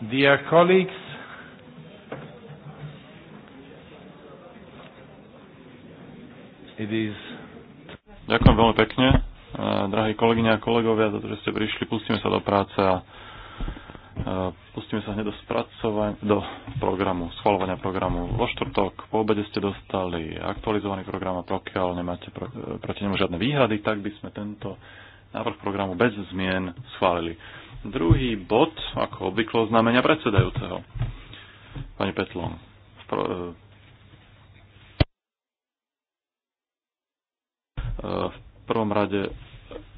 Dear colleagues, it is... Ďakujem veľmi pekne, e, drahí kolegyne a kolegovia, za to, že ste prišli. Pustíme sa do práce a e, pustíme sa hneď do, do programu, schvalovania programu. Vo štvrtok po obede ste dostali aktualizovaný program a pokiaľ nemáte pro, e, proti nemu žiadne výhrady, tak by sme tento návrh programu bez zmien schválili. Druhý bod, ako obvyklo, znamenia predsedajúceho. Pani Petlo, e, e, v, prvom rade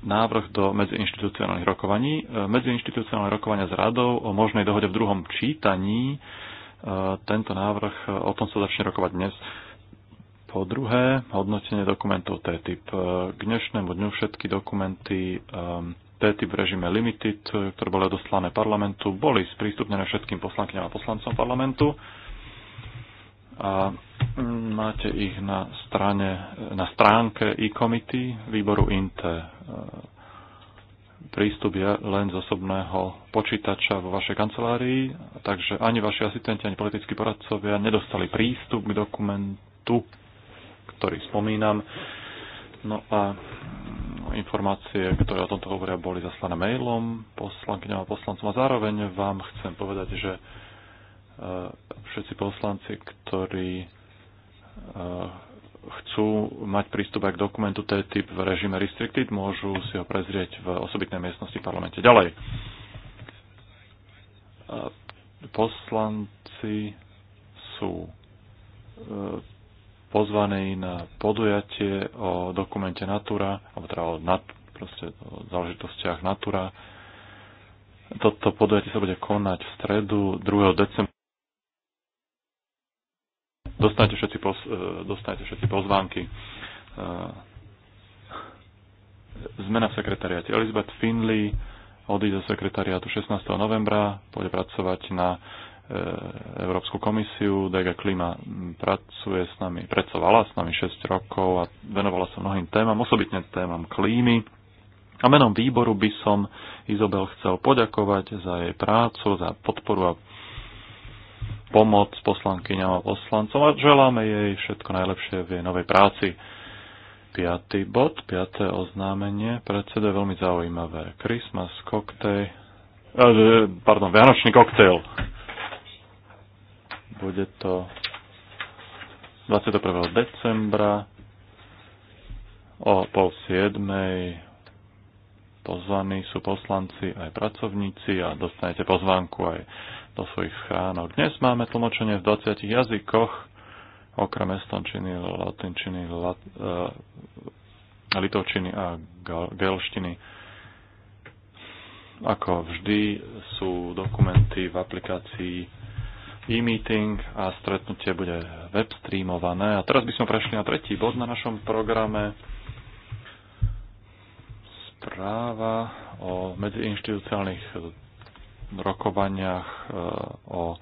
návrh do medziinstitucionálnych rokovaní. E, medziinstitucionálne rokovania s radou o možnej dohode v druhom čítaní. Tento návrh, o tom sa začne rokovať dnes. Po druhé, hodnotenie dokumentov T T-typ. K dnešnému dňu všetky dokumenty um, pety v režime Limited, ktoré boli doslané parlamentu, boli sprístupnené všetkým poslankyňam a poslancom parlamentu a mm, máte ich na, strane, na stránke e-committee výboru INTE. E, prístup je len z osobného počítača vo vašej kancelárii, takže ani vaši asistenti, ani politickí poradcovia nedostali prístup k dokumentu, ktorý spomínam. No a informácie, ktoré o tomto hovoria, boli zaslané mailom poslankyňom a poslancom. A zároveň vám chcem povedať, že e, všetci poslanci, ktorí e, chcú mať prístup aj k dokumentu TTIP v režime restricted, môžu si ho prezrieť v osobitnej miestnosti v parlamente. Ďalej. E, poslanci sú pozvaný na podujatie o dokumente Natura, alebo teda o, nat, proste o záležitostiach Natura. Toto podujatie sa bude konať v stredu 2. decembra. Dostanete všetci, poz, e, dostanete všetci pozvánky. E, zmena v sekretariate. Elizabeth Finley odíde zo sekretariátu 16. novembra, bude pracovať na E, Európsku komisiu. DG Klima pracuje s nami, pracovala s nami 6 rokov a venovala sa mnohým témam, osobitne témam klímy. A menom výboru by som Izobel chcel poďakovať za jej prácu, za podporu a pomoc poslankyňam a poslancom a želáme jej všetko najlepšie v jej novej práci. Piatý bod, piaté oznámenie, predseda je veľmi zaujímavé. Christmas koktej, pardon, Vianočný koktejl. Bude to 21. decembra o pol siedmej. Pozvaní sú poslanci aj pracovníci a dostanete pozvánku aj do svojich schránok. Dnes máme tlmočenie v 20 jazykoch, okrem estončiny, latinčiny, lat, uh, litovčiny a gelštiny. Ako vždy sú dokumenty v aplikácii e-meeting a stretnutie bude web streamované. A teraz by sme prešli na tretí bod na našom programe. Správa o medziinštitucionálnych rokovaniach e, o e,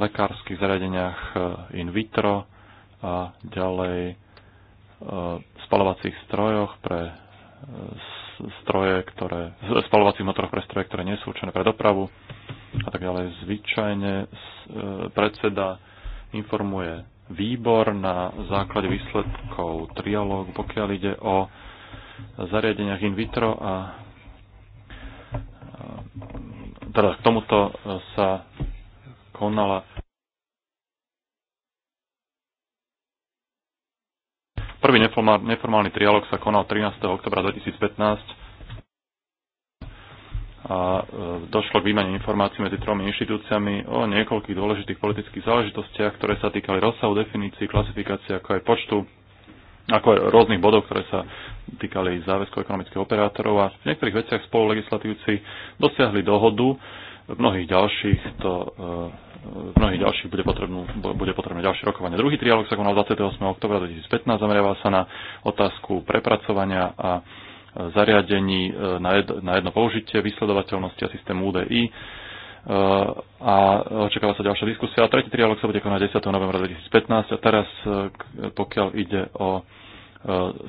lekárskych zariadeniach e, in vitro a ďalej spalovacích strojoch pre stroje, ktoré, spalovacích motoroch pre stroje, ktoré nie sú určené pre dopravu a tak ďalej. Zvyčajne e, predseda informuje výbor na základe výsledkov trialóg, pokiaľ ide o zariadeniach in vitro a teda k tomuto sa konala Prvý neformálny, neformálny trialog sa konal 13. oktobra 2015 a e, došlo k výmene informácií medzi tromi inštitúciami o niekoľkých dôležitých politických záležitostiach, ktoré sa týkali rozsahu definícií, klasifikácie, ako aj počtu, ako aj rôznych bodov, ktoré sa týkali záväzkov ekonomických operátorov a v niektorých veciach spolu legislatívci dosiahli dohodu, v mnohých ďalších to e, v mnohých ďalších bude, potrebnú, bude potrebné ďalšie rokovanie. Druhý trialog sa konal 28. oktobra 2015, zameriaval sa na otázku prepracovania a zariadení e, na jedno použitie, vysledovateľnosti a systému UDI e, a očakáva sa ďalšia diskusia. A tretí trialog sa bude konať 10. novembra 2015 a teraz, e, pokiaľ ide o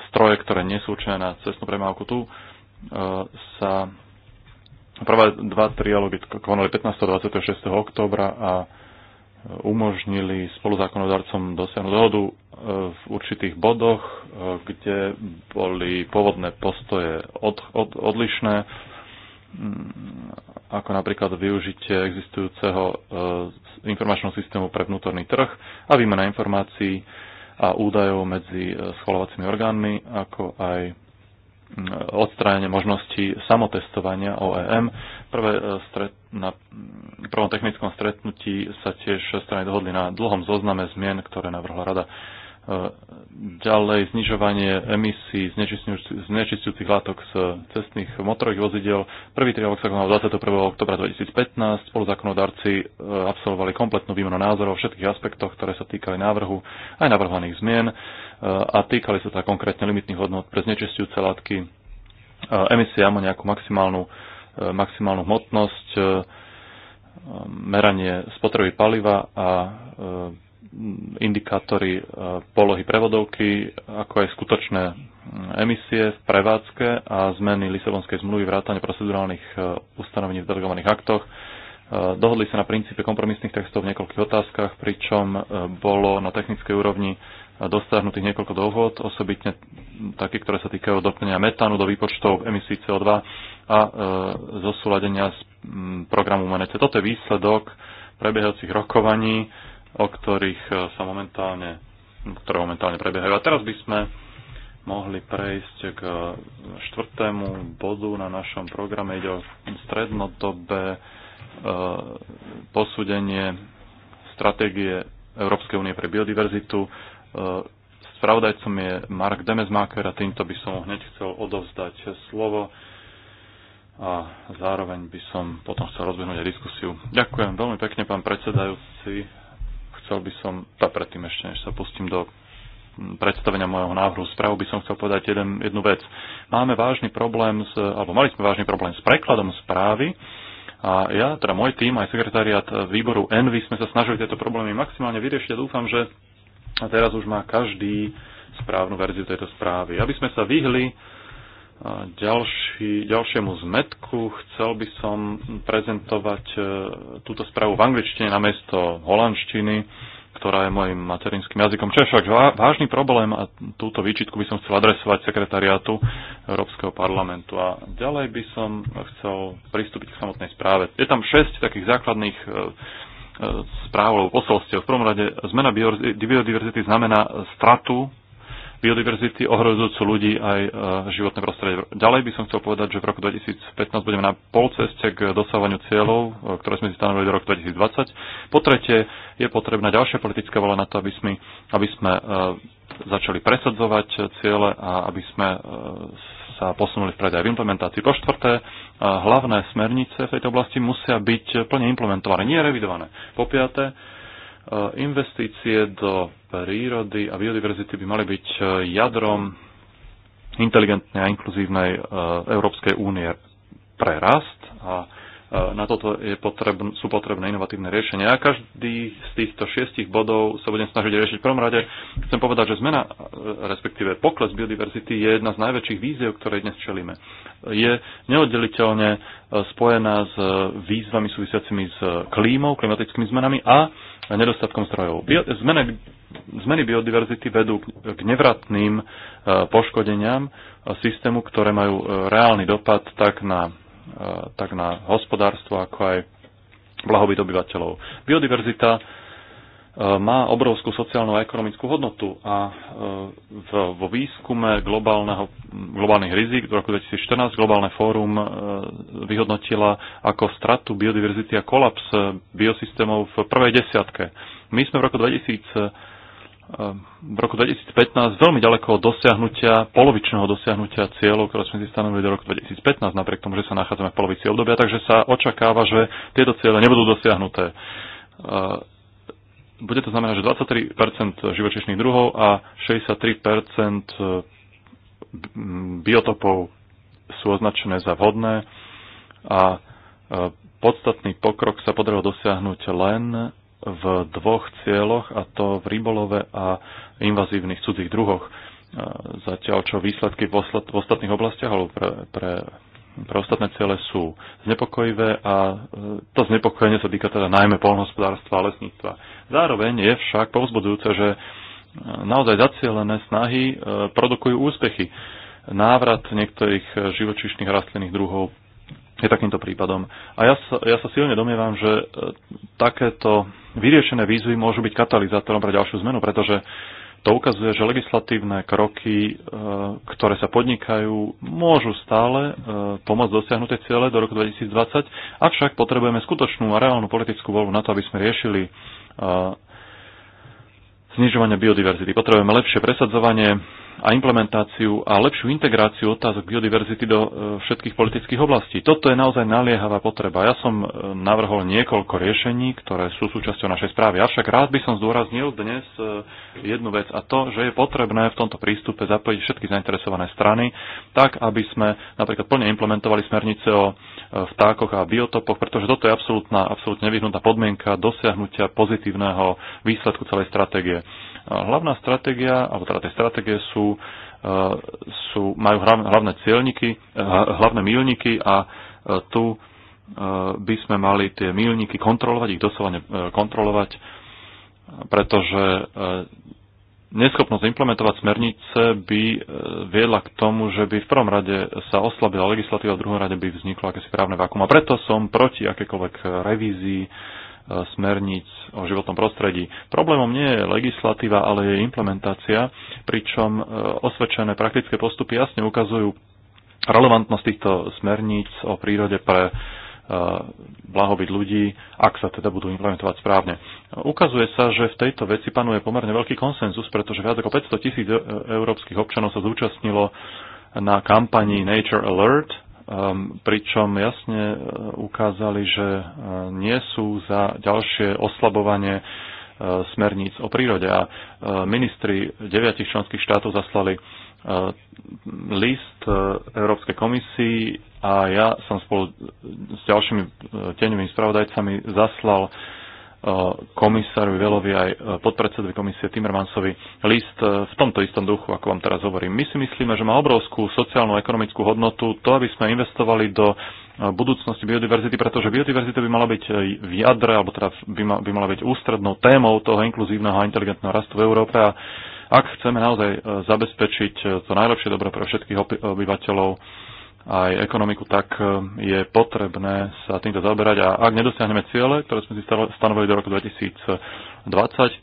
stroje, ktoré nie sú určené na cestnú premávku tu, sa prvé dva trialógy konali 15. a 26. oktobra a umožnili spoluzákonodarcom dosiahnuť dohodu e, v určitých bodoch, e, kde boli pôvodné postoje od, od, odlišné, mm, ako napríklad využitie existujúceho e, informačného systému pre vnútorný trh a výmena informácií a údajov medzi schvalovacími orgánmi, ako aj Mm, odstránenie možnosti samotestovania OEM. Prvé e, stret, na prvom technickom stretnutí sa tiež strany dohodli na dlhom zozname zmien, ktoré navrhla rada ďalej znižovanie emisí znečistujúcich látok z cestných motorových vozidel. Prvý triálok sa konal 21. oktobra 2015. Spoluzákonodárci e, absolvovali kompletnú výmenu názorov o všetkých aspektoch, ktoré sa týkali návrhu aj navrhovaných zmien e, a týkali sa teda konkrétne limitných hodnot pre znečistujúce látky, e, emisie nejakú maximálnu, maximálnu hmotnosť, meranie spotreby paliva a indikátory e, polohy prevodovky, ako aj skutočné emisie v prevádzke a zmeny Lisabonskej zmluvy vrátane procedurálnych e, ustanovení v delegovaných aktoch. E, dohodli sa na princípe kompromisných textov v niekoľkých otázkach, pričom bolo na technickej úrovni dosiahnutých niekoľko dohod, osobitne také, ktoré sa týkajú doplnenia metánu do výpočtov emisí CO2 a e, zosúladenia z m, programu MNC. Toto je výsledok prebiehajúcich rokovaní o ktorých eh, sa momentálne, ktoré momentálne prebiehajú. A teraz by sme mohli prejsť k eh, štvrtému bodu na našom programe. Ide o strednodobé eh, posúdenie stratégie Európskej únie pre biodiverzitu. Spravodajcom je Mark Demesmaker a týmto by som hneď chcel odovzdať slovo a zároveň by som potom chcel rozbehnúť aj diskusiu. Ďakujem veľmi pekne, pán predsedajúci chcel by som, a predtým ešte, než sa pustím do predstavenia môjho návrhu správu by som chcel povedať jeden, jednu vec. Máme vážny problém, s, alebo mali sme vážny problém s prekladom správy a ja, teda môj tým, aj sekretariat výboru Envy sme sa snažili tieto problémy maximálne vyriešiť a dúfam, že teraz už má každý správnu verziu tejto správy. Aby sme sa vyhli ďalší, ďalšiemu zmetku. Chcel by som prezentovať e, túto správu v angličtine namiesto holandštiny, ktorá je mojim materinským jazykom. Čo je však vážny problém a túto výčitku by som chcel adresovať sekretariátu Európskeho parlamentu. A ďalej by som chcel pristúpiť k samotnej správe. Je tam šesť takých základných e, e, správ alebo posolstiev. V prvom rade zmena biodiverzity znamená stratu biodiverzity, ohrozujúcu ľudí aj e, životné prostredie. Ďalej by som chcel povedať, že v roku 2015 budeme na polceste k dosávaniu cieľov, e, ktoré sme si stanovili do roku 2020. Po tretie, je potrebná ďalšia politická vola na to, aby sme, aby sme e, začali presadzovať ciele a aby sme sa posunuli vpred aj v implementácii. Po štvrté, hlavné smernice v tejto oblasti musia byť plne implementované, nie revidované. Po piaté, investície do prírody a biodiverzity by mali byť e, jadrom inteligentnej a inkluzívnej e, Európskej únie pre rast a Eh, na toto je potrebn- sú potrebné inovatívne riešenia. Ja každý z týchto šiestich bodov sa budem snažiť riešiť. V prvom rade chcem povedať, že zmena, eh, respektíve pokles biodiverzity je jedna z najväčších víziev, ktoré dnes čelíme. Je neoddeliteľne eh, spojená s výzvami súvisiacimi s klímou, klimatickými zmenami a nedostatkom strojov. Bio- zmeny, zmeny biodiverzity vedú k nevratným poškodeniam systému, ktoré majú reálny dopad tak na Eh, tak na hospodárstvo, ako aj blahobyt obyvateľov. Biodiverzita eh, má obrovskú sociálnu a ekonomickú hodnotu a eh, vo výskume globálnych rizik v roku 2014 Globálne fórum vyhodnotila ako stratu biodiverzity a kolaps biosystémov v prvej desiatke. My sme v roku 2000 Ehm, v roku 2015 veľmi ďaleko od dosiahnutia, polovičného dosiahnutia cieľov, ktoré sme si stanovili do roku 2015, napriek tomu, že sa nachádzame v polovici obdobia, takže sa očakáva, že tieto ciele nebudú dosiahnuté. Ehm, bude to znamená, že 23 živočišných druhov a 63 ehm, biotopov sú označené za vhodné a podstatný pokrok sa podarilo dosiahnuť len v dvoch cieľoch, a to v rybolove a invazívnych cudzích druhoch. Zatiaľ, čo výsledky v, v ostatných oblastiach alebo pre, pre, pre ostatné ciele sú znepokojivé a e, to znepokojenie sa týka teda najmä polnohospodárstva a lesníctva. Zároveň je však povzbudujúce, že e, naozaj zacielené snahy e, produkujú úspechy návrat niektorých živočíšnych rastlinných druhov je takýmto prípadom. A ja sa, ja sa silne domievam, že e, takéto vyriešené výzvy môžu byť katalizátorom pre ďalšiu zmenu, pretože to ukazuje, že legislatívne kroky, e, ktoré sa podnikajú, môžu stále e, pomôcť dosiahnuť tie ciele do roku 2020, avšak potrebujeme skutočnú a reálnu politickú voľu na to, aby sme riešili znižovanie biodiverzity. Potrebujeme lepšie presadzovanie a implementáciu a lepšiu integráciu otázok biodiverzity do e, všetkých politických oblastí. Toto je naozaj naliehavá potreba. Ja som e, navrhol niekoľko riešení, ktoré sú súčasťou našej správy. Avšak rád by som zdôraznil dnes e, jednu vec a to, že je potrebné v tomto prístupe zapojiť všetky zainteresované strany, tak aby sme napríklad plne implementovali smernice o vtákoch a biotopoch, pretože toto je absolútna, absolútne nevyhnutá podmienka dosiahnutia pozitívneho výsledku celej stratégie. Hlavná stratégia, alebo teda tie stratégie sú, e, sú majú hlavné cieľniky, e, hlavné mílniky a e, tu by sme mali tie mílniky kontrolovať, ich doslovne kontrolovať, pretože neschopnosť implementovať smernice by viedla k tomu, že by v prvom rade sa oslabila legislatíva, v druhom rade by vzniklo akési právne vákum. A preto som proti akékoľvek revízii E, smerníc o životnom prostredí. Problémom nie je legislatíva, ale je implementácia, pričom e, osvedčené praktické postupy jasne ukazujú relevantnosť týchto smerníc o prírode pre e, blahobyt ľudí, ak sa teda budú implementovať správne. Ukazuje sa, že v tejto veci panuje pomerne veľký konsenzus, pretože viac ako 500 tisíc európskych občanov sa zúčastnilo na kampanii Nature Alert, Ehm, pričom jasne e, ukázali, že e, nie sú za ďalšie oslabovanie e, smerníc o prírode. A ministri deviatich členských štátov zaslali list Európskej komisii a ja som spolu s ďalšími tenevými spravodajcami zaslal komisárovi Velovi aj e, podpredsedovi komisie Timmermansovi list e, v tomto istom duchu, ako vám teraz hovorím. My si myslíme, že má obrovskú sociálnu a ekonomickú hodnotu to, aby sme investovali do e, budúcnosti biodiverzity, pretože biodiverzita by mala byť v jadre, alebo teda by, ma, by mala byť ústrednou témou toho inkluzívneho a inteligentného rastu v Európe a ak chceme naozaj zabezpečiť to najlepšie dobro pre všetkých obyvateľov, aj ekonomiku, tak e, je potrebné sa týmto zaoberať a ak nedosiahneme ciele, ktoré sme si stanovili do roku 2020,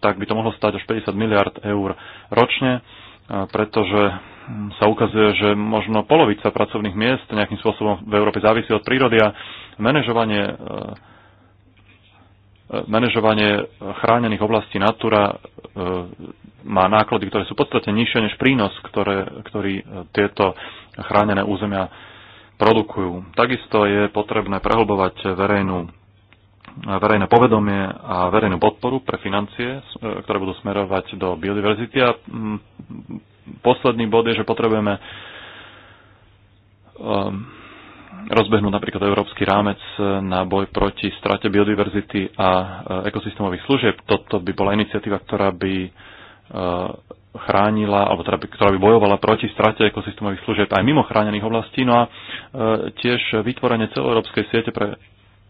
tak by to mohlo stať až 50 miliard eur ročne, e, pretože sa ukazuje, že možno polovica pracovných miest nejakým spôsobom v Európe závisí od prírody a manažovanie e, manažovanie chránených oblastí Natura má náklady, ktoré sú podstate nižšie než prínos, ktoré, ktorý tieto chránené územia produkujú. Takisto je potrebné prehlbovať verejnú, verejné povedomie a verejnú podporu pre financie, e, ktoré budú smerovať do biodiverzity. A mm, posledný bod je, že potrebujeme ehm, rozbehnúť napríklad európsky rámec e, na boj proti strate biodiverzity a e, ekosystémových služieb. Toto by bola iniciatíva, ktorá by chránila, alebo teda, ktorá by bojovala proti strate ekosystémových služieb aj mimo chránených oblastí, no a e, tiež vytvorenie celoeurópskej siete pre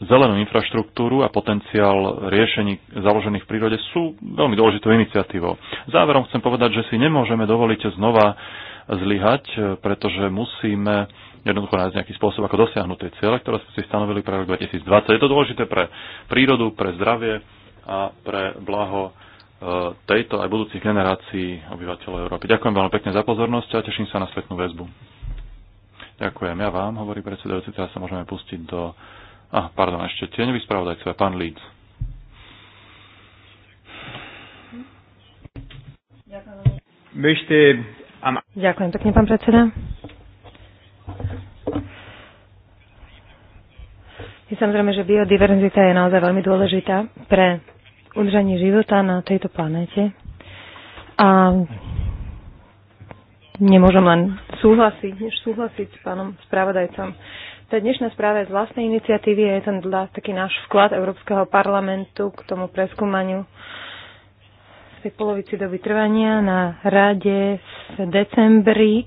zelenú infraštruktúru a potenciál riešení založených v prírode sú veľmi dôležitou iniciatívou. Záverom chcem povedať, že si nemôžeme dovoliť znova zlyhať, e, pretože musíme jednoducho nájsť nejaký spôsob, ako dosiahnuť tie cieľe, ktoré sme si stanovili pre rok 2020. Je to dôležité pre prírodu, pre zdravie a pre blaho tejto aj budúcich generácií obyvateľov Európy. Ďakujem veľmi pekne za pozornosť a teším sa na spätnú väzbu. Ďakujem ja vám, hovorí predsedajúci, teraz sa môžeme pustiť do... Ah, pardon, ešte tieňový spravodajcovia, pán Líc. Ďakujem pekne, pán predseda. Je samozrejme, že biodiverzita je naozaj veľmi dôležitá pre udržanie života na tejto planete. A nemôžem len súhlasiť, než súhlasiť s pánom spravodajcom. Tá dnešná správa je z vlastnej iniciatívy a je ten taký náš vklad Európskeho parlamentu k tomu preskúmaniu v tej polovici doby trvania na rade v decembri.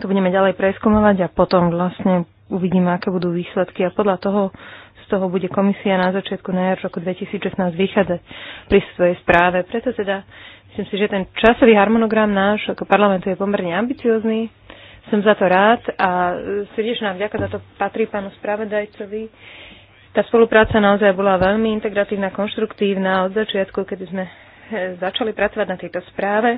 To budeme ďalej preskúmovať a potom vlastne uvidíme, aké budú výsledky a podľa toho z toho bude komisia na začiatku na jar roku 2016 vychádzať pri svojej správe. Preto teda myslím si, že ten časový harmonogram náš ako parlamentu je pomerne ambiciózny, Som za to rád a srdečná vďaka za to patrí pánu spravedajcovi. Tá spolupráca naozaj bola veľmi integratívna, konštruktívna od začiatku, kedy sme eh, začali pracovať na tejto správe.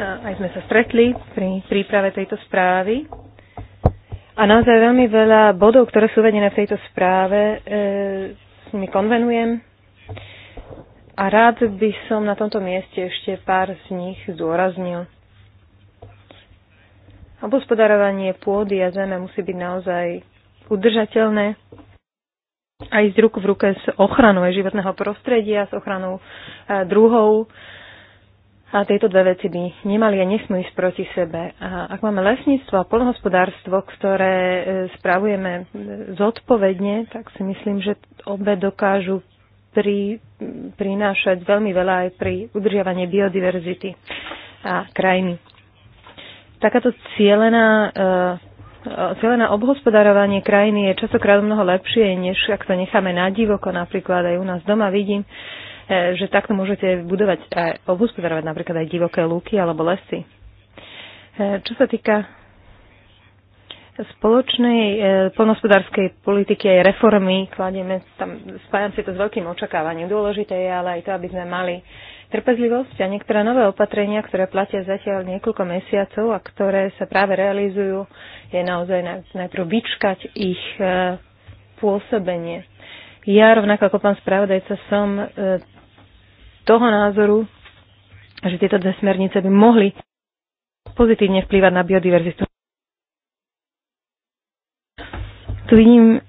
Aj sme sa stretli pri príprave tejto správy. A naozaj veľmi veľa bodov, ktoré sú vedené v tejto správe, e, s nimi konvenujem. A rád by som na tomto mieste ešte pár z nich zdôraznil. Obospodarovanie pôdy a zeme musí byť naozaj udržateľné a ísť ruku v ruke s ochranou životného prostredia, s ochranou e, druhov a tieto dve veci by nemali a nesmú ísť proti sebe. A ak máme lesníctvo a polnohospodárstvo, ktoré e, spravujeme e, zodpovedne, tak si myslím, že obe dokážu pri, prinášať veľmi veľa aj pri udržiavaní biodiverzity a krajiny. Takáto cieľená, e, cielená obhospodárovanie krajiny je častokrát mnoho lepšie, než ak to necháme na divoko. Napríklad aj u nás doma vidím, E, že takto môžete budovať a obhospodarovať napríklad aj divoké lúky alebo lesy. E, čo sa týka spoločnej e, polnospodárskej politiky aj reformy, kladieme tam, spájam si to s veľkým očakávaním. Dôležité je ale aj to, aby sme mali trpezlivosť a niektoré nové opatrenia, ktoré platia zatiaľ niekoľko mesiacov a ktoré sa práve realizujú, je naozaj najprv vyčkať ich e, pôsobenie. Ja rovnako ako pán spravodajca som e, toho názoru, že tieto dve smernice by mohli pozitívne vplývať na biodiverzitu. Tu vidím um,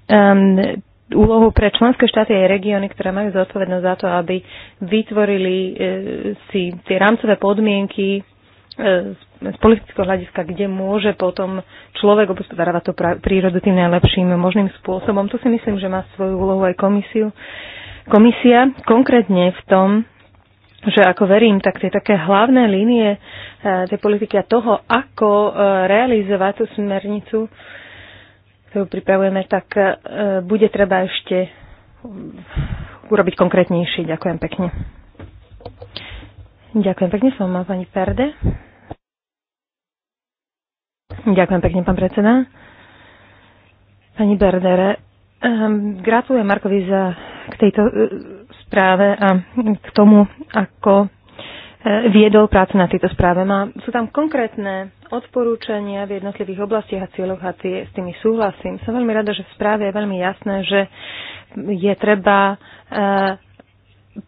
úlohu pre členské štáty aj regióny, ktoré majú zodpovednosť za to, aby vytvorili e, si tie rámcové podmienky e, z politického hľadiska, kde môže potom človek obospodarovať tú prírodu tým najlepším možným spôsobom. Tu si myslím, že má svoju úlohu aj komisiu. Komisia konkrétne v tom, že ako verím, tak tie také hlavné línie e, tej politiky a toho, ako e, realizovať tú smernicu, ktorú pripravujeme, tak e, bude treba ešte urobiť konkrétnejší. Ďakujem pekne. Ďakujem pekne, som má pani Perde. Ďakujem pekne, pán predseda. Pani Berdere, ehm, gratulujem Markovi za k tejto správe a k tomu, ako e, viedol prácu na tejto správe. Má, sú tam konkrétne odporúčania v jednotlivých oblastiach a cieľoch a tie, s tými súhlasím. Som veľmi rada, že v správe je veľmi jasné, že je treba e,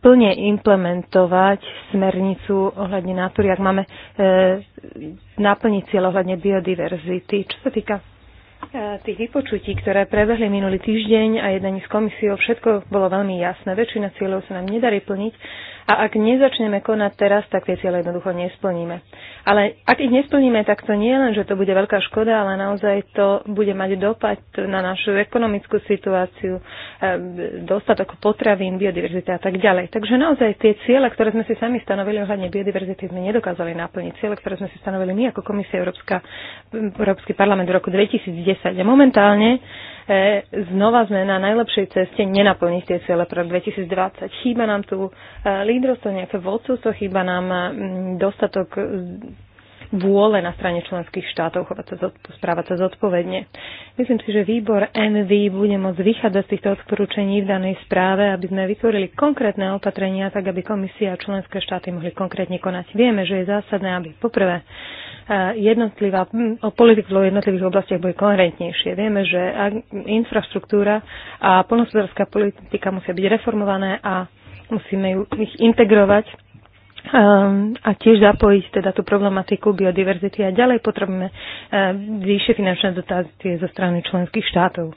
plne implementovať smernicu ohľadne natúry, ak máme e, naplniť cieľ ohľadne biodiverzity. Čo sa týka E, tých vypočutí, ktoré prebehli minulý týždeň a jednaní s komisiou, všetko bolo veľmi jasné. Väčšina cieľov sa nám nedarí plniť a ak nezačneme konať teraz, tak tie cieľe jednoducho nesplníme. Ale ak ich nesplníme, tak to nie len, že to bude veľká škoda, ale naozaj to bude mať dopad na našu ekonomickú situáciu, eh, dostatok potravín, biodiverzity a tak ďalej. Takže naozaj tie ciele, ktoré sme si sami stanovili ohľadne biodiverzity, sme nedokázali naplniť. Ciele, ktoré sme si stanovili my ako Komisia Európska, Európsky parlament v roku 2010. A momentálne E, znova sme na najlepšej ceste nenaplniť tie cieľe pre 2020. Chýba nám tu e, lídrovstvo, nejaké vodcovstvo, chýba nám mm, dostatok vôle na strane členských štátov chovať sa, správať sa zodpovedne. Myslím si, že výbor NV bude môcť vychádzať z týchto odporúčení v danej správe, aby sme vytvorili konkrétne opatrenia, tak aby komisia a členské štáty mohli konkrétne konať. Vieme, že je zásadné, aby poprvé Eh, jednotlivá, hm, politika v jednotlivých oblastiach bude koherentnejšie. Vieme, že infraštruktúra a polnospodárska politika musia byť reformované a musíme ich integrovať eh, a tiež zapojiť teda tú problematiku biodiverzity a ďalej potrebujeme eh, vyššie finančné dotácie zo strany členských štátov.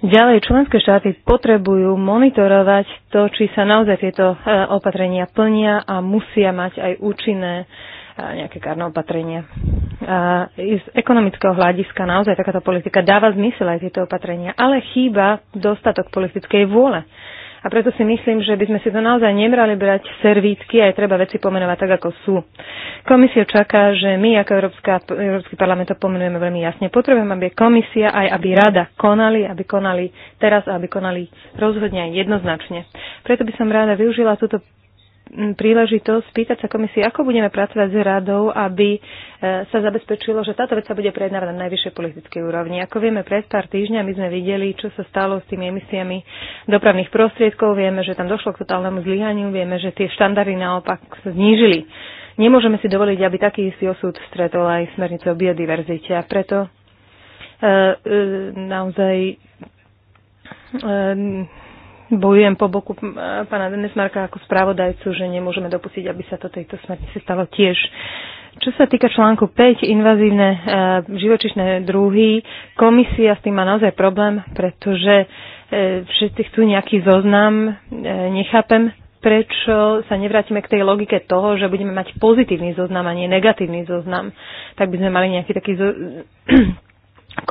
Ďalej členské štáty potrebujú monitorovať to, či sa naozaj tieto opatrenia plnia a musia mať aj účinné nejaké karné opatrenia. z ekonomického hľadiska naozaj takáto politika dáva zmysel aj tieto opatrenia, ale chýba dostatok politickej vôle. A preto si myslím, že by sme si to naozaj nemrali brať servícky a je treba veci pomenovať tak, ako sú. Komisia čaká, že my ako Európska, Európsky parlament to pomenujeme veľmi jasne. Potrebujeme, aby komisia aj aby rada konali, aby konali teraz a aby konali rozhodne aj jednoznačne. Preto by som rada využila túto príležitosť spýtať sa komisie, ako budeme pracovať s radou, aby e, sa zabezpečilo, že táto vec sa bude prejednávať na najvyššej politickej úrovni. Ako vieme, pred pár týždňami sme videli, čo sa stalo s tými emisiami dopravných prostriedkov. Vieme, že tam došlo k totálnemu zlyhaniu, vieme, že tie štandardy naopak sa znížili. Nemôžeme si dovoliť, aby taký istý osud stretol aj smernice o biodiverzite a preto e, e, naozaj e, bojujem po boku eh, pána Denesmarka ako spravodajcu, že nemôžeme dopustiť, aby sa to tejto smernice stalo tiež. Čo sa týka článku 5, invazívne e, eh, živočišné druhy, komisia s tým má naozaj problém, pretože e, všetci chcú nejaký zoznam, e, nechápem, prečo sa nevrátime k tej logike toho, že budeme mať pozitívny zoznam a nie negatívny zoznam. Tak by sme mali nejaký taký zo-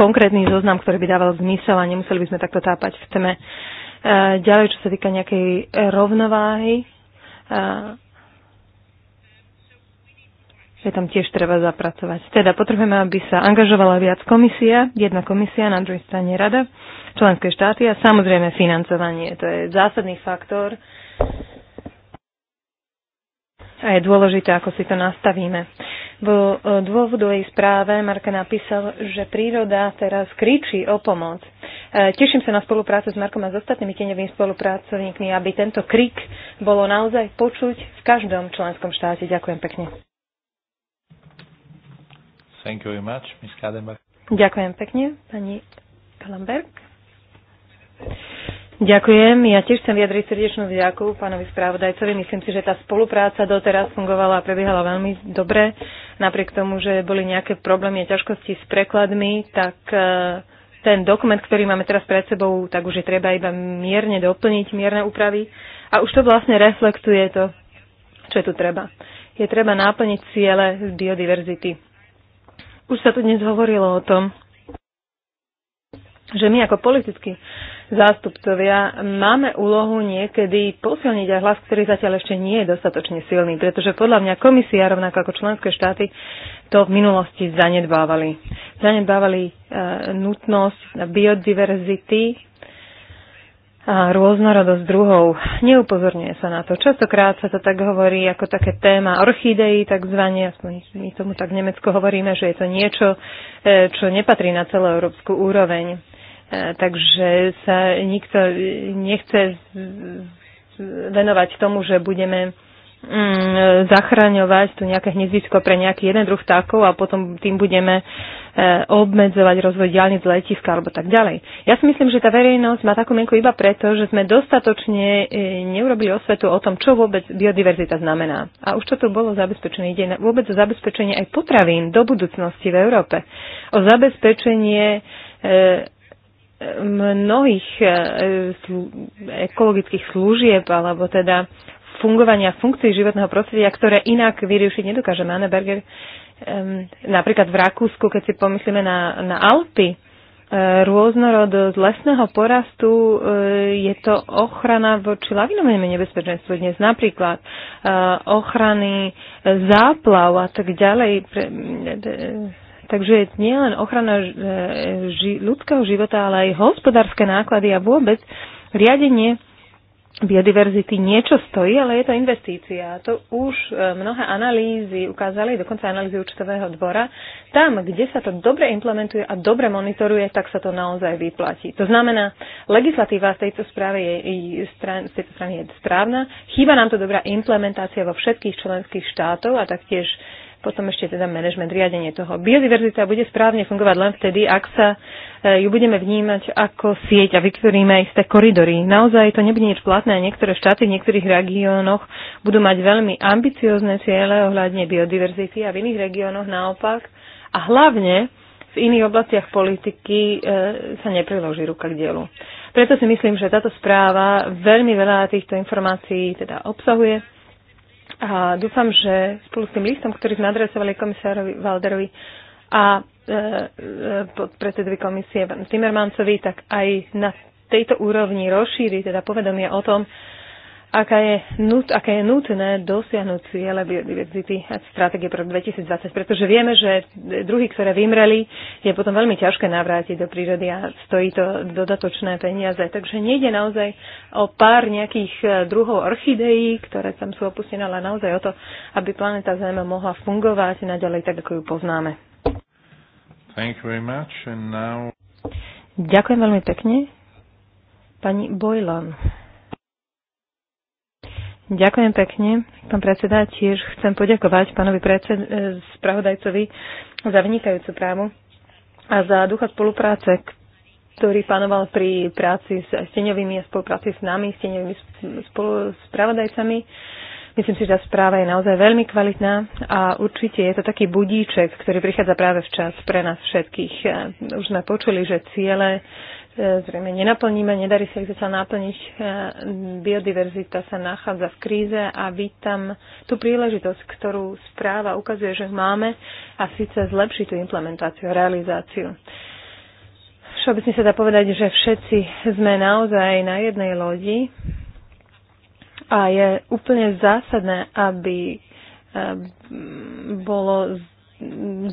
konkrétny zoznam, ktorý by dával zmysel a nemuseli by sme takto tápať v téme Eh, ďalej, čo sa týka nejakej eh, rovnováhy, eh, je tam tiež treba zapracovať. Teda potrebujeme, aby sa angažovala viac komisia, jedna komisia, na druhej strane rada, členské štáty a samozrejme financovanie. To je zásadný faktor a je dôležité, ako si to nastavíme. V dôvodovej správe Marka napísal, že príroda teraz kričí o pomoc. Eh, teším sa na spoluprácu s Markom a s ostatnými tieňovými spolupracovníkmi, aby tento krik bolo naozaj počuť v každom členskom štáte. Ďakujem pekne. Thank you very much, Ms. Kadenbach. Ďakujem pekne, pani Kalamberg. Ďakujem. Ja tiež chcem vyjadriť srdečnú vďaku pánovi správodajcovi. Myslím si, že tá spolupráca doteraz fungovala a prebiehala veľmi dobre. Napriek tomu, že boli nejaké problémy a ťažkosti s prekladmi, tak uh, ten dokument, ktorý máme teraz pred sebou, tak už je treba iba mierne doplniť, mierne úpravy. A už to vlastne reflektuje to, čo je tu treba. Je treba náplniť ciele z biodiverzity. Už sa tu dnes hovorilo o tom, že my ako politickí zástupcovia máme úlohu niekedy posilniť aj hlas, ktorý zatiaľ ešte nie je dostatočne silný, pretože podľa mňa komisia, rovnako ako členské štáty, to v minulosti zanedbávali. Zanedbávali e, nutnosť biodiverzity a rôznorodosť druhov. Neupozorňuje sa na to. Častokrát sa to tak hovorí ako také téma orchidei, takzvané, aspoň my tomu tak v Nemecku hovoríme, že je to niečo, e, čo nepatrí na európsku úroveň. E, takže sa nikto nechce venovať tomu, že budeme Mm, zachraňovať tu nejaké hniezdisko pre nejaký jeden druh vtákov a potom tým budeme e, obmedzovať rozvoj diálnic letiska alebo tak ďalej. Ja si myslím, že tá verejnosť má takú mienku iba preto, že sme dostatočne e, neurobili osvetu o tom, čo vôbec biodiverzita znamená. A už čo tu bolo zabezpečené, ide vôbec o zabezpečenie aj potravín do budúcnosti v Európe. O zabezpečenie e, mnohých ekologických služieb alebo teda fungovania funkcií životného prostredia, ktoré inak vyriešiť nedokážeme. Anne Berger, um, napríklad v Rakúsku, keď si pomyslíme na, na Alpy, e, rôznorodosť lesného porastu e, je to ochrana voči lavinovému nebezpečenstvu dnes. Napríklad e, ochrany záplav a tak ďalej. Takže nie len ochrana ľudského života, ale aj hospodárske náklady a vôbec riadenie biodiverzity niečo stojí, ale je to investícia. To už e, mnohé analýzy ukázali, dokonca analýzy účtového dvora. Tam, kde sa to dobre implementuje a dobre monitoruje, tak sa to naozaj vyplatí. To znamená, legislatíva z tejto, správe je, z tejto strany je správna, chýba nám to dobrá implementácia vo všetkých členských štátov a taktiež potom ešte teda management, riadenie toho. Biodiverzita bude správne fungovať len vtedy, ak sa e, ju budeme vnímať ako sieť a vytvoríme isté koridory. Naozaj to nebude nič platné a niektoré štáty v niektorých regiónoch budú mať veľmi ambiciozne ciele ohľadne biodiverzity a v iných regiónoch naopak. A hlavne v iných oblastiach politiky e, sa nepriloží ruka k dielu. Preto si myslím, že táto správa veľmi veľa týchto informácií teda obsahuje a dúfam, že spolu s tým listom, ktorý sme adresovali komisárovi Valderovi a e, e podpredsedovi komisie Timmermansovi, tak aj na tejto úrovni rozšíri teda povedomie o tom, aká je, nut, aké je nutné dosiahnuť cieľe biodiverzity a stratégie pro 2020, pretože vieme, že druhy, ktoré vymreli, je potom veľmi ťažké navrátiť do prírody a stojí to dodatočné peniaze. Takže nejde naozaj o pár nejakých e, druhov orchideí, ktoré tam sú opustené, ale naozaj o to, aby planéta Zeme mohla fungovať naďalej tak, ako ju poznáme. Thank you very much. And now... Ďakujem veľmi pekne. Pani Bojlan. Ďakujem pekne. Pán predseda, tiež chcem poďakovať pánovi predsed, e, spravodajcovi za vynikajúcu právu a za ducha spolupráce, ktorý panoval pri práci s steňovými a spolupráci s nami, s steňovými spolu spravodajcami. Myslím si, že tá správa je naozaj veľmi kvalitná a určite je to taký budíček, ktorý prichádza práve včas pre nás všetkých. E, už sme počuli, že ciele E, zrejme nenaplníme, nedarí sa ich zatiaľ naplniť. E, biodiverzita sa nachádza v kríze a vítam tú príležitosť, ktorú správa ukazuje, že máme a síce zlepšiť tú implementáciu, realizáciu. Všeobecne sa dá povedať, že všetci sme naozaj na jednej lodi a je úplne zásadné, aby e, bolo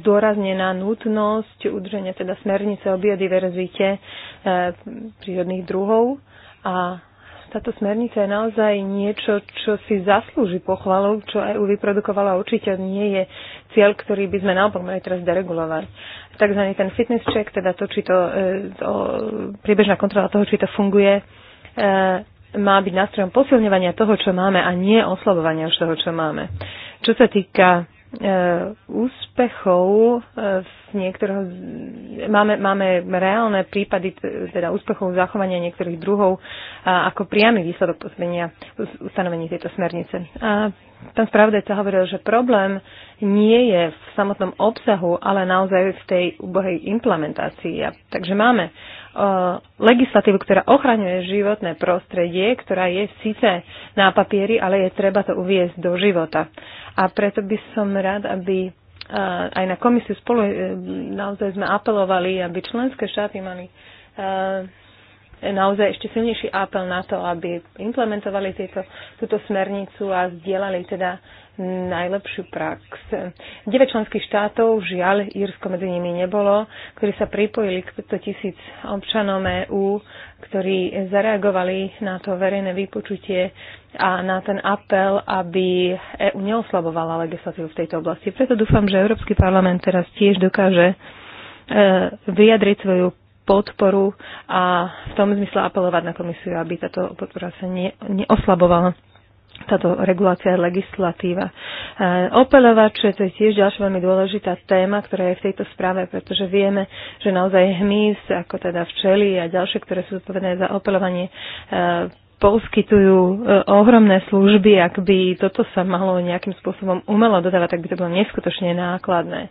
zdôraznená nutnosť udrženia teda smernice o biodiverzite Eh, prírodných druhov a táto smernica je naozaj niečo, čo si zaslúži pochvalou, čo EU vyprodukovala určite nie je cieľ, ktorý by sme naopak mali teraz deregulovať. Takzvaný ten fitness check, teda to, či to, eh, to priebežná kontrola toho, či to funguje, eh, má byť nástrojom posilňovania toho, čo máme a nie oslabovania už toho, čo máme. Čo sa týka Eh, úspechov eh, z niektorého, máme, máme reálne prípady teda úspechov zachovania niektorých druhov eh, ako priamy výsledok pozmenia ustanovení tejto smernice. A pán spravodajca hovoril, že problém nie je v samotnom obsahu, ale naozaj v tej ubohej implementácii. Takže máme legislatívu, ktorá ochraňuje životné prostredie, ktorá je síce na papieri, ale je treba to uviezť do života. A preto by som rád, aby e, aj na komisiu spolu e, naozaj sme apelovali, aby členské štáty mali e, naozaj ešte silnejší apel na to, aby implementovali tieto, túto smernicu a zdieľali teda najlepšiu prax. 9 členských štátov, žiaľ, Írsko medzi nimi nebolo, ktorí sa pripojili k 500 tisíc občanom EÚ, ktorí zareagovali na to verejné vypočutie a na ten apel, aby EÚ neoslabovala legislatívu v tejto oblasti. Preto dúfam, že Európsky parlament teraz tiež dokáže e, vyjadriť svoju podporu a v tom zmysle apelovať na komisiu, aby táto podpora sa ne, neoslabovala táto regulácia legislatíva. E, Opeľovače, to je tiež ďalšia veľmi dôležitá téma, ktorá je v tejto správe, pretože vieme, že naozaj hmyz, ako teda včely a ďalšie, ktoré sú zodpovedné za opeľovanie, e, poskytujú e, ohromné služby, ak by toto sa malo nejakým spôsobom umelo dodávať, tak by to bolo neskutočne nákladné.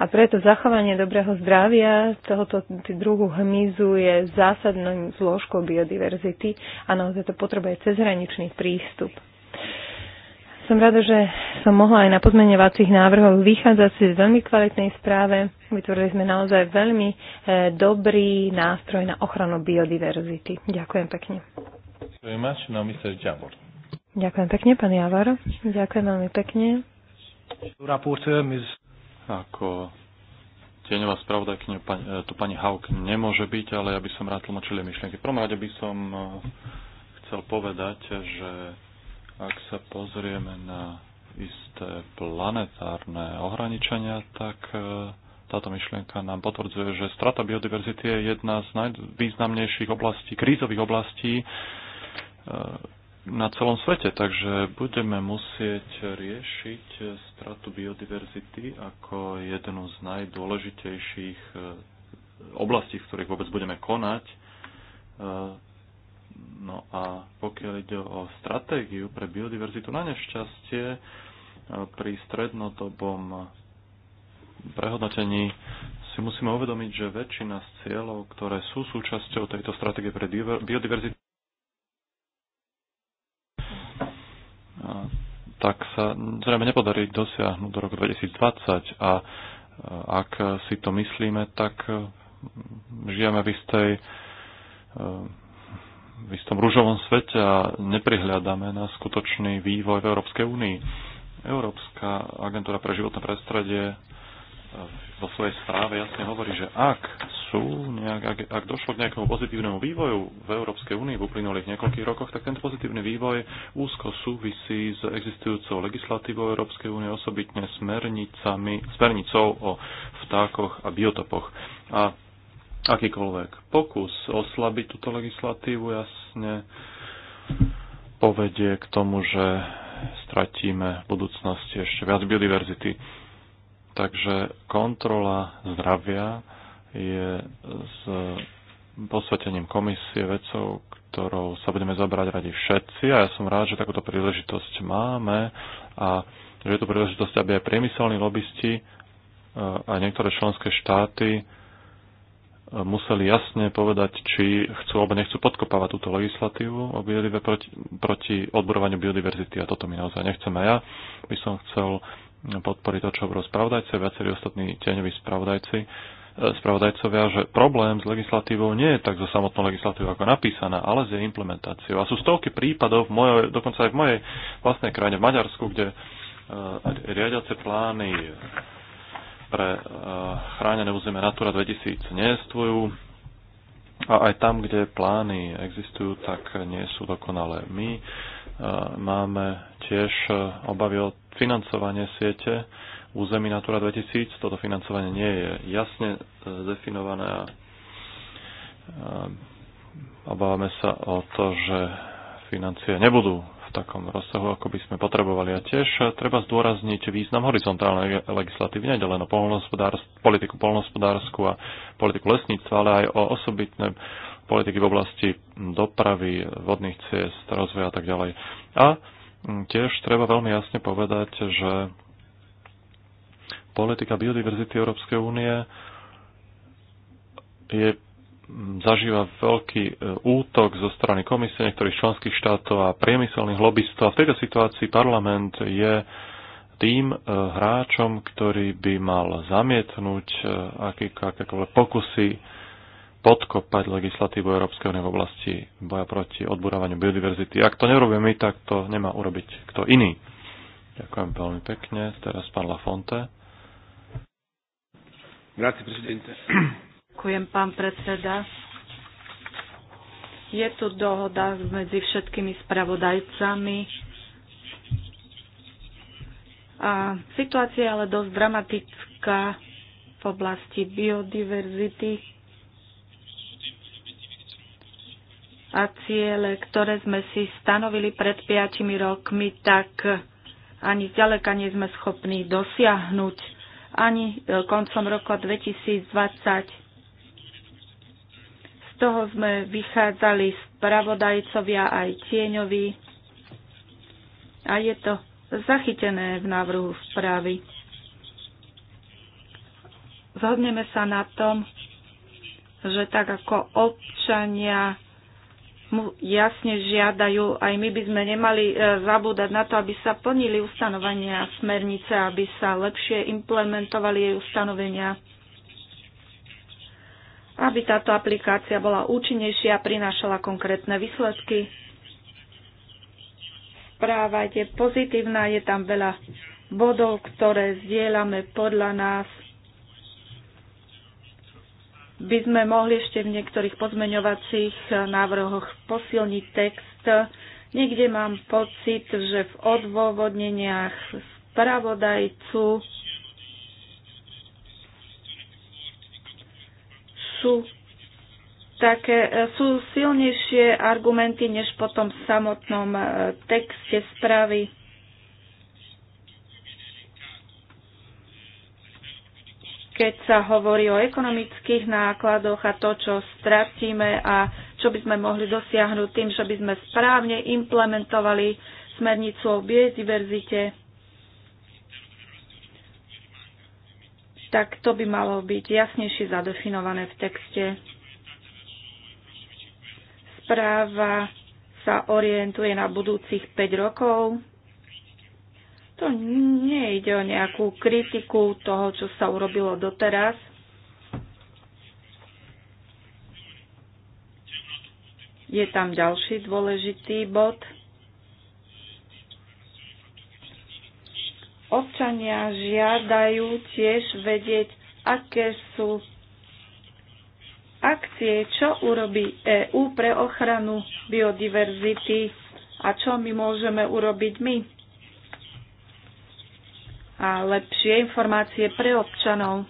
A preto zachovanie dobrého zdravia tohoto druhu hmyzu je zásadnou zložkou biodiverzity a naozaj to potrebuje cezhraničný prístup. Som rada, že som mohla aj na pozmeňovacích návrhoch vychádzať si z veľmi kvalitnej správe. Vytvorili sme naozaj veľmi e, dobrý nástroj na ochranu biodiverzity. Ďakujem pekne. Ďakujem pekne, pán Javor. Ďakujem veľmi pekne. Ako tieňová spravodajkyňa e, tu pani Hauk nemôže byť, ale ja by som rád tlmočil myšlienky. V prvom rade by som e, chcel povedať, že ak sa pozrieme na isté planetárne ohraničenia, tak e, táto myšlienka nám potvrdzuje, že strata biodiverzity je jedna z najvýznamnejších oblastí, krízových oblastí e, na celom svete. Takže budeme musieť riešiť stratu biodiverzity ako jednu z najdôležitejších e, oblastí, v ktorých vôbec budeme konať No a pokiaľ ide o stratégiu pre biodiverzitu, na nešťastie e, pri strednodobom prehodnotení si musíme uvedomiť, že väčšina z cieľov, ktoré sú súčasťou tejto stratégie pre biodiverzitu, tak sa zrejme nepodarí dosiahnuť do roku 2020 a e, ak si to myslíme, tak e, žijeme v istej v istom rúžovom svete a neprihľadáme na skutočný vývoj v Európskej únii. Európska agentúra pre životné prostredie eh, vo svojej správe jasne hovorí, že ak, sú nejak, ak, ak došlo k nejakému pozitívnemu vývoju v Európskej únii v uplynulých niekoľkých rokoch, tak tento pozitívny vývoj úzko súvisí s existujúcou legislatívou Európskej únie, osobitne smernicami, smernicou o vtákoch a biotopoch. A akýkoľvek pokus oslabiť túto legislatívu jasne povedie k tomu, že stratíme v budúcnosti ešte viac biodiverzity. Takže kontrola zdravia je s posvetením komisie vecou, ktorou sa budeme zabrať radi všetci a ja som rád, že takúto príležitosť máme a že je to príležitosť, aby aj priemyselní lobbysti eh, a niektoré členské štáty museli jasne povedať, či chcú alebo nechcú podkopávať túto legislatívu o proti, proti odborovaniu biodiverzity a toto my naozaj nechceme. Ja by som chcel podporiť to, čo hovorí spravodajce, viacerí ostatní tieňoví spravodajci, e, spravodajcovia, že problém s legislatívou nie je tak zo samotnou legislatívou ako napísaná, ale s jej implementáciou. A sú stovky prípadov, v mojej, dokonca aj v mojej vlastnej krajine, v Maďarsku, kde e, riadiace plány pre e, chránené územie Natura 2000 neestvujú a aj tam, kde plány existujú, tak nie sú dokonalé. My e, máme tiež obavy o financovanie siete území Natura 2000. Toto financovanie nie je jasne e, definované a obávame sa o to, že financie nebudú v takom rozsahu, ako by sme potrebovali. A tiež e, treba zdôrazniť význam horizontálnej legislatívy, nedelen o politiku polnospodárskú a politiku lesníctva, ale aj o osobitné politiky v oblasti dopravy, vodných ciest, rozvoja a tak ďalej. A tiež treba veľmi jasne povedať, že politika biodiverzity Európskej únie je zažíva veľký e, útok zo strany komisie niektorých členských štátov a priemyselných lobbystov. A v tejto situácii parlament je tým e, hráčom, ktorý by mal zamietnúť e, akékoľvek pokusy podkopať legislatívu Európskej únie v oblasti boja proti odburávaniu biodiverzity. Ak to nerobíme my, tak to nemá urobiť kto iný. Ďakujem veľmi pekne. Teraz pán Lafonte. Grazie, presidente. Ďakujem, pán predseda. Je tu dohoda medzi všetkými spravodajcami. A situácia je ale dosť dramatická v oblasti biodiverzity a ciele, ktoré sme si stanovili pred piatimi rokmi, tak ani zďaleka nie sme schopní dosiahnuť ani koncom roka 2020 toho sme vychádzali spravodajcovia aj tieňovi a je to zachytené v návrhu správy. Zhodneme sa na tom, že tak ako občania jasne žiadajú, aj my by sme nemali e, zabúdať na to, aby sa plnili ustanovenia smernice, aby sa lepšie implementovali jej ustanovenia aby táto aplikácia bola účinnejšia a prinášala konkrétne výsledky. Správa je pozitívna, je tam veľa bodov, ktoré zdieľame podľa nás by sme mohli ešte v niektorých pozmeňovacích návrhoch posilniť text. Niekde mám pocit, že v odôvodneniach spravodajcu sú také, sú silnejšie argumenty než potom v samotnom e, texte správy. keď sa hovorí o ekonomických nákladoch a to, čo stratíme a čo by sme mohli dosiahnuť tým, že by sme správne implementovali smernicu o biodiverzite. tak to by malo byť jasnejšie zadefinované v texte. Správa sa orientuje na budúcich 5 rokov. To nejde o nejakú kritiku toho, čo sa urobilo doteraz. Je tam ďalší dôležitý bod – Občania žiadajú tiež vedieť, aké sú akcie, čo urobí EÚ pre ochranu biodiverzity a čo my môžeme urobiť my. A lepšie informácie pre občanov.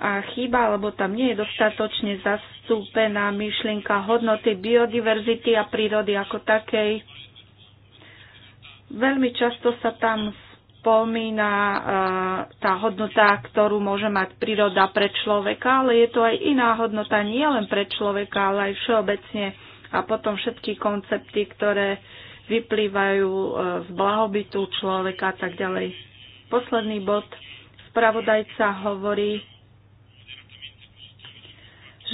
A chýba, alebo tam nie je dostatočne zastúpená myšlienka hodnoty biodiverzity a prírody ako takej Veľmi často sa tam spomína e, tá hodnota, ktorú môže mať príroda pre človeka, ale je to aj iná hodnota nie len pre človeka, ale aj všeobecne a potom všetky koncepty, ktoré vyplývajú e, z blahobytu človeka a tak ďalej. Posledný bod. Spravodajca hovorí,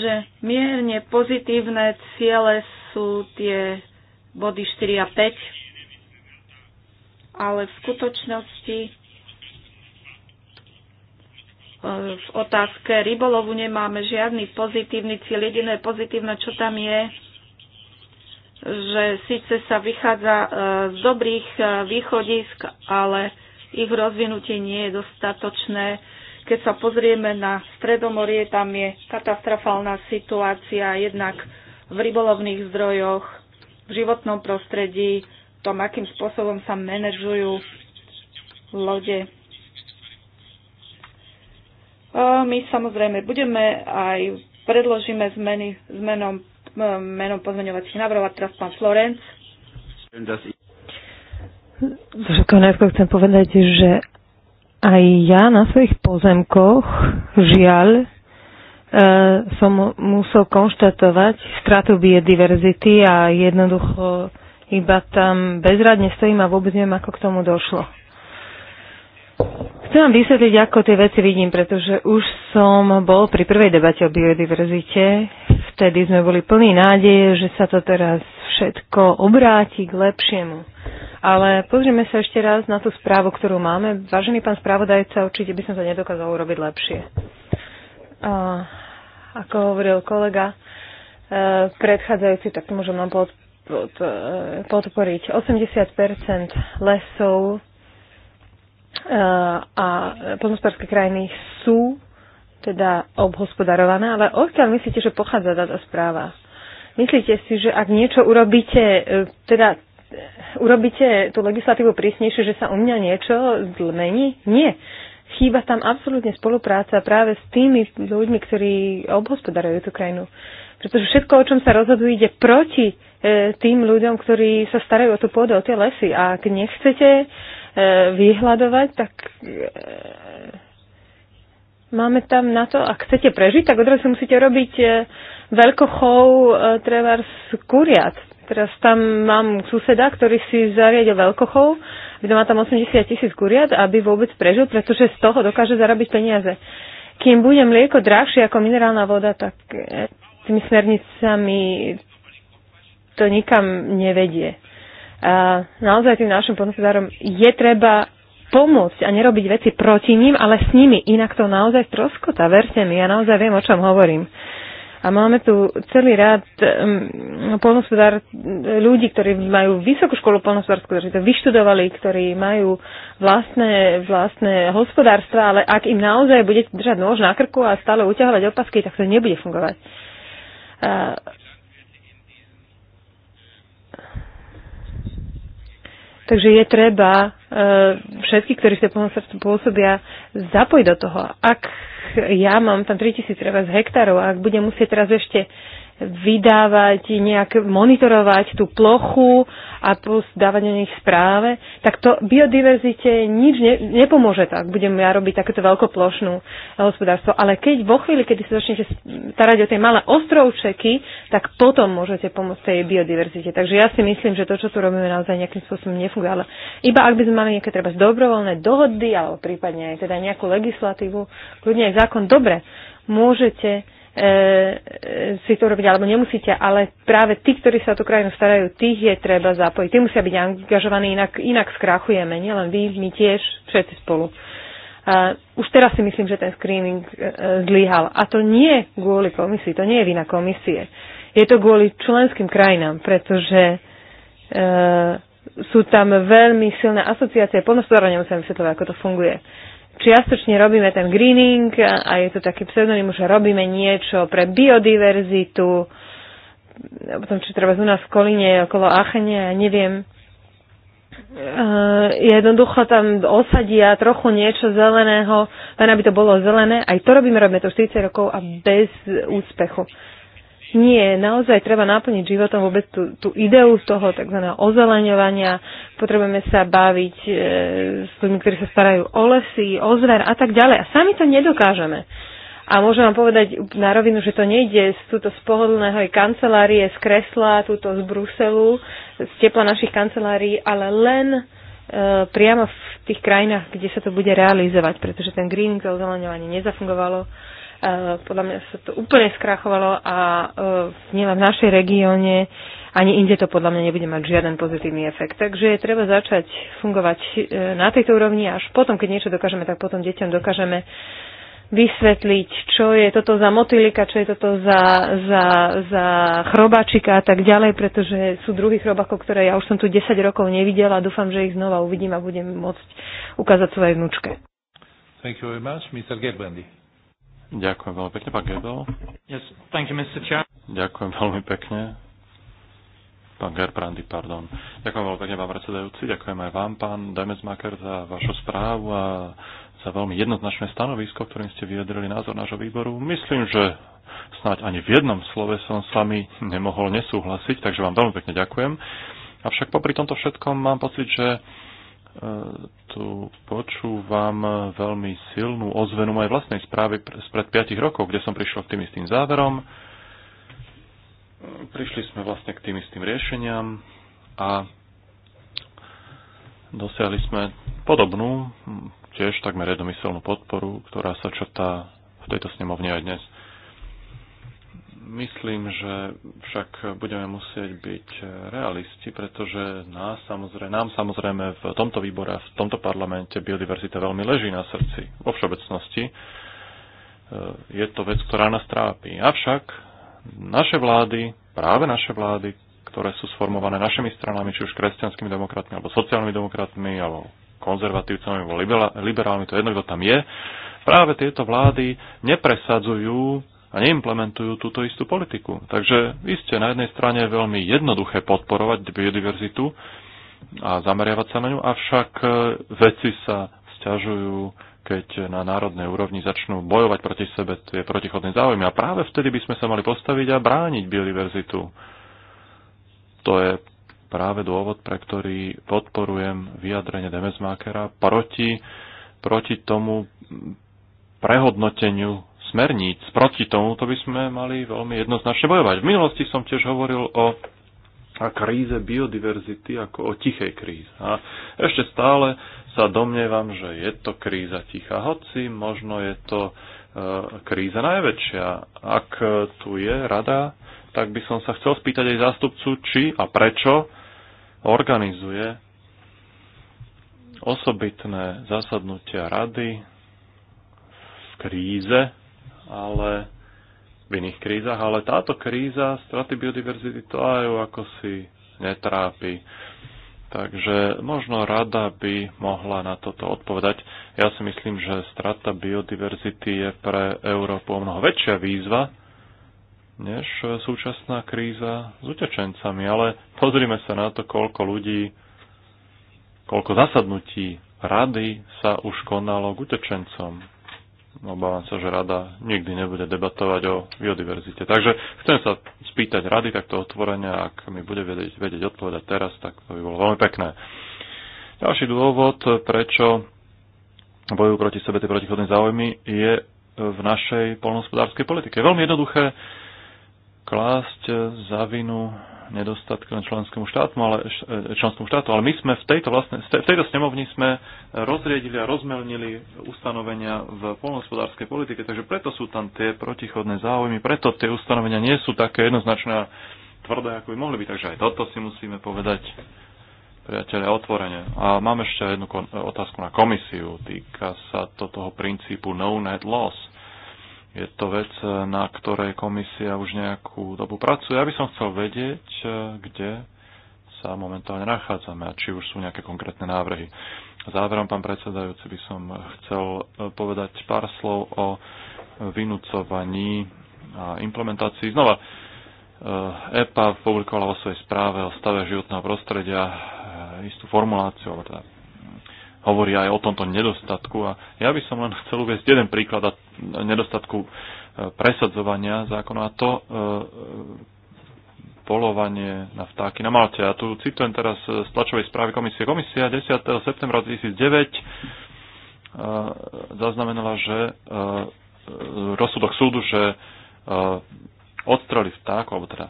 že mierne pozitívne ciele sú tie body 4 a 5 ale v skutočnosti e, v otázke rybolovu nemáme žiadny pozitívny cieľ. Jediné pozitívne, čo tam je, že síce sa vychádza e, z dobrých e, východisk, ale ich rozvinutie nie je dostatočné. Keď sa pozrieme na Stredomorie, tam je katastrofálna situácia jednak v rybolovných zdrojoch, v životnom prostredí, tom, akým spôsobom sa manažujú lode. My samozrejme budeme aj predložíme zmeny zmenom menom pozmeňovacích návrhov a teraz pán Florenc. Zožko, najskôr chcem povedať, že aj ja na svojich pozemkoch žiaľ e, som musel konštatovať stratu biodiverzity a jednoducho iba tam bezradne stojím a vôbec neviem, ako k tomu došlo. Chcem vám vysvetliť, ako tie veci vidím, pretože už som bol pri prvej debate o biodiverzite. Vtedy sme boli plní nádeje, že sa to teraz všetko obráti k lepšiemu. Ale pozrieme sa ešte raz na tú správu, ktorú máme. Vážený pán správodajca, určite by som to nedokázal urobiť lepšie. A, ako hovoril kolega, eh, predchádzajúci, tak môžem vám pod, E, podporiť 80 lesov e, a plnospodárske krajiny sú teda obhospodarované, ale odkiaľ myslíte, že pochádza táto správa? Myslíte si, že ak niečo urobíte, e, teda urobíte tú legislatívu prísnejšie, že sa u mňa niečo zmení? Nie. Chýba tam absolútne spolupráca práve s tými ľuďmi, ktorí obhospodarujú tú krajinu. Pretože všetko, o čom sa rozhoduje, ide proti E, tým ľuďom, ktorí sa starajú o tú pôdu, o tie lesy. A ak nechcete e, vyhľadovať, tak e, máme tam na to, ak chcete prežiť, tak odrazu musíte robiť veľkochov treba kuriat. Teraz tam mám suseda, ktorý si zariadil veľkochov, kde má tam 80 tisíc kuriat, aby vôbec prežil, pretože z toho dokáže zarobiť peniaze. Kým bude mlieko drahšie ako minerálna voda, tak tými smernicami to nikam nevedie. A naozaj tým našim ponosedárom je treba pomôcť a nerobiť veci proti ním, ale s nimi. Inak to naozaj troskota, verte mi, ja naozaj viem, o čom hovorím. A máme tu celý rád um, polnospodár, ľudí, ktorí majú vysokú školu polnospodárskú, ktorí to vyštudovali, ktorí majú vlastné, vlastné hospodárstva, ale ak im naozaj budete držať nôž na krku a stále uťahovať opasky, tak to nebude fungovať. Uh, Takže je treba eh, všetky, ktorí sa teplnom srdcu pôsobia, zapojiť do toho. Ak ja mám tam 3000 hektárov a ak budem musieť teraz ešte vydávať, nejak monitorovať tú plochu a plus dávať o nich správe, tak to biodiverzite nič ne, nepomôže tak. Budem ja robiť takéto veľkoplošnú eh, hospodárstvo. Ale keď vo chvíli, kedy sa začnete starať o tie malé ostrovčeky, tak potom môžete pomôcť tej biodiverzite. Takže ja si myslím, že to, čo tu robíme, naozaj nejakým spôsobom nefunguje. Ale iba ak by sme mali nejaké treba dobrovoľné dohody, alebo prípadne aj teda nejakú legislatívu, kľudne aj zákon, dobre, môžete E, si to robiť, alebo nemusíte, ale práve tí, ktorí sa o tú krajinu starajú, tých je treba zapojiť. Tí musia byť angažovaní, inak, inak skrachujeme, nielen vy, my tiež, všetci spolu. E, už teraz si myslím, že ten screening e, zlyhal. A to nie kvôli komisii, to nie je vina komisie. Je to kvôli členským krajinám, pretože e, sú tam veľmi silné asociácie. Poľnospodárne musím vysvetľovať, ako to funguje. E, čiastočne robíme ten greening a je to taký pseudonym, že robíme niečo pre biodiverzitu, potom či treba u nás v Kolíne, okolo Achene, ja neviem. Uh, jednoducho tam osadia trochu niečo zeleného, len aby to bolo zelené. Aj to robíme, robíme to 40 rokov a bez úspechu. Uh, nie, naozaj treba naplniť životom vôbec tú, tú ideu z toho tzv. ozeleňovania. Potrebujeme sa baviť e, s ľuďmi, ktorí sa starajú o lesy, o zver a tak ďalej. A sami to nedokážeme. A môžem vám povedať na rovinu, že to nejde z túto z pohodlného kancelárie, z kresla, túto z Bruselu, z tepla našich kancelárií, ale len e, priamo v tých krajinách, kde sa to bude realizovať, pretože ten greening, ozeleňovanie nezafungovalo Eh, podľa mňa sa to úplne skrachovalo a eh, nielen v našej regióne, ani inde to podľa mňa nebude mať žiaden pozitívny efekt. Takže treba začať fungovať eh, na tejto úrovni a až potom, keď niečo dokážeme, tak potom deťom dokážeme vysvetliť, čo je toto za motylika, čo je toto za, za, za chrobačika a tak ďalej, pretože sú druhých chrobakov, ktoré ja už som tu 10 rokov nevidela a dúfam, že ich znova uvidím a budem môcť ukázať svojej vnúčke. Thank you very much, Mr. Gerbrandy. Ďakujem veľmi pekne, pán Gebel. Yes, thank you, Mr. Chair. Ďakujem veľmi pekne. Pán Gerbrandy, pardon. Ďakujem veľmi pekne, pán predsedajúci. Ďakujem aj vám, pán Demesmaker, za vašu správu a za veľmi jednoznačné stanovisko, ktorým ste vyjadrili názor nášho výboru. Myslím, že snáď ani v jednom slove som s vami nemohol nesúhlasiť, takže vám veľmi pekne ďakujem. Avšak popri tomto všetkom mám pocit, že tu počúvam veľmi silnú ozvenu mojej vlastnej správy spred 5 rokov, kde som prišiel k tým istým záverom. Prišli sme vlastne k tým istým riešeniam a dosiahli sme podobnú, tiež takmer jednomyselnú podporu, ktorá sa črtá v tejto snemovne aj dnes. Myslím, že však budeme musieť byť realisti, pretože nás, samozrejme, nám samozrejme v tomto výbore a v tomto parlamente biodiverzita veľmi leží na srdci vo všeobecnosti. E, je to vec, ktorá nás trápi. Avšak naše vlády, práve naše vlády, ktoré sú sformované našimi stranami, či už kresťanskými demokratmi, alebo sociálnymi demokratmi, alebo konzervatívcami, alebo liberálmi, to jedno, kto tam je, práve tieto vlády nepresadzujú a neimplementujú túto istú politiku. Takže iste na jednej strane je veľmi jednoduché podporovať biodiverzitu a zameriavať sa na ňu, avšak e, veci sa sťažujú, keď na národnej úrovni začnú bojovať proti sebe tie protichodné záujmy. A práve vtedy by sme sa mali postaviť a brániť biodiverzitu. To je práve dôvod, pre ktorý podporujem vyjadrenie Demesmakera proti, proti tomu prehodnoteniu smerníc. Proti tomuto by sme mali veľmi jednoznačne bojovať. V minulosti som tiež hovoril o kríze biodiverzity ako o tichej kríze. A ešte stále sa domnievam, že je to kríza tichá, hoci možno je to e, kríza najväčšia. Ak tu je rada, tak by som sa chcel spýtať aj zástupcu, či a prečo organizuje osobitné zasadnutia rady v kríze ale v iných krízach, ale táto kríza straty biodiverzity to aj ako si netrápi. Takže možno rada by mohla na toto odpovedať. Ja si myslím, že strata biodiverzity je pre Európu o mnoho väčšia výzva, než súčasná kríza s utečencami. Ale pozrime sa na to, koľko ľudí, koľko zasadnutí rady sa už konalo k utečencom obávam no, sa, že rada nikdy nebude debatovať o biodiverzite. Takže chcem sa spýtať rady takto otvorene, ak mi bude vedieť, vedieť odpovedať teraz, tak to by bolo veľmi pekné. Ďalší dôvod, prečo bojujú proti sebe tie protichodné záujmy, je v našej polnohospodárskej politike. Veľmi jednoduché klásť za vinu nedostatkom členskému štátu, ale, e, členskému štátu, ale my sme v tejto, vlastne, v tejto snemovni sme rozriedili a rozmelnili ustanovenia v polnohospodárskej politike, takže preto sú tam tie protichodné záujmy, preto tie ustanovenia nie sú také jednoznačné a tvrdé, ako by mohli byť. Takže aj toto si musíme povedať, priateľe, otvorene. A mám ešte jednu otázku na komisiu. Týka sa to toho princípu no net loss je to vec, na ktorej komisia už nejakú dobu pracuje. Ja by som chcel vedieť, kde sa momentálne nachádzame a či už sú nejaké konkrétne návrhy. Záverom, pán predsedajúci, by som chcel povedať pár slov o vynúcovaní a implementácii. Znova, EPA publikovala vo svojej správe o stave životného prostredia istú formuláciu, alebo teda hovoria aj o tomto nedostatku. A ja by som len chcel uvieť jeden príklad a nedostatku e, presadzovania zákona a to e, polovanie na vtáky na Malte. A tu citujem teraz z tlačovej správy komisie. Komisia 10. septembra 2009 e, zaznamenala, že rozsudok súdu, že odstrali vtákov, alebo teda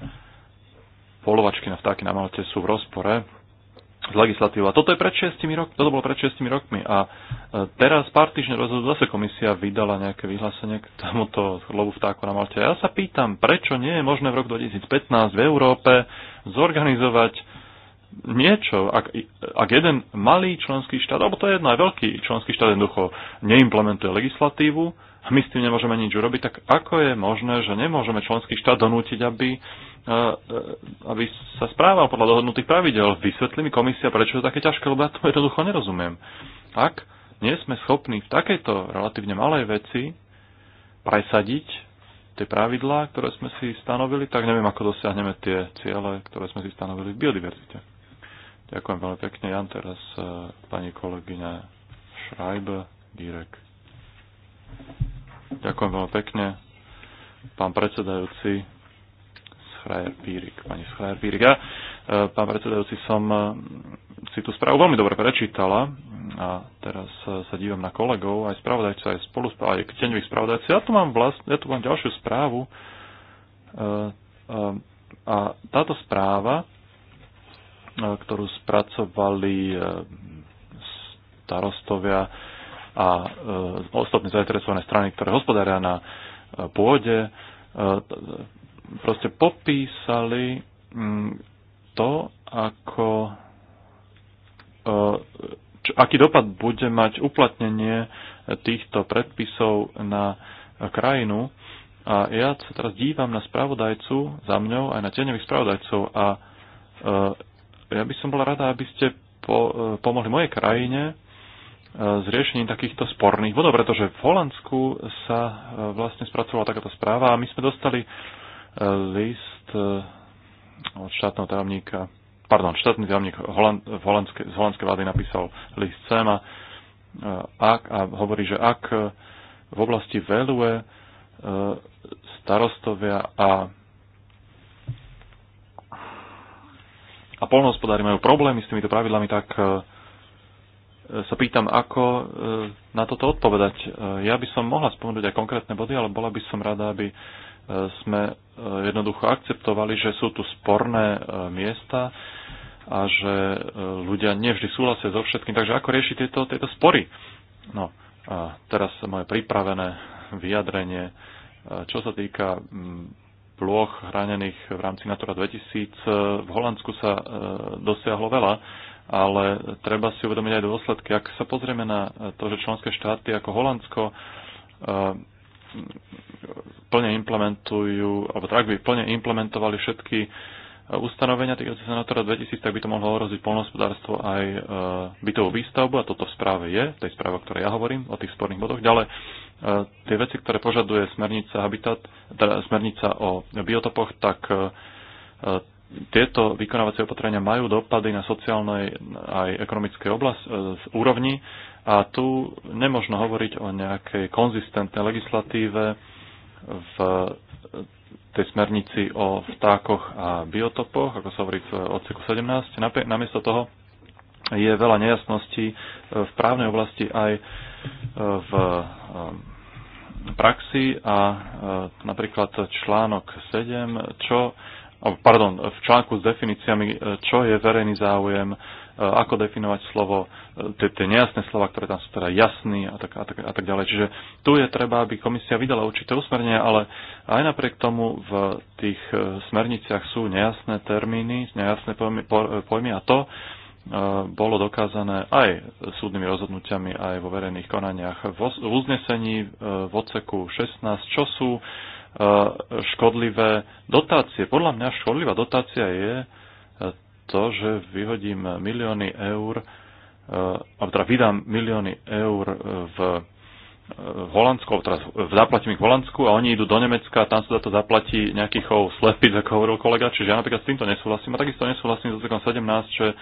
polovačky na vtáky na Malte sú v rozpore legislatívu. A toto, je pred šestimi rok, toto bolo pred šestimi rokmi a e, teraz pár týždňov rozhodu zase komisia vydala nejaké vyhlásenie k tomuto lovu vtáku na Malte. Ja sa pýtam, prečo nie je možné v roku 2015 v Európe zorganizovať niečo, ak, ak jeden malý členský štát, alebo to je jedno, aj veľký členský štát jednoducho neimplementuje legislatívu a my s tým nemôžeme nič urobiť, tak ako je možné, že nemôžeme členský štát donútiť, aby E, aby sa správal podľa dohodnutých pravidel. Vysvetlí mi komisia, prečo je to také ťažké, lebo ja to jednoducho nerozumiem. Ak nie sme schopní v takejto relatívne malej veci presadiť tie pravidlá, ktoré sme si stanovili, tak neviem, ako dosiahneme tie ciele, ktoré sme si stanovili v biodiverzite. Ďakujem veľmi pekne, Jan, teraz e, pani kolegyňa Schreiber, Direk. Ďakujem veľmi pekne, pán predsedajúci, Schreier-Pírik. Pani Schreier-Pírik, ja, e, pán predsedajúci, som e, si tú správu veľmi dobre prečítala a teraz e, sa dívam na kolegov, aj spravodajcov, aj spolu aj teňových spravodajcov. Ja tu mám vlast, ja tu mám ďalšiu správu a táto správa, ktorú spracovali starostovia a ostatné zainteresované strany, ktoré hospodária na pôde, proste popísali mm, to, ako e, čo, aký dopad bude mať uplatnenie týchto predpisov na krajinu. A ja sa teraz dívam na spravodajcu za mňou, aj na tieňových spravodajcov a e, ja by som bola rada, aby ste po, e, pomohli mojej krajine s riešením takýchto sporných bodov, pretože v Holandsku sa vlastne spracovala takáto správa a my sme dostali list eh, od štátneho tajomníka, pardon, štátny tajomník Holand, holandske, z holandskej vlády napísal list sem a, eh, ak, a hovorí, že ak eh, v oblasti Velue starostovia a a polnohospodári majú problémy s týmito pravidlami, tak sa pýtam, ako na toto odpovedať. Ja by som mohla spomenúť aj konkrétne body, ale bola by som rada, aby sme e, jednoducho akceptovali, že sú tu sporné e, miesta a že e, ľudia nevždy súhlasia so všetkým. Takže ako riešiť tieto, tieto spory? No, a teraz moje pripravené vyjadrenie, čo sa týka ploch hranených v rámci Natura 2000. V Holandsku sa dosiahlo veľa, ale treba si uvedomiť aj dôsledky. Ak sa pozrieme na to, že členské štáty ako Holandsko plne implementujú, alebo tak by plne implementovali všetky e, ustanovenia týkajúce sa Natura 2000, tak by to mohlo ohroziť polnohospodárstvo aj e, bytovú výstavbu a toto v správe je, v tej správe, o ktorej ja hovorím, o tých sporných bodoch. Ďalej, e, tie veci, ktoré požaduje smernica, habitat, teda smernica o biotopoch, tak tieto vykonávacie opatrenia majú dopady na sociálnej aj ekonomickej oblasti, úrovni a tu nemožno hovoriť o nejakej konzistentnej legislatíve v tej smernici o vtákoch a biotopoch, ako sa hovorí v odseku 17. Namiesto toho je veľa nejasností v právnej oblasti aj v um, praxi a uh, napríklad článok 7, čo, oh, pardon, v článku s definíciami, uh, čo je verejný záujem, E, ako definovať slovo, e, tie nejasné slova, ktoré tam sú teda jasný a tak, a, tak, a tak ďalej. Čiže tu je treba, aby komisia vydala určité usmernenia, ale aj napriek tomu v tých e, smerniciach sú nejasné termíny, nejasné pojmy, pojmy a to bolo dokázané aj súdnymi rozhodnutiami, aj vo verejných konaniach. V uznesení v odseku 16, čo sú škodlivé dotácie. Podľa mňa škodlivá dotácia je to, že vyhodím milióny eur, e, alebo teda vydám milióny eur e, v v Holandsku, teraz zaplatím ich v Holandsku a oni idú do Nemecka a tam sa za to zaplatí nejaký chov slepic, ako hovoril kolega, čiže ja napríklad s týmto nesúhlasím a takisto nesúhlasím s odsekom 17, že e,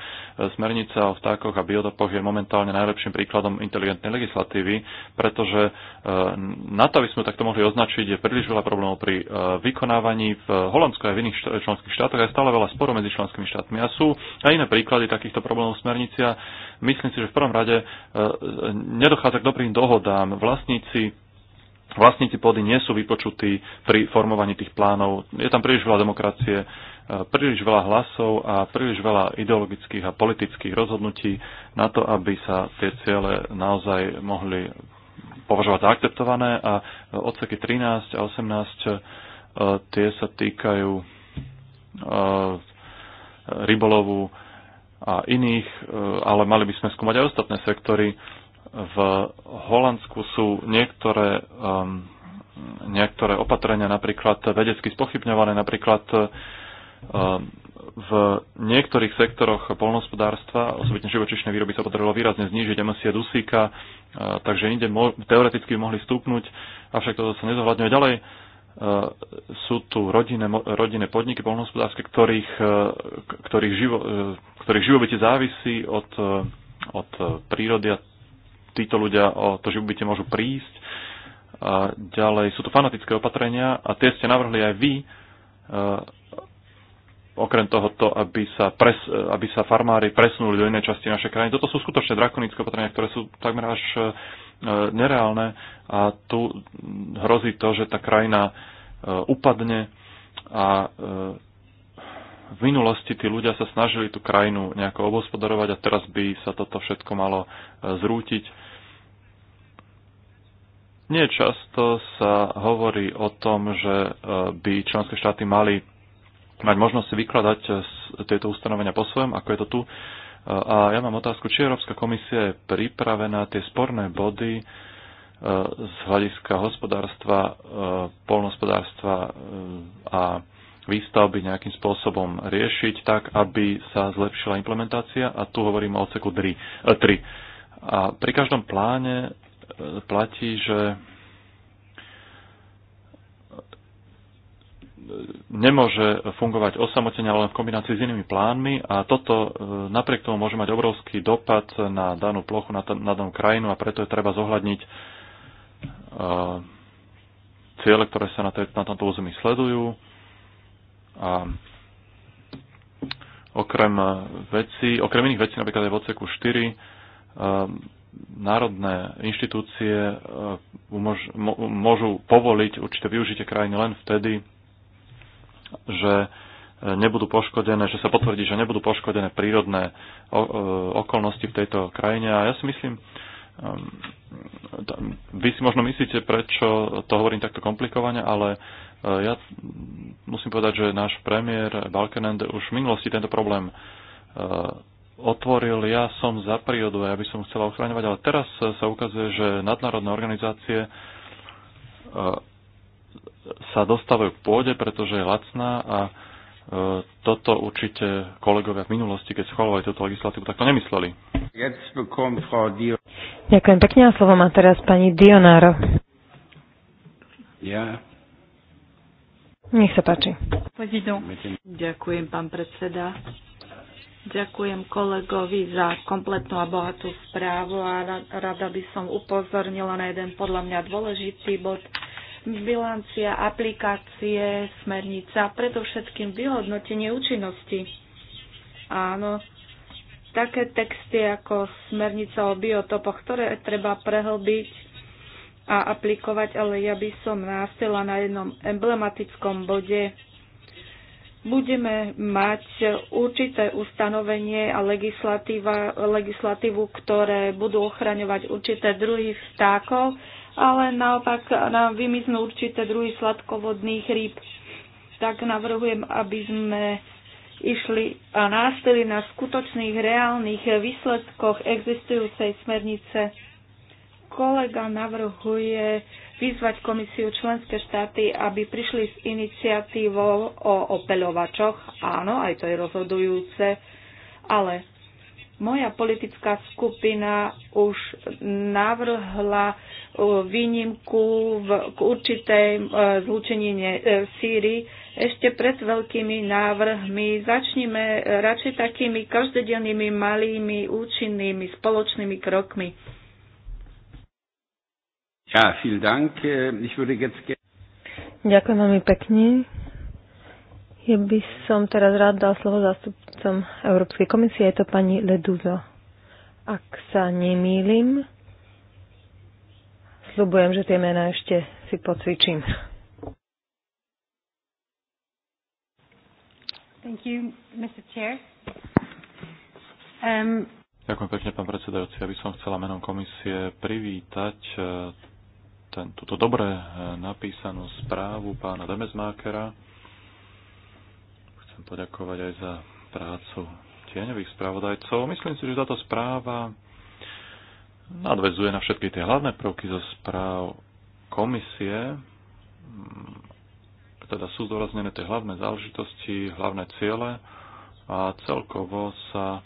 smernica o vtákoch a biotopoch je momentálne najlepším príkladom inteligentnej legislatívy, pretože e, na to, aby sme takto mohli označiť, je príliš veľa problémov pri e, vykonávaní v Holandsku a v iných členských štátoch a je stále veľa sporov medzi členskými štátmi a sú aj iné príklady takýchto problémov smernici a myslím si, že v prvom rade nedochádza k dobrým dohodám. Vlast vlastníci vlastníci pôdy nie sú vypočutí pri formovaní tých plánov. Je tam príliš veľa demokracie, e, príliš veľa hlasov a príliš veľa ideologických a politických rozhodnutí na to, aby sa tie ciele naozaj mohli považovať za akceptované a odseky 13 a 18 e, tie sa týkajú e, rybolovu a iných, ale mali by sme skúmať aj ostatné sektory v Holandsku sú niektoré, um, niektoré opatrenia napríklad vedecky spochybňované, napríklad um, v niektorých sektoroch polnospodárstva, osobitne živočišné výroby, sa podarilo výrazne znížiť emisie dusíka, uh, takže inde teoreticky by mohli stúpnuť, avšak toto sa nezohľadňuje ďalej. Uh, sú tu rodinné, rodinné podniky polnohospodárske, ktorých, uh, ktorých, živo, ktorých živobytie závisí od, od prírody a títo ľudia o to živobytie môžu prísť. A ďalej sú to fanatické opatrenia a tie ste navrhli aj vy, eh, okrem toho to, aby sa, pres, eh, aby sa farmári presunuli do inej časti našej krajiny. Toto sú skutočne drakonické opatrenia, ktoré sú takmer až eh, nereálne a tu hrozí to, že tá krajina upadne a v minulosti tí ľudia sa snažili tú krajinu nejako obhospodarovať a teraz by sa toto všetko malo zrútiť nie často sa hovorí o tom, že e, by členské štáty mali mať možnosť vykladať e, tieto ustanovenia po svojom, ako je to tu. E, a ja mám otázku, či Európska komisia je pripravená tie sporné body z hľadiska hospodárstva, polnospodárstva a výstavby nejakým spôsobom riešiť tak, aby sa zlepšila implementácia. A tu hovorím o odseku 3. A pri každom pláne platí, že nemôže fungovať osamotene, ale len v kombinácii s inými plánmi a toto e, napriek tomu môže mať obrovský dopad na danú plochu, na, na danú krajinu a preto je treba zohľadniť uh, ciele, ktoré sa na, na tomto území sledujú. A okrem e, veci, okrem iných vecí, napríklad aj v odseku 4, národné inštitúcie e, môžu povoliť určité využitie krajiny len vtedy, že e, nebudú poškodené, že sa potvrdí, že nebudú poškodené prírodné e, okolnosti v tejto krajine. A ja si myslím, ehm, vy si možno myslíte, prečo to hovorím takto komplikovane, ale ja musím povedať, že náš premiér Balkenende už v minulosti tento problém otvoril ja som za prírodu ja by som chcela ochraňovať, ale teraz sa ukazuje, že nadnárodné organizácie e, sa dostávajú k pôde, pretože je lacná a e, toto určite kolegovia v minulosti, keď schvalovali túto legislatívu, tak to nemysleli. Ďakujem pekne a slovo má teraz pani Dionáro. Ja. Nech sa páči. Ďakujem, pán predseda. Ďakujem kolegovi za kompletnú a bohatú správu a rada by som upozornila na jeden podľa mňa dôležitý bod. Bilancia aplikácie smernica, predovšetkým vyhodnotenie účinnosti. Áno, také texty ako smernica o biotopoch, ktoré treba prehlbiť a aplikovať, ale ja by som nástela na jednom emblematickom bode budeme mať určité ustanovenie a legislatívu, ktoré budú ochraňovať určité druhy vtákov, ale naopak nám vymiznú určité druhy sladkovodných rýb. Tak navrhujem, aby sme išli a nástili na skutočných reálnych výsledkoch existujúcej smernice. Kolega navrhuje vyzvať komisiu členské štáty, aby prišli s iniciatívou o opeľovačoch. Áno, aj to je rozhodujúce, ale moja politická skupina už navrhla e, výnimku v, k určitej e, e síry ešte pred veľkými návrhmi. Začnime e, radšej takými každodennými malými účinnými spoločnými krokmi. Ja, vielen Dank. Äh, ich würde jetzt... Ďakujem veľmi pekne. Ja by som teraz rád dal slovo zástupcom Európskej komisie, je to pani Leduzo. Ak sa nemýlim, slubujem, že tie mená ešte si pocvičím. Thank you, Mr. Chair. Um, Ďakujem pekne, pán predsedajúci. Ja by som chcela menom komisie privítať eh, ten, túto dobre eh, napísanú správu pána Demezmákera. Chcem poďakovať aj za prácu tieňových spravodajcov. Myslím si, že táto správa nadvezuje na všetky tie hlavné prvky zo správ komisie. Mm, teda sú zdôraznené tie hlavné záležitosti, hlavné ciele a celkovo sa eh,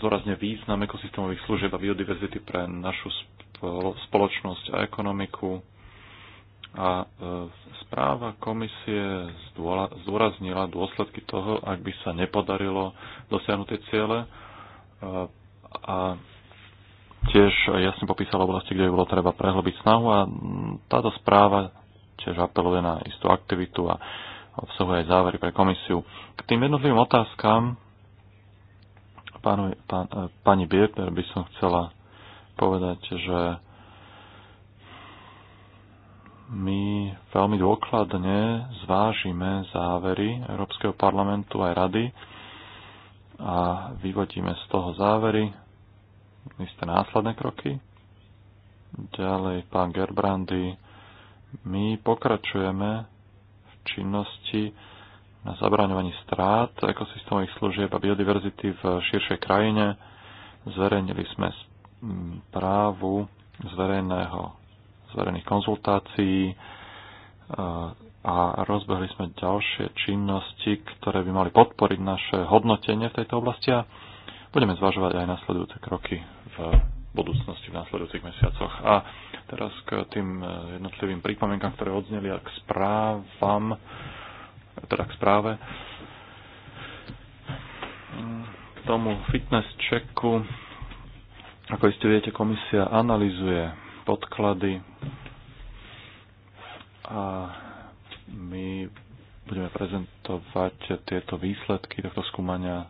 zdôrazne význam ekosystémových služieb a biodiverzity pre našu spoločnosť a ekonomiku. A e, správa komisie zdôraznila dôsledky toho, ak by sa nepodarilo dosiahnuť tie ciele e, a tiež jasne popísala oblasti, kde by bolo treba prehlbiť snahu a táto správa tiež apeluje na istú aktivitu a obsahuje aj závery pre komisiu. K tým jednotlivým otázkam pánu, pán, e, pani Bierter by som chcela povedať, že my veľmi dôkladne zvážime závery Európskeho parlamentu aj rady a vyvodíme z toho závery isté následné kroky. Ďalej pán Gerbrandy, my pokračujeme v činnosti na zabraňovaní strát ekosystémových služieb a biodiverzity v širšej krajine. Zverejnili sme Mm, právu z, verejného, z verejných konzultácií e, a rozbehli sme ďalšie činnosti, ktoré by mali podporiť naše hodnotenie v tejto oblasti a budeme zvažovať aj nasledujúce kroky v budúcnosti v následujúcich mesiacoch. A teraz k tým e, jednotlivým pripomienkam, ktoré odzneli a k správam, teda k správe. Mm, k tomu fitness checku ako iste viete, komisia analizuje podklady a my budeme prezentovať tieto výsledky tohto skúmania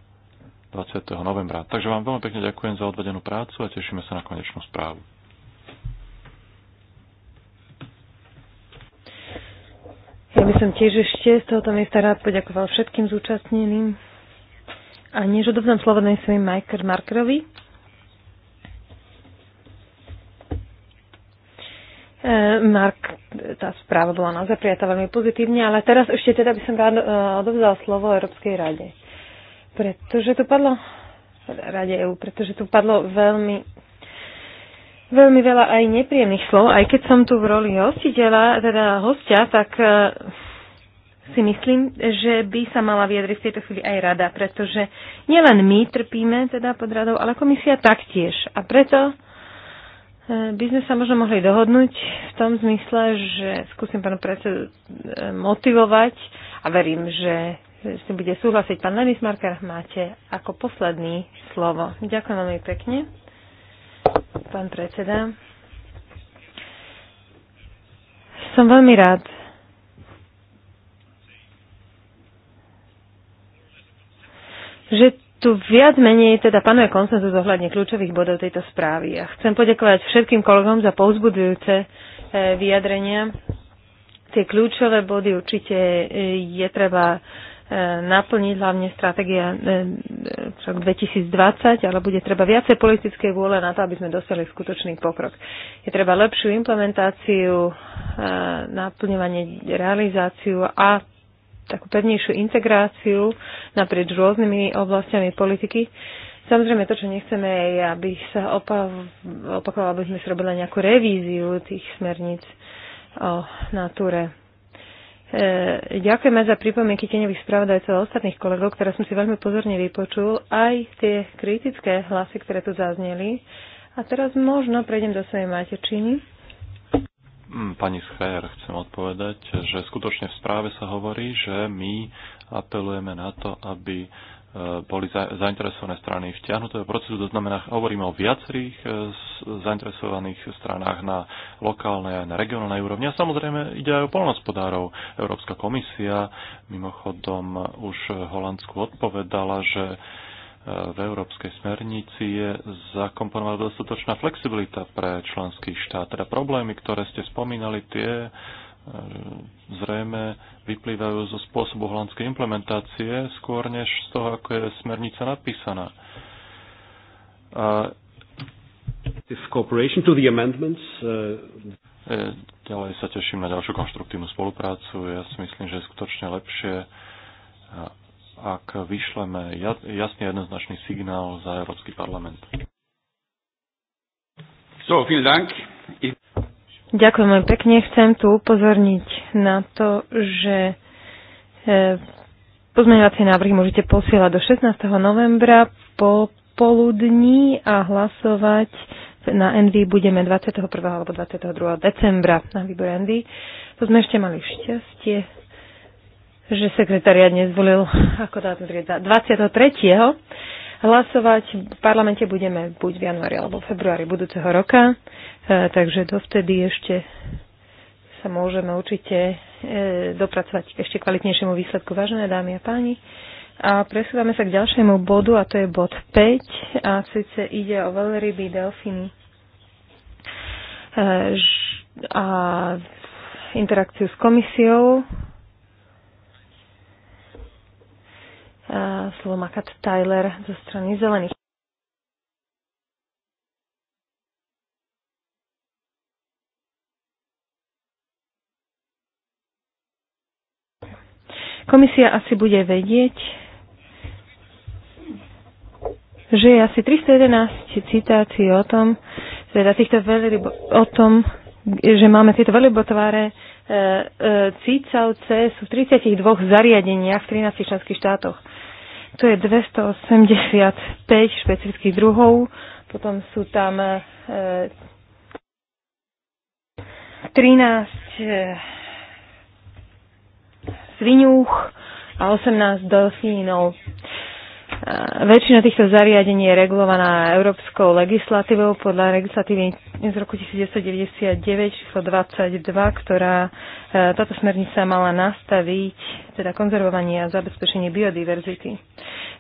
20. novembra. Takže vám veľmi pekne ďakujem za odvedenú prácu a tešíme sa na konečnú správu. Ja by som tiež ešte z tohoto miesta rád poďakoval všetkým zúčastneným. A než odovzdám slovo svojim Markerovi, Eh, Mark, tá správa bola naozaj prijatá veľmi pozitívne, ale teraz ešte teda by som rád eh, odovzal slovo Európskej rade. Pretože tu padlo, rade EU, pretože tu padlo veľmi veľmi veľa aj nepríjemných slov, aj keď som tu v roli hostiteľa, teda hostia, tak eh, si myslím, že by sa mala vyjadriť v tejto chvíli aj rada, pretože nielen my trpíme teda pod radou, ale komisia taktiež. A preto E, by sme sa možno mohli dohodnúť v tom zmysle, že skúsim pánu predsedu e, motivovať a verím, že s tým bude súhlasiť. Pán Lenis Marker, máte ako posledný slovo. Ďakujem veľmi pekne, pán predseda. Som veľmi rád, že tu viac menej teda panuje konsenzus ohľadne kľúčových bodov tejto správy. A chcem poďakovať všetkým kolegom za povzbudujúce e, vyjadrenia. Tie kľúčové body určite e, je treba e, naplniť hlavne stratégia rok 2020, ale bude treba viacej politickej vôle na to, aby sme dostali skutočný pokrok. Je treba lepšiu implementáciu, naplňovanie, realizáciu a takú pevnejšiu integráciu naprieč rôznymi oblastiami politiky. Samozrejme, to, čo nechceme, je, aby sa opakovalo, aby sme si robili nejakú revíziu tých smerníc o natúre. E, ďakujeme za pripomienky teňových spravodajcov a ostatných kolegov, ktoré som si veľmi pozorne vypočul, aj tie kritické hlasy, ktoré tu zazneli. A teraz možno prejdem do svojej matečiny. Hm, pani Schreier, chcem odpovedať, že skutočne v správe sa hovorí, že my apelujeme na to, aby e, boli zainteresované strany vtiahnuté do procesu. To znamená, hovoríme o viacerých e, zainteresovaných stranách na lokálnej a na regionálnej úrovni. A samozrejme ide aj o polnospodárov. Európska komisia mimochodom už Holandsku odpovedala, že v európskej smernici je zakomponovaná dostatočná flexibilita pre členský štát. Teda problémy, ktoré ste spomínali, tie e, zrejme vyplývajú zo spôsobu holandskej implementácie skôr než z toho, ako je smernica napísaná. A uh, e, Ďalej sa teším na ďalšiu konštruktívnu spoluprácu. Ja si myslím, že je skutočne lepšie ak vyšleme jasný jednoznačný signál za Európsky parlament. So, Dank. Ďakujem veľmi pekne. Chcem tu upozorniť na to, že e, pozmeňovacie návrhy môžete posielať do 16. novembra po poludní a hlasovať na Envy budeme 21. alebo 22. decembra na výbor Envy. To sme ešte mali šťastie že sekretariat nezvolil ako dátum 23. Hlasovať v parlamente budeme buď v januári alebo v februári budúceho roka, e, takže dovtedy ešte sa môžeme určite e, dopracovať ešte kvalitnejšiemu výsledku. Vážené dámy a páni, a presúvame sa k ďalšiemu bodu a to je bod 5 a síce ide o veľryby Delfiny e, a interakciu s komisiou Eh, slovo má Kat Tyler zo strany Zelených. Komisia asi bude vedieť, že je asi 311 citácií o tom, teda týchto veľrybo, o tom, že máme tieto veľrybotváre e, e, cícavce sú v 32 zariadeniach v 13 členských štátoch. Tu je 285 špecifických druhov, potom sú tam 13 e, e, sviňúch a 18 delfínov. Eh, väčšina týchto zariadení je regulovaná európskou legislatívou podľa legislatívy z roku 1999 číslo 22, ktorá eh, táto smernica mala nastaviť, teda konzervovanie a zabezpečenie biodiverzity.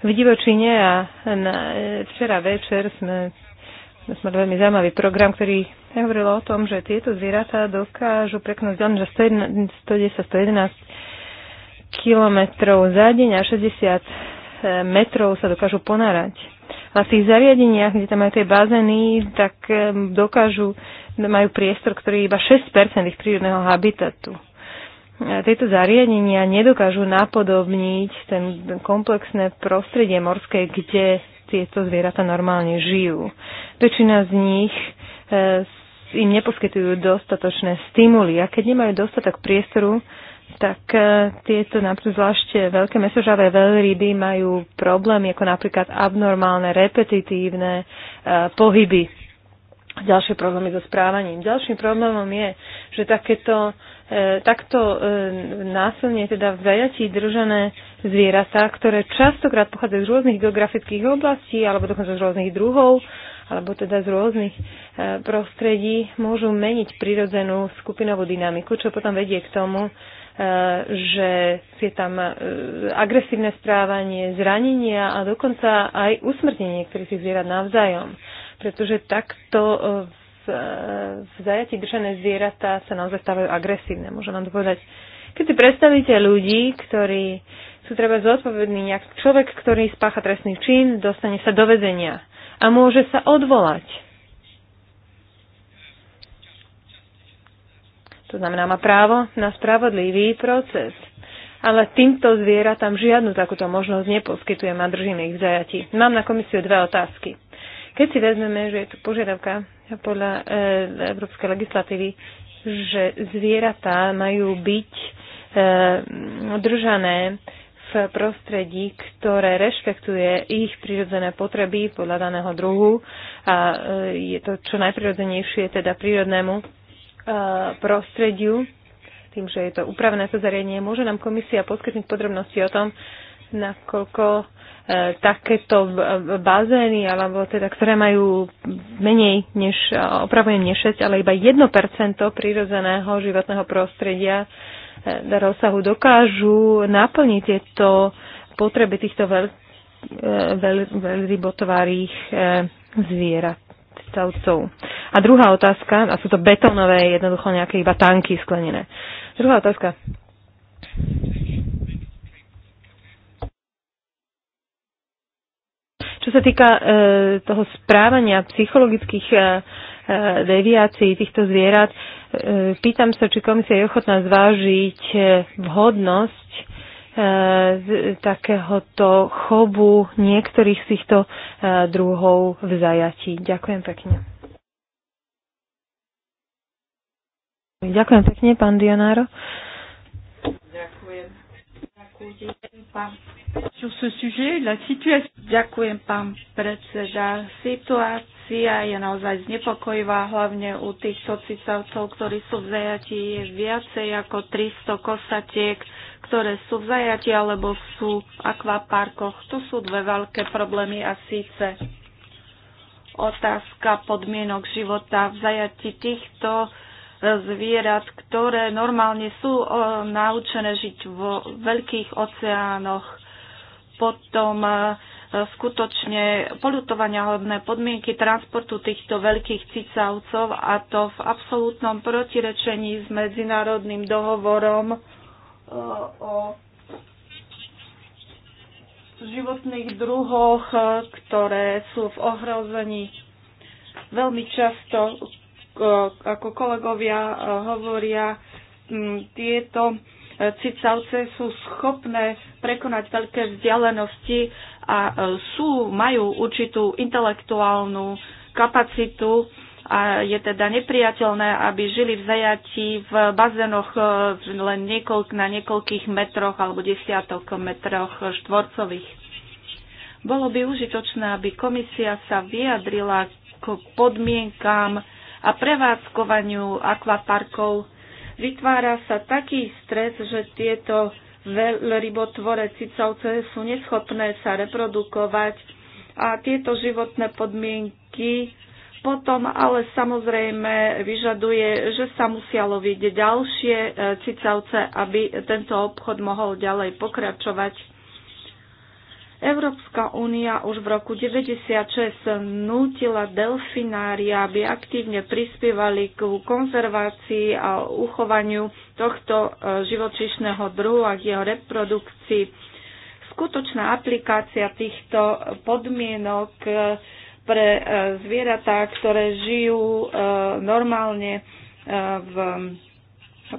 V Divočine a na, eh, včera večer sme, sme veľmi zaujímavý program, ktorý hovoril o tom, že tieto zvieratá dokážu preknúť len, že 110-111 kilometrov za deň a 60 metrov sa dokážu ponárať. A v tých zariadeniach, kde tam majú tie bazény, tak e, dokážu, majú priestor, ktorý je iba 6% ich prírodného habitatu. A tieto zariadenia nedokážu napodobniť ten komplexné prostredie morské, kde tieto zvieratá normálne žijú. Väčšina z nich e, im neposkytujú dostatočné stimuly a keď nemajú dostatok priestoru, tak e, tieto zvlášť veľké mesožavé veľryby majú problémy, ako napríklad abnormálne, repetitívne e, pohyby. Ďalšie problémy so správaním. Ďalším problémom je, že takéto, e, takto násilne teda v zajatí držané zvieratá, ktoré častokrát pochádzajú z rôznych geografických oblastí alebo dokonca z rôznych druhov, alebo teda z rôznych prostredí môžu meniť prirodzenú skupinovú dynamiku, čo potom vedie k tomu, že je tam e, agresívne správanie, zranenia a dokonca aj usmrtenie niektorých tých zvierat navzájom. Pretože takto e, v, e, v zajati držané zvieratá sa naozaj stávajú agresívne, môžem vám to povedať. Keď si predstavíte ľudí, ktorí sú treba zodpovední, nejak človek, ktorý spácha trestný čin, dostane sa do vedenia a môže sa odvolať To znamená, má právo na spravodlivý proces. Ale týmto zvieratám žiadnu takúto možnosť neposkytujem a držím ich v zajati. Mám na komisiu dve otázky. Keď si vezmeme, že je tu požiadavka podľa e, európskej legislatívy, že zvieratá majú byť e, držané v prostredí, ktoré rešpektuje ich prírodzené potreby podľa daného druhu a e, je to čo najprirodzenejšie teda prírodnému E, prostrediu, tým, že je to upravené to zariadenie, môže nám komisia poskytnúť podrobnosti o tom, nakoľko e, takéto bazény, alebo teda, ktoré majú menej než, e, opravujem nie 6, ale iba 1% prírodzeného životného prostredia e, rozsahu dokážu naplniť tieto potreby týchto veľ, e, veľ, veľrybotvárých e, zvierat stavcov. A druhá otázka, a sú to betónové, jednoducho nejaké iba tanky sklenené. Druhá otázka. Čo sa týka e, toho správania psychologických e, e deviácií týchto zvierat, e, pýtam sa, či komisia je ochotná zvážiť e, vhodnosť z takéhoto chobu niektorých z týchto e, druhov v zajatí. Ďakujem pekne. Ďakujem pekne, pán Dionáro. Ďakujem. pán. predseda. Situácia je naozaj znepokojivá, hlavne u tých socistavcov, ktorí sú v zajatí. Je viacej ako 300 kosatiek, ktoré sú v zajati alebo sú v akvaparkoch. To sú dve veľké problémy a síce otázka podmienok života v zajati týchto e, zvierat, ktoré normálne sú e, naučené žiť vo veľkých oceánoch. Potom e, skutočne polutovania hodné podmienky transportu týchto veľkých cicavcov a to v absolútnom protirečení s medzinárodným dohovorom o životných druhoch, e, ktoré sú v ohrození. Veľmi často, e, ako kolegovia e, hovoria, tieto cicavce sú schopné prekonať veľké vzdialenosti a sú, majú určitú intelektuálnu kapacitu a je teda nepriateľné, aby žili v zajatí v bazénoch e, len niekoľk, na niekoľkých metroch alebo desiatok metroch štvorcových. Bolo by užitočné, aby komisia sa vyjadrila k podmienkám a prevádzkovaniu akvaparkov. Vytvára sa taký stres, že tieto rybotvore cicavce sú neschopné sa reprodukovať a tieto životné podmienky potom ale samozrejme vyžaduje, že sa musia loviť ďalšie e, cicavce, aby tento obchod mohol ďalej pokračovať. Európska únia už v roku 1996 nútila delfinária, aby aktívne prispievali k konzervácii a uchovaniu tohto e, živočišného druhu a k jeho reprodukcii. Skutočná aplikácia týchto podmienok e, pre e, zvieratá, ktoré žijú e, normálne e, v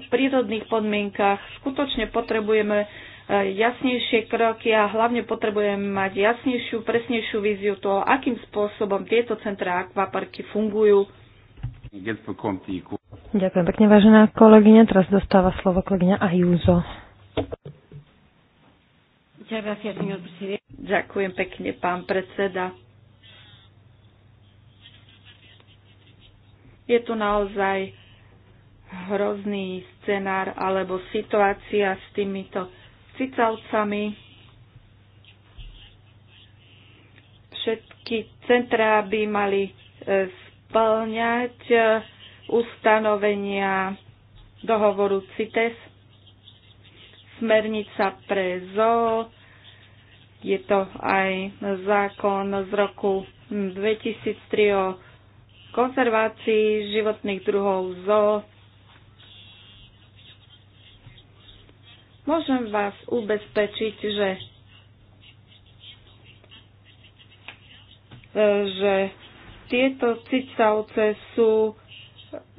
prírodných podmienkach. Skutočne potrebujeme jasnejšie kroky a hlavne potrebujeme mať jasnejšiu, presnejšiu víziu toho, akým spôsobom tieto centrá akvaparky fungujú. Ďakujem pekne, vážená kolegyňa. Teraz dostáva slovo kolegyňa Ajúzo. Ďakujem pekne, pán predseda. Je tu naozaj hrozný scenár alebo situácia s týmito cicavcami. Všetky centrá by mali e, splňať e, ustanovenia dohovoru CITES, smernica pre ZOO, je to aj zákon z roku 2003 o konzervácii životných druhov zoo. Môžem vás ubezpečiť, že, e, že tieto cicavce sú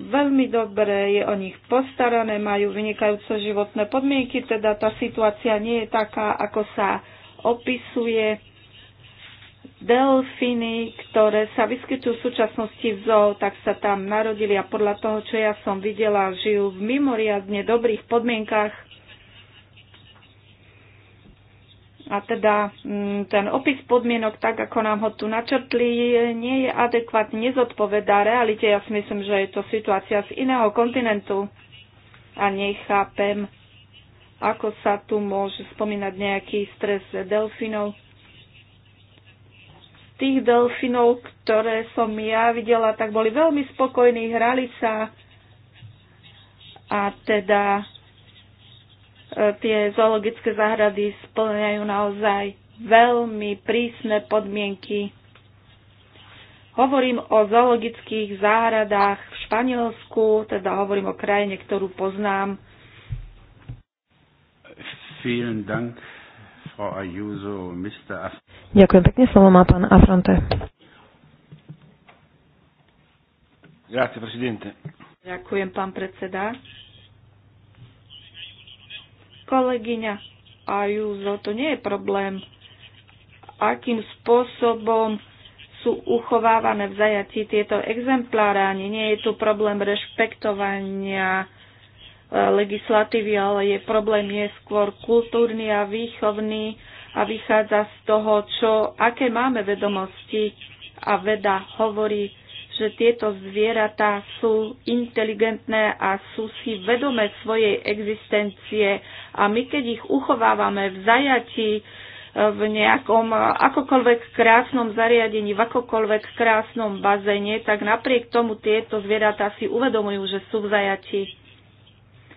veľmi dobré, je o nich postarané, majú vynikajúce životné podmienky, teda tá situácia nie je taká, ako sa opisuje delfíny, ktoré sa vyskytujú v súčasnosti v zoo, tak sa tam narodili a podľa toho, čo ja som videla, žijú v mimoriadne dobrých podmienkach. A teda mm, ten opis podmienok, tak ako nám ho tu načrtli, nie je adekvátne, nezodpovedá realite. Ja si myslím, že je to situácia z iného kontinentu a nechápem, ako sa tu môže spomínať nejaký stres delfínov tých delfinov, ktoré som ja videla, tak boli veľmi spokojní, hrali sa a teda e, tie zoologické záhrady splňajú naozaj veľmi prísne podmienky. Hovorím o zoologických záhradách v Španielsku, teda hovorím o krajine, ktorú poznám. Vielen Dank. Ďakujem pekne, slovo má pán Afronte. Ďakujem, pán predseda. Kolegyňa Ajúzo, to nie je problém, akým spôsobom sú uchovávané v zajatí tieto exempláre. Ani nie je tu problém rešpektovania legislatívy, ale je problém je skôr kultúrny a výchovný a vychádza z toho, čo, aké máme vedomosti a veda hovorí, že tieto zvieratá sú inteligentné a sú si vedomé svojej existencie a my keď ich uchovávame v zajati, e, v nejakom e, akokoľvek krásnom zariadení, v akokoľvek krásnom bazéne, tak napriek tomu tieto zvieratá si uvedomujú, že sú v zajati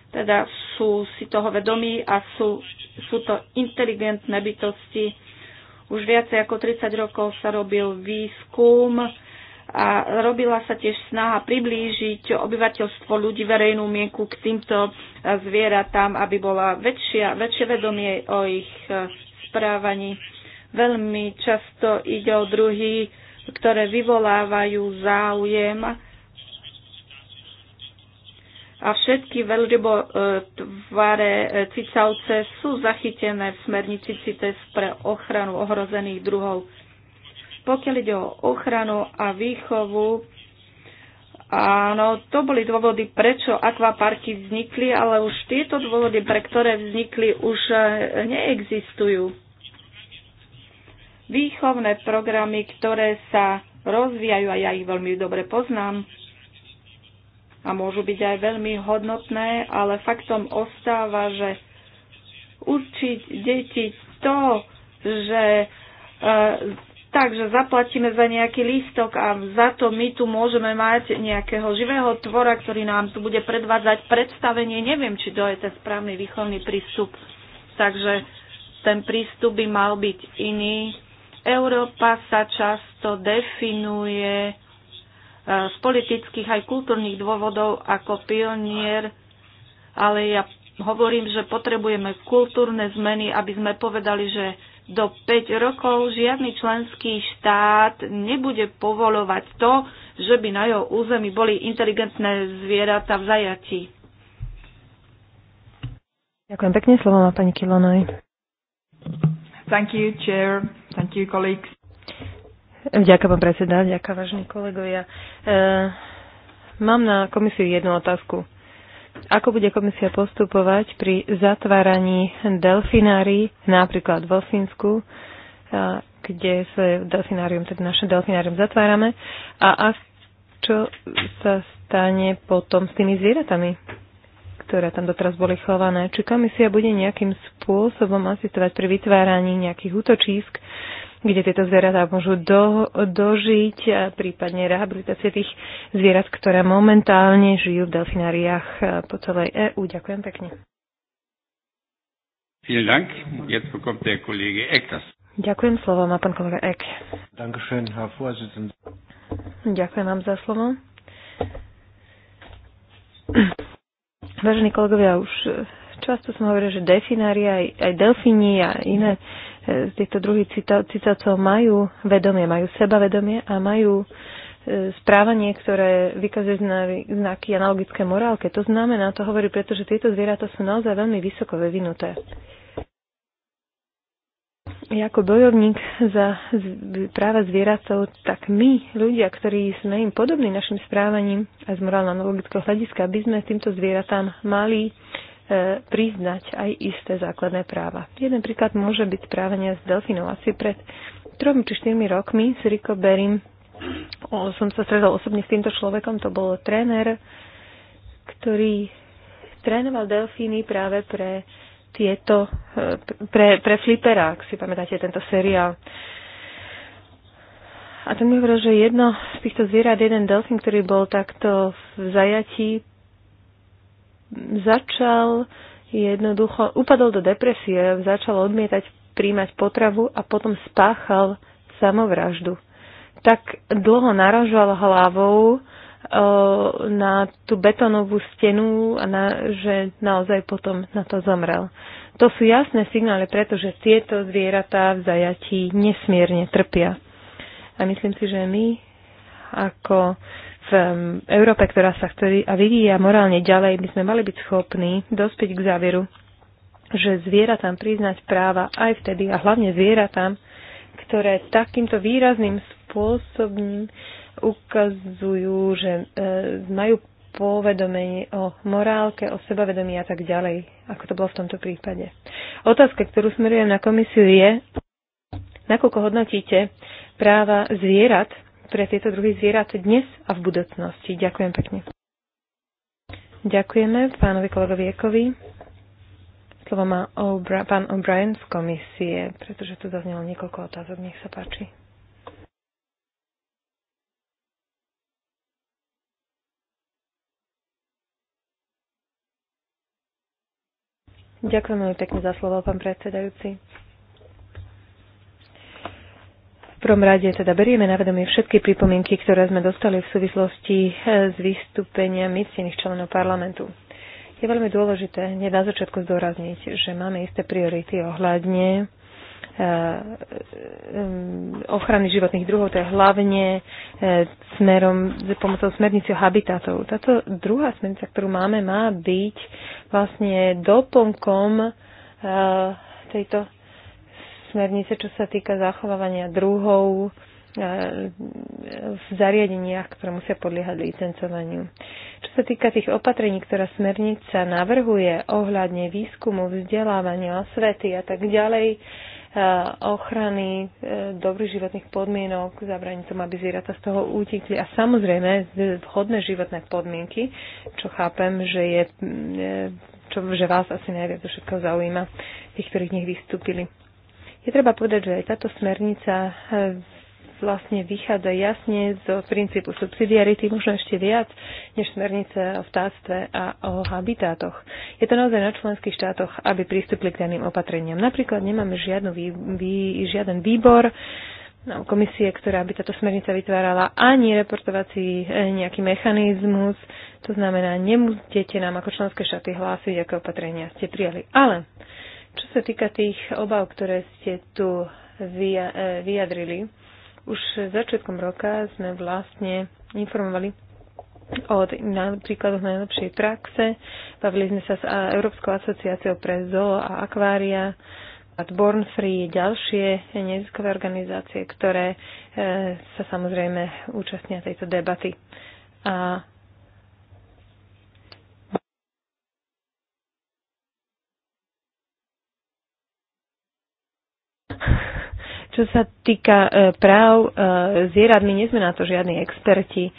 teda sú si toho vedomí a sú, sú to inteligentné bytosti. Už viacej ako 30 rokov sa robil výskum a robila sa tiež snaha priblížiť obyvateľstvo ľudí verejnú mienku k týmto zvieratám, aby bola väčšia, väčšie vedomie o ich správaní. Veľmi často ide o druhy, ktoré vyvolávajú záujem a všetky veľrybotvare e, e, cicavce sú zachytené v smernici CITES pre ochranu ohrozených druhov. Pokiaľ ide o ochranu a výchovu, áno, to boli dôvody, prečo akvaparky vznikli, ale už tieto dôvody, pre ktoré vznikli, už e, neexistujú. Výchovné programy, ktoré sa rozvíjajú, a ja ich veľmi dobre poznám, a môžu byť aj veľmi hodnotné, ale faktom ostáva, že určiť deti to, že e, takže zaplatíme za nejaký lístok a za to my tu môžeme mať nejakého živého tvora, ktorý nám tu bude predvádzať predstavenie. Neviem, či to je ten správny výchovný prístup. Takže ten prístup by mal byť iný. Európa sa často definuje z politických aj kultúrnych dôvodov ako pionier, ale ja hovorím, že potrebujeme kultúrne zmeny, aby sme povedali, že do 5 rokov žiadny členský štát nebude povolovať to, že by na jeho území boli inteligentné zvieratá v zajatí. Ďakujem pekne, slovo má pani Kilonoj. Thank you, chair. Thank you, colleagues. Ďakujem, pán predseda, ďakujem, vážení kolegovia. E, mám na komisiu jednu otázku. Ako bude komisia postupovať pri zatváraní delfinári napríklad vo Fínsku, e, kde sa delfinárium, teda naše delfinárium zatvárame, a, a čo sa stane potom s tými zvieratami, ktoré tam doteraz boli chované? Či komisia bude nejakým spôsobom asistovať pri vytváraní nejakých útočísk, kde tieto zvieratá môžu do, dožiť, a prípadne rehabilitácie tých zvierat, ktoré momentálne žijú v delfináriách e, po celej EÚ. Ďakujem pekne. Ďakujem slovo, má pán kolega Eck. Ďakujem vám za slovo. Vážení kolegovia, už často som hovoril, že delfinári aj, aj delfíni a iné z e, týchto druhých cicavcov majú vedomie, majú sebavedomie a majú e, správanie, ktoré vykazuje znaky analogické morálke. To znamená, to hovorí, pretože tieto zvieratá sú naozaj veľmi vysoko vyvinuté. Ja ako bojovník za práva zvieratov, tak my, ľudia, ktorí sme im podobní našim správaním a z morálno-analogického hľadiska, by sme týmto zvieratám mali E, priznať aj isté základné práva. Jeden príklad môže byť správanie s delfínov. Asi pred tromi či štyrmi rokmi s Riko Berim o, som sa stretol osobne s týmto človekom. To bol tréner, ktorý trénoval delfíny práve pre tieto, e, pre, pre Flipera, ak si pamätáte tento seriál. A to mi hovoril, že jedno z týchto zvierat, jeden delfín, ktorý bol takto v zajatí, začal jednoducho, upadol do depresie, začal odmietať príjmať potravu a potom spáchal samovraždu. Tak dlho naražal hlavou e, na tú betonovú stenu a na, že naozaj potom na to zomrel. To sú jasné signály, pretože tieto zvieratá v zajatí nesmierne trpia. A myslím si, že my ako v um, Európe, ktorá sa ktorý a vyvíja morálne ďalej, by sme mali byť schopní dospieť k záveru, že zvieratám priznať práva aj vtedy a hlavne zvieratám, ktoré takýmto výrazným spôsobom ukazujú, že e, majú povedomenie o morálke, o sebavedomí a tak ďalej, ako to bolo v tomto prípade. Otázka, ktorú smerujem na komisiu je, nakoľko hodnotíte práva zvierat pre tieto druhy zvierat dnes a v budúcnosti. Ďakujem pekne. Ďakujeme pánovi kolegovi Ekovi. Slovo má pán O'Brien z komisie, pretože tu zaznelo niekoľko otázok. Nech sa páči. Ďakujem veľmi pekne za slovo, pán predsedajúci. V prvom rade teda berieme na vedomie všetky pripomienky, ktoré sme dostali v súvislosti eh, s vystúpeniami ctených členov parlamentu. Je veľmi dôležité hneď na začiatku zdôrazniť, že máme isté priority ohľadne eh, eh, ochrany životných druhov, to je hlavne smerom, pomocou smernice habitátov. habitatov. Táto druhá smernica, ktorú máme, má byť vlastne doplnkom tejto smernice, čo sa týka zachovávania druhov e, v zariadeniach, ktoré musia podliehať licencovaniu. Čo sa týka tých opatrení, ktorá smernica navrhuje ohľadne výskumu, vzdelávania, osvety a tak ďalej, e, ochrany e, dobrých životných podmienok, zabraní tomu, aby zvieratá z toho utekli a samozrejme vhodné životné podmienky, čo chápem, že je čo, že vás asi najviac do všetko zaujíma, tých, ktorí v nich vystúpili. Je treba povedať, že aj táto smernica e, vlastne vychádza jasne z princípu subsidiarity, možno ešte viac než smernice o vtáctve a o habitátoch. Je to naozaj na členských štátoch, aby pristúpili k daným opatreniam. Napríklad nemáme žiadnu vý, vý, žiaden výbor no, komisie, ktorá by táto smernica vytvárala, ani reportovací e, nejaký mechanizmus. To znamená, nemusíte nám ako členské štáty hlásiť, aké opatrenia ste prijali. Ale čo sa týka tých obav, ktoré ste tu e, vyjadrili, už začiatkom roka sme vlastne informovali o príkladoch najlepšej praxe. Bavili sme sa s Európskou asociáciou pre zoo a akvária, Born Free, ďalšie neziskové organizácie, ktoré e, sa samozrejme účastnia tejto debaty. A Čo sa týka e, práv zvierat, e, my nie sme na to žiadni experti e,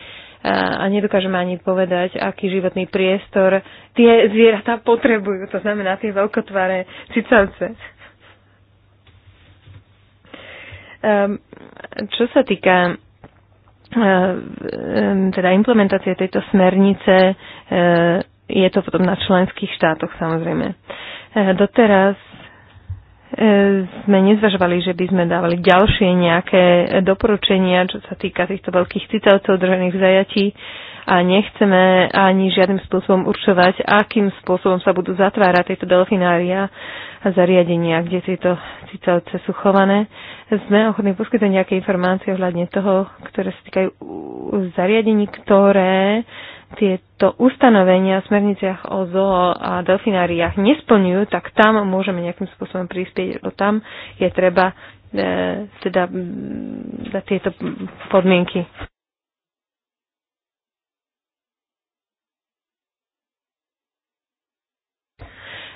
a nedokážeme ani povedať, aký životný priestor tie zvieratá potrebujú, to znamená tie veľkotvaré cicavce. Ehm, čo sa týka teda implementácie tejto smernice, je to potom na členských štátoch samozrejme. Doteraz E, sme nezvažovali, že by sme dávali ďalšie nejaké doporučenia, čo sa týka týchto veľkých citavcov držených v zajatí a nechceme ani žiadnym spôsobom určovať, akým spôsobom sa budú zatvárať tieto delfinária a zariadenia, kde tieto cicavce sú chované. Sme ochotní poskytnúť nejaké informácie ohľadne toho, ktoré sa týkajú zariadení, ktoré tieto ustanovenia v smerniciach o zoo a delfináriách nesplňujú, tak tam môžeme nejakým spôsobom prispieť, lebo tam je treba e, teda dať tieto podmienky.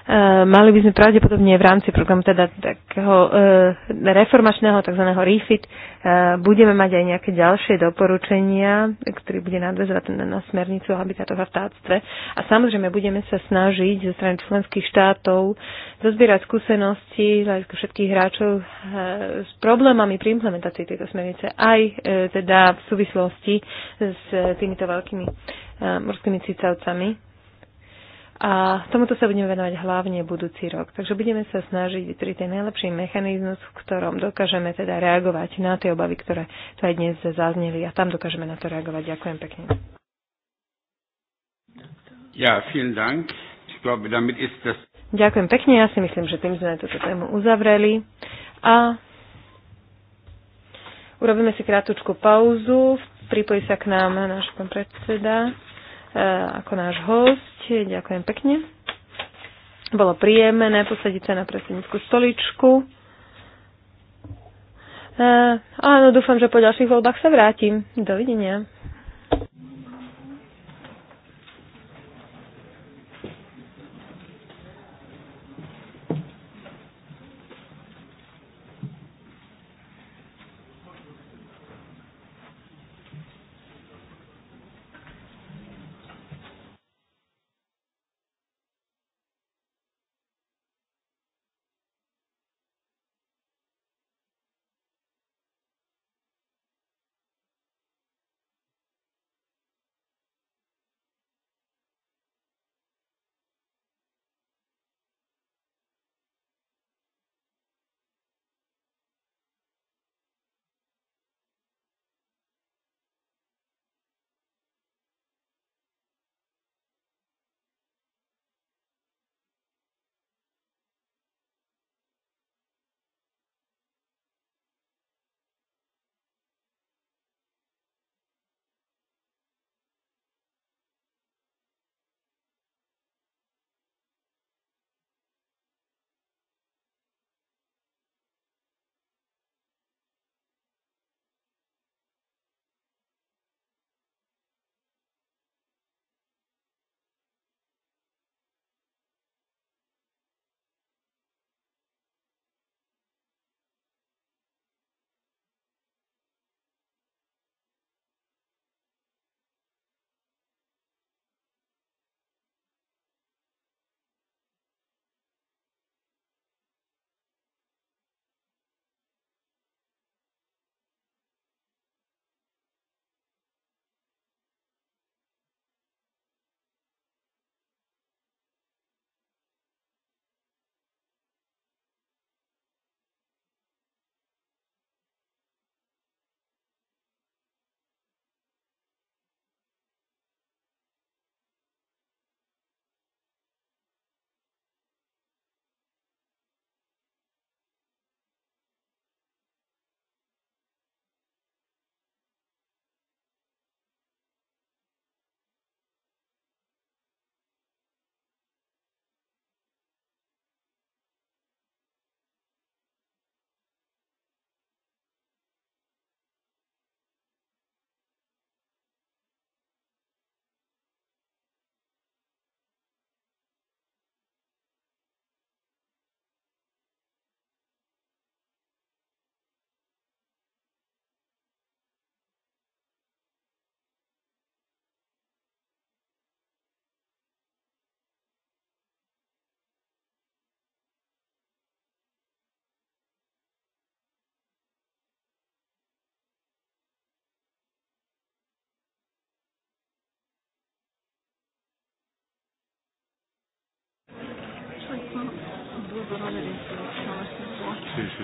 Eh, mali by sme pravdepodobne v rámci programu teda takého eh, reformačného tzv. refit eh, budeme mať aj nejaké ďalšie doporučenia, ktoré bude nadvezovať na smernicu o habitatoch a vtáctve. A samozrejme budeme sa snažiť zo strany členských štátov zozbierať skúsenosti hľadiska všetkých hráčov s problémami pri implementácii tejto smernice aj teda v súvislosti s týmito veľkými morskými cicavcami a tomuto sa budeme venovať hlavne budúci rok. Takže budeme sa snažiť vytvoriť ten najlepší mechanizmus, v ktorom dokážeme teda reagovať na tie obavy, ktoré tu aj dnes zazneli a tam dokážeme na to reagovať. Ďakujem pekne. Ja, vielen Dank. Ich glaube, damit ist das... Ďakujem pekne. Ja si myslím, že tým sme túto tému uzavreli. A urobíme si krátku pauzu. Pripojí sa k nám náš pán predseda. E, ako náš host. Ďakujem pekne. Bolo príjemné posadiť sa na predsednícku stoličku. E, áno, dúfam, že po ďalších voľbách sa vrátim. Dovidenia.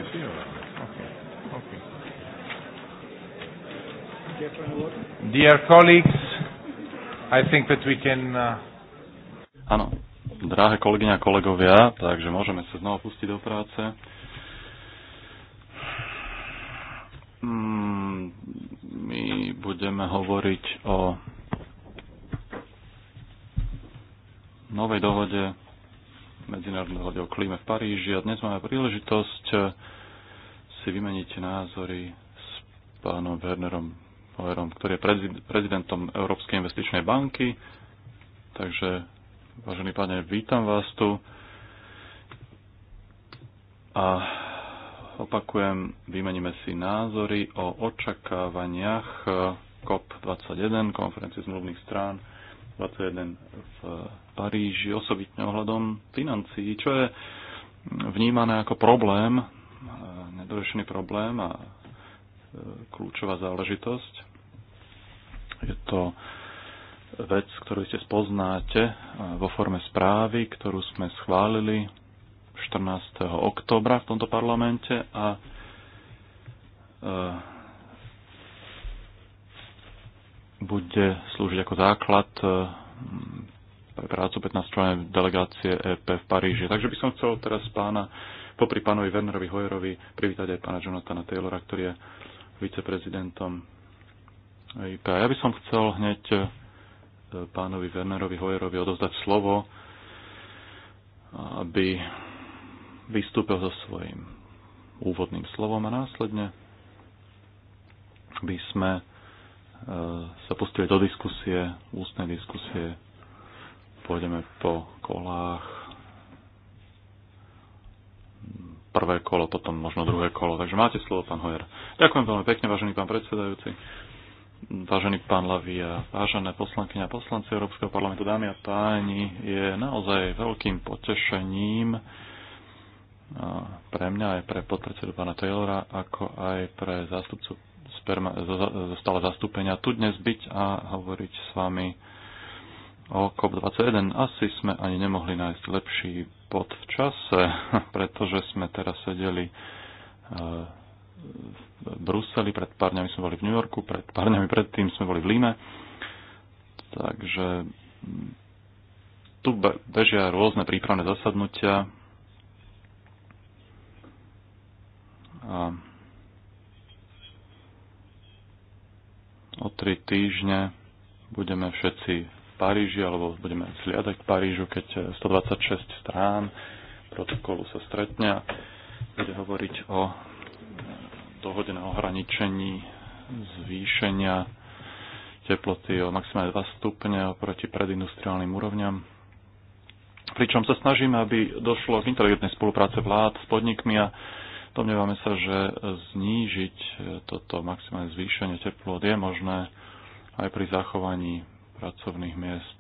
sì, sì. Okay. Okay. Dear colleagues, I think that we can... Ano. Uh, drahé kolegyňa a kolegovia, takže môžeme sa znova pustiť do práce. Mm, my budeme hovoriť o novej dohode medzinárodného dohode o klíme v Paríži a dnes máme príležitosť eh, si vymeniť názory s pánom Wernerom Hoerom, ktorý je prezidentom Európskej investičnej banky. Takže, vážený pane, vítam vás tu a opakujem, vymeníme si názory o očakávaniach eh, COP21, konferencie zmluvných strán 21 v Paríži, osobitne ohľadom financií, čo je vnímané ako problém, e, nedorešený problém a e, kľúčová záležitosť. Je to vec, ktorú ste spoznáte e, vo forme správy, ktorú sme schválili 14. oktobra v tomto parlamente a bude slúžiť ako základ eh, pre prácu 15 členov delegácie EP v Paríži. Takže by som chcel teraz pána, popri pánovi Wernerovi Hojerovi, privítať aj pána Jonathana Taylora, ktorý je viceprezidentom IP. E ja by som chcel hneď eh, pánovi Wernerovi Hojerovi odovzdať slovo, aby vystúpil so svojím úvodným slovom a následne by sme Eh, sa pustili do diskusie, ústnej diskusie. Pôjdeme po kolách. Prvé kolo, potom možno druhé kolo. Takže máte slovo, pán Hojer. Ďakujem veľmi pekne, vážený pán predsedajúci. Vážený pán a vážené poslankyňa a poslanci Európskeho parlamentu, dámy a páni, je naozaj veľkým potešením eh, pre mňa aj pre podpredsedu pána Taylora, ako aj pre zástupcu zo stále zastúpenia tu dnes byť a hovoriť s vami o COP21. Asi sme ani nemohli nájsť lepší bod v čase, pretože sme teraz sedeli e, v Bruseli, pred pár dňami sme boli v New Yorku, pred pár dňami predtým sme boli v Líme. Takže mm, tu bežia rôzne prípravné zasadnutia. A o tri týždne budeme všetci v Paríži, alebo budeme sliadať k Parížu, keď 126 eh, strán protokolu sa stretne a bude hovoriť o eh, dohode na ohraničení zvýšenia teploty o maximálne 2 stupne oproti predindustriálnym úrovňam. Pričom sa snažíme, aby došlo k inteligentnej spolupráce vlád s podnikmi a Domnievame sa, že znížiť e, toto maximálne zvýšenie teplot je možné aj pri zachovaní pracovných miest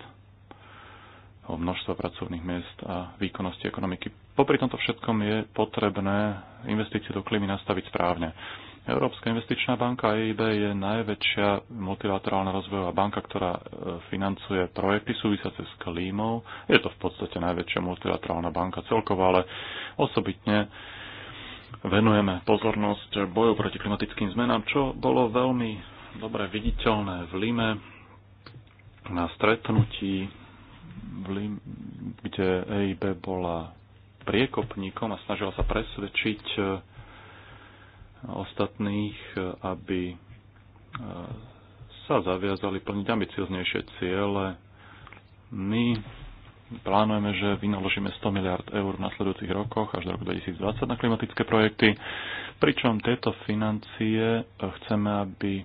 alebo množstva pracovných miest a výkonnosti ekonomiky. Popri tomto všetkom je potrebné investície do klímy nastaviť správne. Európska investičná banka EIB je najväčšia multilaterálna rozvojová banka, ktorá e, financuje projekty súvisiace s klímou. Je to v podstate najväčšia multilaterálna banka celkovo, ale osobitne venujeme pozornosť boju proti klimatickým zmenám, čo bolo veľmi dobre viditeľné v Lime na stretnutí, v Lime, kde EIB bola priekopníkom a snažila sa presvedčiť e, ostatných, e, aby e, sa zaviazali plniť ambicioznejšie ciele. My plánujeme, že vynaložíme 100 miliard eur v nasledujúcich rokoch až do roku 2020 na klimatické projekty, pričom tieto financie e, chceme, aby e,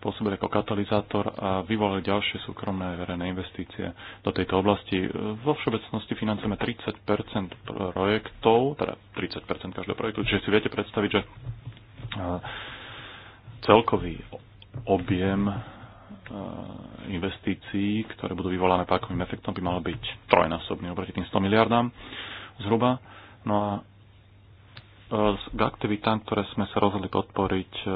pôsobili ako katalizátor a vyvolali ďalšie súkromné verejné investície do tejto oblasti. E, vo všeobecnosti financujeme 30 projektov, teda 30 každého projektu, čiže si viete predstaviť, že celkový objem Eh, investícií, ktoré budú vyvolané pákovým efektom, by malo byť trojnásobný oproti tým 100 miliardám zhruba. No a eh, k aktivitám, ktoré sme sa rozhodli podporiť, eh,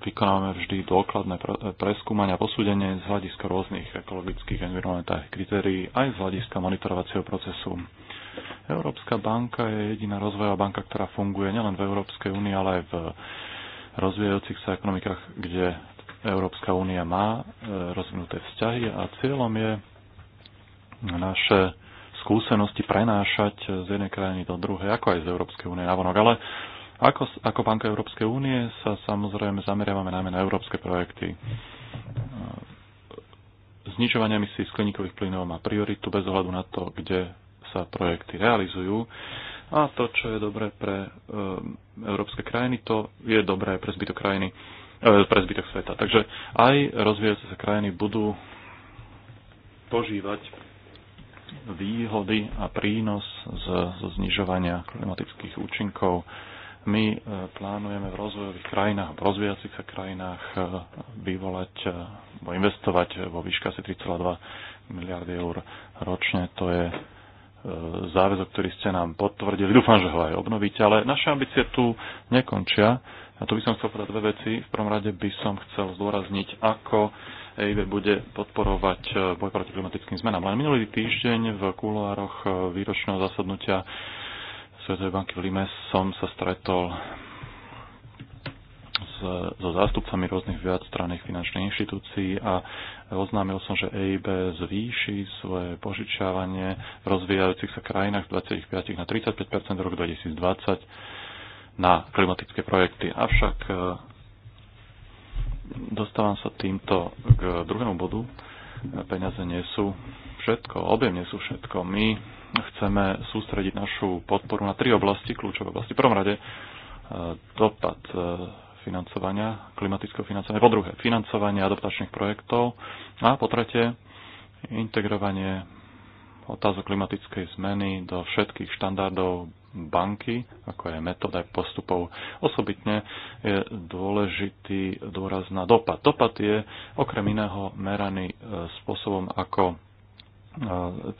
vykonávame vždy dôkladné preskúmanie a posúdenie z hľadiska rôznych ekologických environmentálnych kritérií aj z hľadiska monitorovacieho procesu. Európska banka je jediná rozvojová banka, ktorá funguje nielen v Európskej únii, ale aj v rozvíjajúcich sa ekonomikách, kde Európska únia má e, rozvinuté vzťahy a cieľom je naše skúsenosti prenášať z jednej krajiny do druhej, ako aj z Európskej únie vonok. Ale ako, ako Banka Európskej únie sa samozrejme zameriavame najmä na európske projekty. E, znižovanie emisí skleníkových plynov má prioritu bez ohľadu na to, kde sa projekty realizujú. A to, čo je dobré pre e, európske krajiny, to je dobré pre zbytok krajiny. E, E, pre zbytok sveta. Takže aj rozvíjajúce sa krajiny budú požívať výhody a prínos z, z znižovania klimatických účinkov. My e, plánujeme v rozvojových krajinách, v rozvíjacích sa krajinách e, vyvolať, alebo investovať vo výške asi 3,2 miliardy eur ročne. To je záväzok, ktorý ste nám potvrdili. Dúfam, že ho aj obnovíte, ale naše ambície tu nekončia. A tu by som chcel povedať dve veci. V prvom rade by som chcel zdôrazniť, ako EIB bude podporovať eh, boj proti klimatickým zmenám. Len minulý týždeň v kuloároch eh, výročného zasadnutia Svetovej banky v Lime som sa stretol s, so zástupcami rôznych viacstranných finančných inštitúcií a oznámil som, že EIB zvýši svoje požičiavanie v rozvíjajúcich sa krajinách z 25 na 35 rok roku 2020 na klimatické projekty. Avšak e, dostávam sa týmto k druhému bodu. Peniaze nie sú všetko, objem nie sú všetko. My chceme sústrediť našu podporu na tri oblasti, kľúčové oblasti. V prvom rade e, dopad e, financovania, klimatického financovania, po druhé financovanie adaptačných projektov a po tretie integrovanie otázok klimatickej zmeny do všetkých štandardov banky, ako aj metóda aj postupov. Osobitne je dôležitý dôraz na dopad. Dopad je okrem iného meraný e, spôsobom, ako e,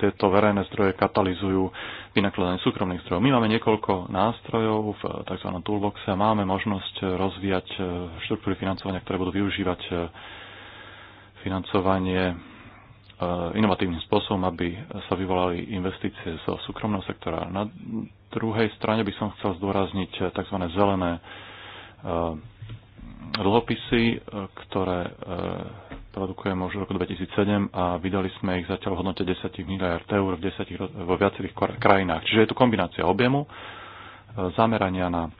tieto verejné zdroje katalizujú vynakladanie súkromných zdrojov. My máme niekoľko nástrojov v tzv. toolboxe a máme možnosť rozvíjať e, štruktúry financovania, ktoré budú využívať financovanie inovatívnym spôsobom, aby sa vyvolali investície zo súkromného sektora. Na druhej strane by som chcel zdôrazniť eh, tzv. zelené eh, dlhopisy, eh, ktoré produkujeme už v roku 2007 a vydali sme ich zatiaľ v hodnote 10 miliard eur v 10, vo viacerých krajinách. Čiže je tu kombinácia objemu, zamerania na,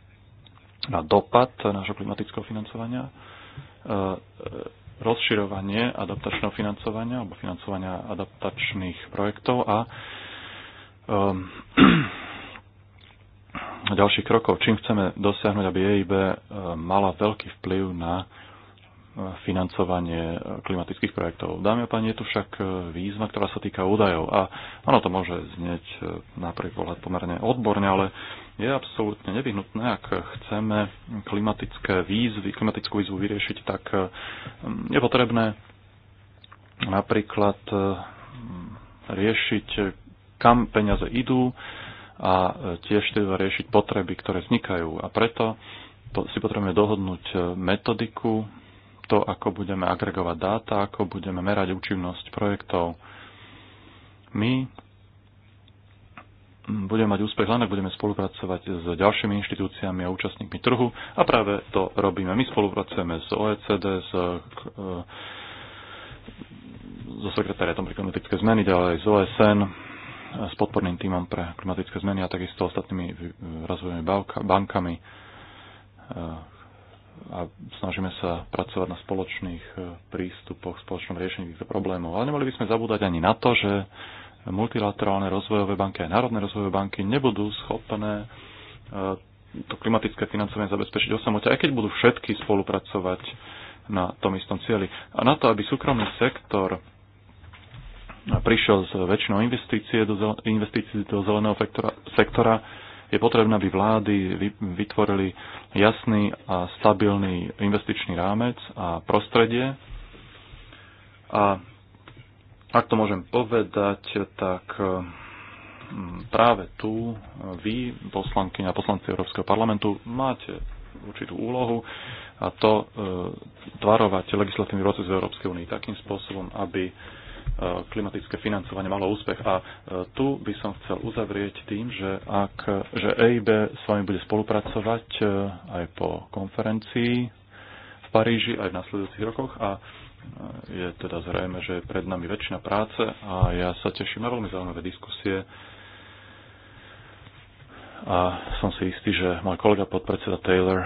na dopad nášho klimatického financovania, rozširovanie adaptačného financovania alebo financovania adaptačných projektov a um, ďalších krokov, čím chceme dosiahnuť, aby EIB e, mala veľký vplyv na e, financovanie e, klimatických projektov. Dámy a páni, je tu však výzva, ktorá sa týka údajov. A ono to môže znieť na prvý pohľad pomerne odborne, ale je absolútne nevyhnutné, ak chceme klimatické výzvy, klimatickú výzvu vyriešiť, tak je potrebné napríklad riešiť, kam peniaze idú, a e, tiež treba riešiť potreby, ktoré vznikajú. A preto si potrebujeme dohodnúť e, metodiku, to, ako budeme agregovať dáta, ako budeme merať účinnosť projektov. My budeme mať úspech len, ak budeme spolupracovať s ďalšími inštitúciami a účastníkmi trhu a práve to robíme. My spolupracujeme s OECD, s, e, so sekretariatom pri klimatické zmeny, ďalej z OSN, s podporným týmom pre klimatické zmeny a takisto ostatnými rozvojovými bankami eh, a snažíme sa pracovať na spoločných eh, prístupoch, spoločnom riešení týchto problémov. Ale nemali by sme zabúdať ani na to, že multilaterálne rozvojové banky a národné rozvojové banky nebudú schopné eh, to klimatické financovanie zabezpečiť osamote, aj keď budú všetky spolupracovať na tom istom cieli. A na to, aby súkromný sektor prišiel s väčšinou investície do, investícií do zeleného sektora, sektora, je potrebné, aby vlády vytvorili jasný a stabilný investičný rámec a prostredie. A ak to môžem povedať, tak hm, práve tu vy, poslanky a poslanci Európskeho parlamentu, máte určitú úlohu a to e, tvarovať legislatívny proces v Európskej únii takým spôsobom, aby klimatické financovanie malo úspech. A e, tu by som chcel uzavrieť tým, že, ak, že EIB s vami bude spolupracovať e, aj po konferencii v Paríži, aj v nasledujúcich rokoch a e, je teda zrejme, že je pred nami väčšina práce a ja sa teším na veľmi zaujímavé diskusie a som si istý, že môj kolega podpredseda Taylor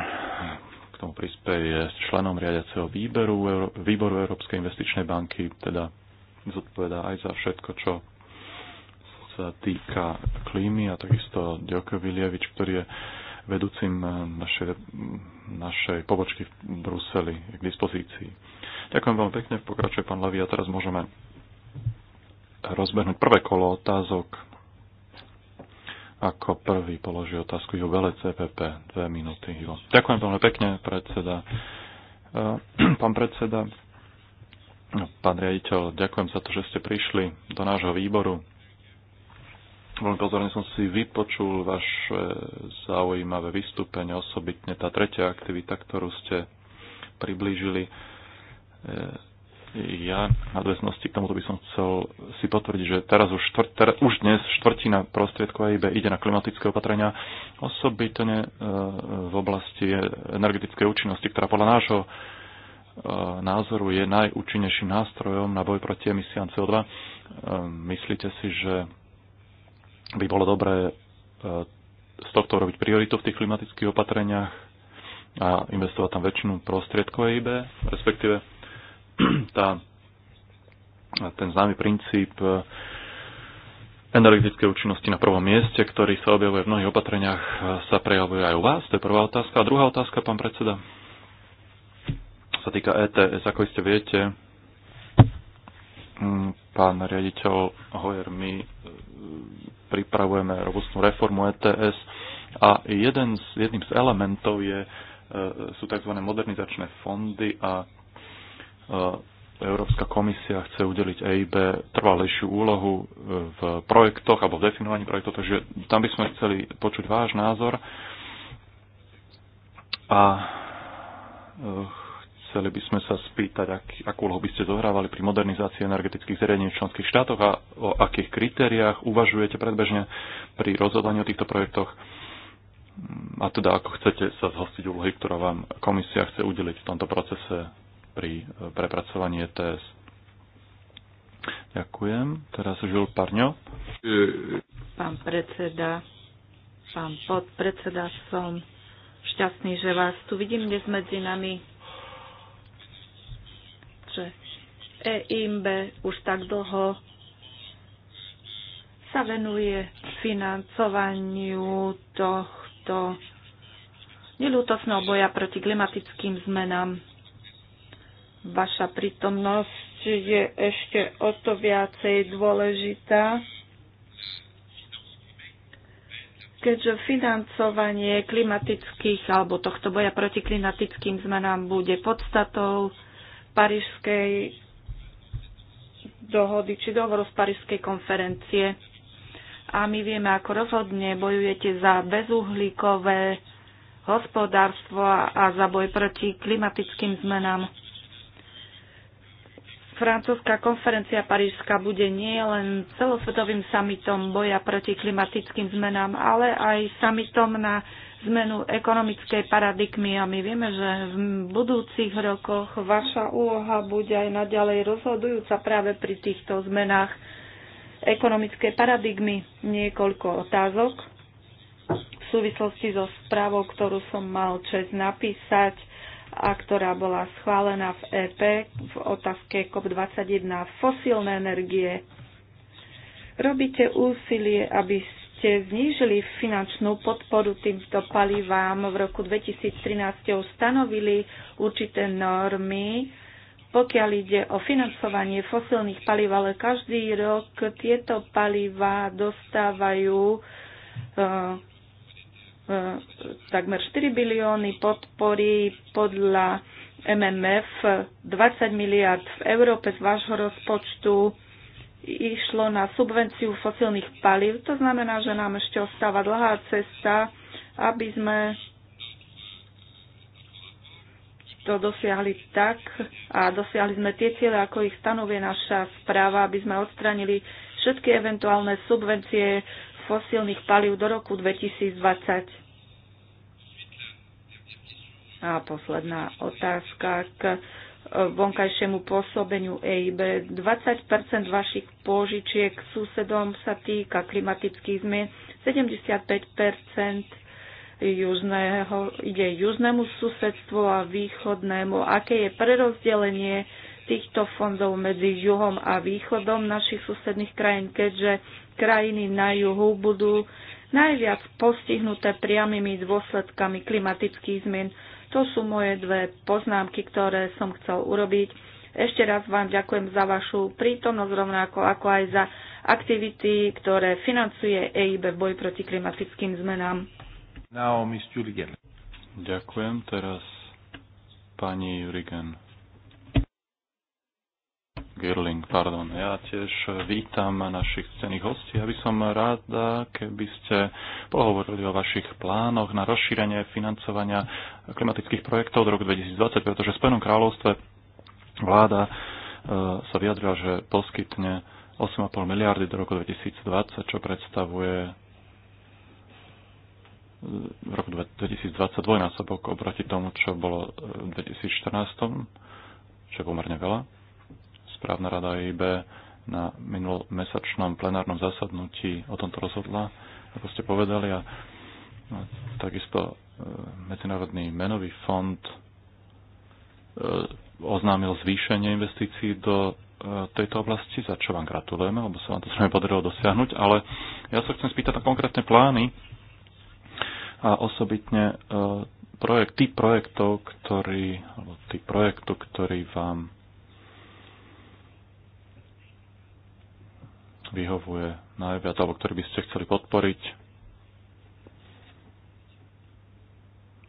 k tomu prispieje s členom riadiaceho výboru Európskej investičnej banky, teda zodpovedá aj za všetko, čo sa týka klímy a takisto Ďoko Vilievič, ktorý je vedúcim eh, našej, našej pobočky v Bruseli k dispozícii. Ďakujem veľmi pekne, pokračuje pán Levy a teraz môžeme rozbehnúť prvé kolo otázok. Ako prvý položí otázku Ivo Vele CPP. E dve minúty, Ivo. Ďakujem veľmi pekne, predseda. Eh, pán predseda, No, pán riaditeľ, ďakujem za to, že ste prišli do nášho výboru. Veľmi pozorne som si vypočul vaše zaujímavé vystúpenie, osobitne tá tretia aktivita, ktorú ste priblížili. E, ja na dvesnosti k tomuto by som chcel si potvrdiť, že teraz už, štvr, ter, už dnes štvrtina prostriedkov EIB ide na klimatické opatrenia, osobitne e, v oblasti energetickej účinnosti, ktorá podľa nášho E, názoru je najúčinnejším nástrojom na boj proti emisiám CO2. E, myslíte si, že by bolo dobré e, z tohto robiť prioritu v tých klimatických opatreniach a investovať tam väčšinu prostriedkov EIB, respektíve tá, ten známy princíp energetické účinnosti na prvom mieste, ktorý sa objavuje v mnohých opatreniach, sa prejavuje aj u vás? To je prvá otázka. A druhá otázka, pán predseda sa týka ETS, ako ste viete, mm, pán riaditeľ Hojer, my e, pripravujeme robustnú reformu ETS a jeden z, jedným z elementov je, e, sú tzv. modernizačné fondy a e, Európska komisia chce udeliť EIB trvalejšiu úlohu v projektoch alebo v definovaní projektov, takže tam by sme chceli počuť váš názor a Chceli by sme sa spýtať, ak, akú úlohu by ste zohrávali pri modernizácii energetických zariadení v členských štátoch a o akých kritériách uvažujete predbežne pri rozhodovaní o týchto projektoch a teda ako chcete sa zhostiť úlohy, ktorá vám komisia chce udeliť v tomto procese pri e, prepracovaní ETS. Ďakujem. Teraz Žil Parňo. Pán predseda, pán podpredseda, som šťastný, že vás tu vidím dnes medzi nami EIMB už tak dlho sa venuje financovaniu tohto nelútosného boja proti klimatickým zmenám. Vaša prítomnosť je ešte o to viacej dôležitá, keďže financovanie klimatických alebo tohto boja proti klimatickým zmenám bude podstatou Parížskej dohody či dohovor z Parížskej konferencie. A my vieme, ako rozhodne bojujete za bezuhlíkové hospodárstvo a za boj proti klimatickým zmenám. Francúzska konferencia parížska bude nie len celosvetovým samitom boja proti klimatickým zmenám, ale aj samitom na zmenu ekonomickej paradigmy a my vieme, že v budúcich rokoch vaša úloha bude aj naďalej rozhodujúca práve pri týchto zmenách ekonomickej paradigmy. Niekoľko otázok v súvislosti so správou, ktorú som mal čest napísať a ktorá bola schválená v EP v otázke COP21 fosílne energie. Robíte úsilie, aby ste znížili finančnú podporu týmto palivám v roku 2013, ste stanovili určité normy, pokiaľ ide o financovanie fosilných palív, ale každý rok tieto palivá dostávajú uh, uh, takmer 4 bilióny podpory podľa MMF, 20 miliard v Európe z vášho rozpočtu išlo na subvenciu fosilných palív. To znamená, že nám ešte ostáva dlhá cesta, aby sme to dosiahli tak a dosiahli sme tie ciele, ako ich stanovuje naša správa, aby sme odstranili všetky eventuálne subvencie fosílnych palív do roku 2020. A posledná otázka k vonkajšiemu pôsobeniu EIB. 20 vašich pôžičiek susedom sa týka klimatických zmien, 75 južného, ide južnému susedstvu a východnému. Aké je prerozdelenie týchto fondov medzi juhom a východom našich susedných krajín, keďže krajiny na juhu budú najviac postihnuté priamými dôsledkami klimatických zmien. To sú moje dve poznámky, ktoré som chcel urobiť. Ešte raz vám ďakujem za vašu prítomnosť, rovnako ako aj za aktivity, ktoré financuje EIB v boji proti klimatickým zmenám. Ďakujem. Teraz pani Jurigen. Girling, pardon. Ja tiež vítam našich cených hostí. Ja by som ráda, keby ste pohovorili o vašich plánoch na rozšírenie financovania klimatických projektov do roku 2020, pretože v Spojenom kráľovstve vláda e, sa vyjadrila, že poskytne 8,5 miliardy do roku 2020, čo predstavuje e, v roku 2020 dvojnásobok oproti tomu, čo bolo v 2014, čo je pomerne veľa správna rada EIB na minulomesačnom plenárnom zasadnutí o tomto rozhodla, ako ste povedali, a takisto e, Medzinárodný menový fond e, oznámil zvýšenie investícií do e, tejto oblasti, za čo vám gratulujeme, lebo sa vám to zrejme podarilo dosiahnuť, ale ja sa chcem spýtať na konkrétne plány a osobitne projekt, typ projektov, ktorý, alebo typ projektu, ktorý vám vyhovuje najviac, alebo ktorý by ste chceli podporiť.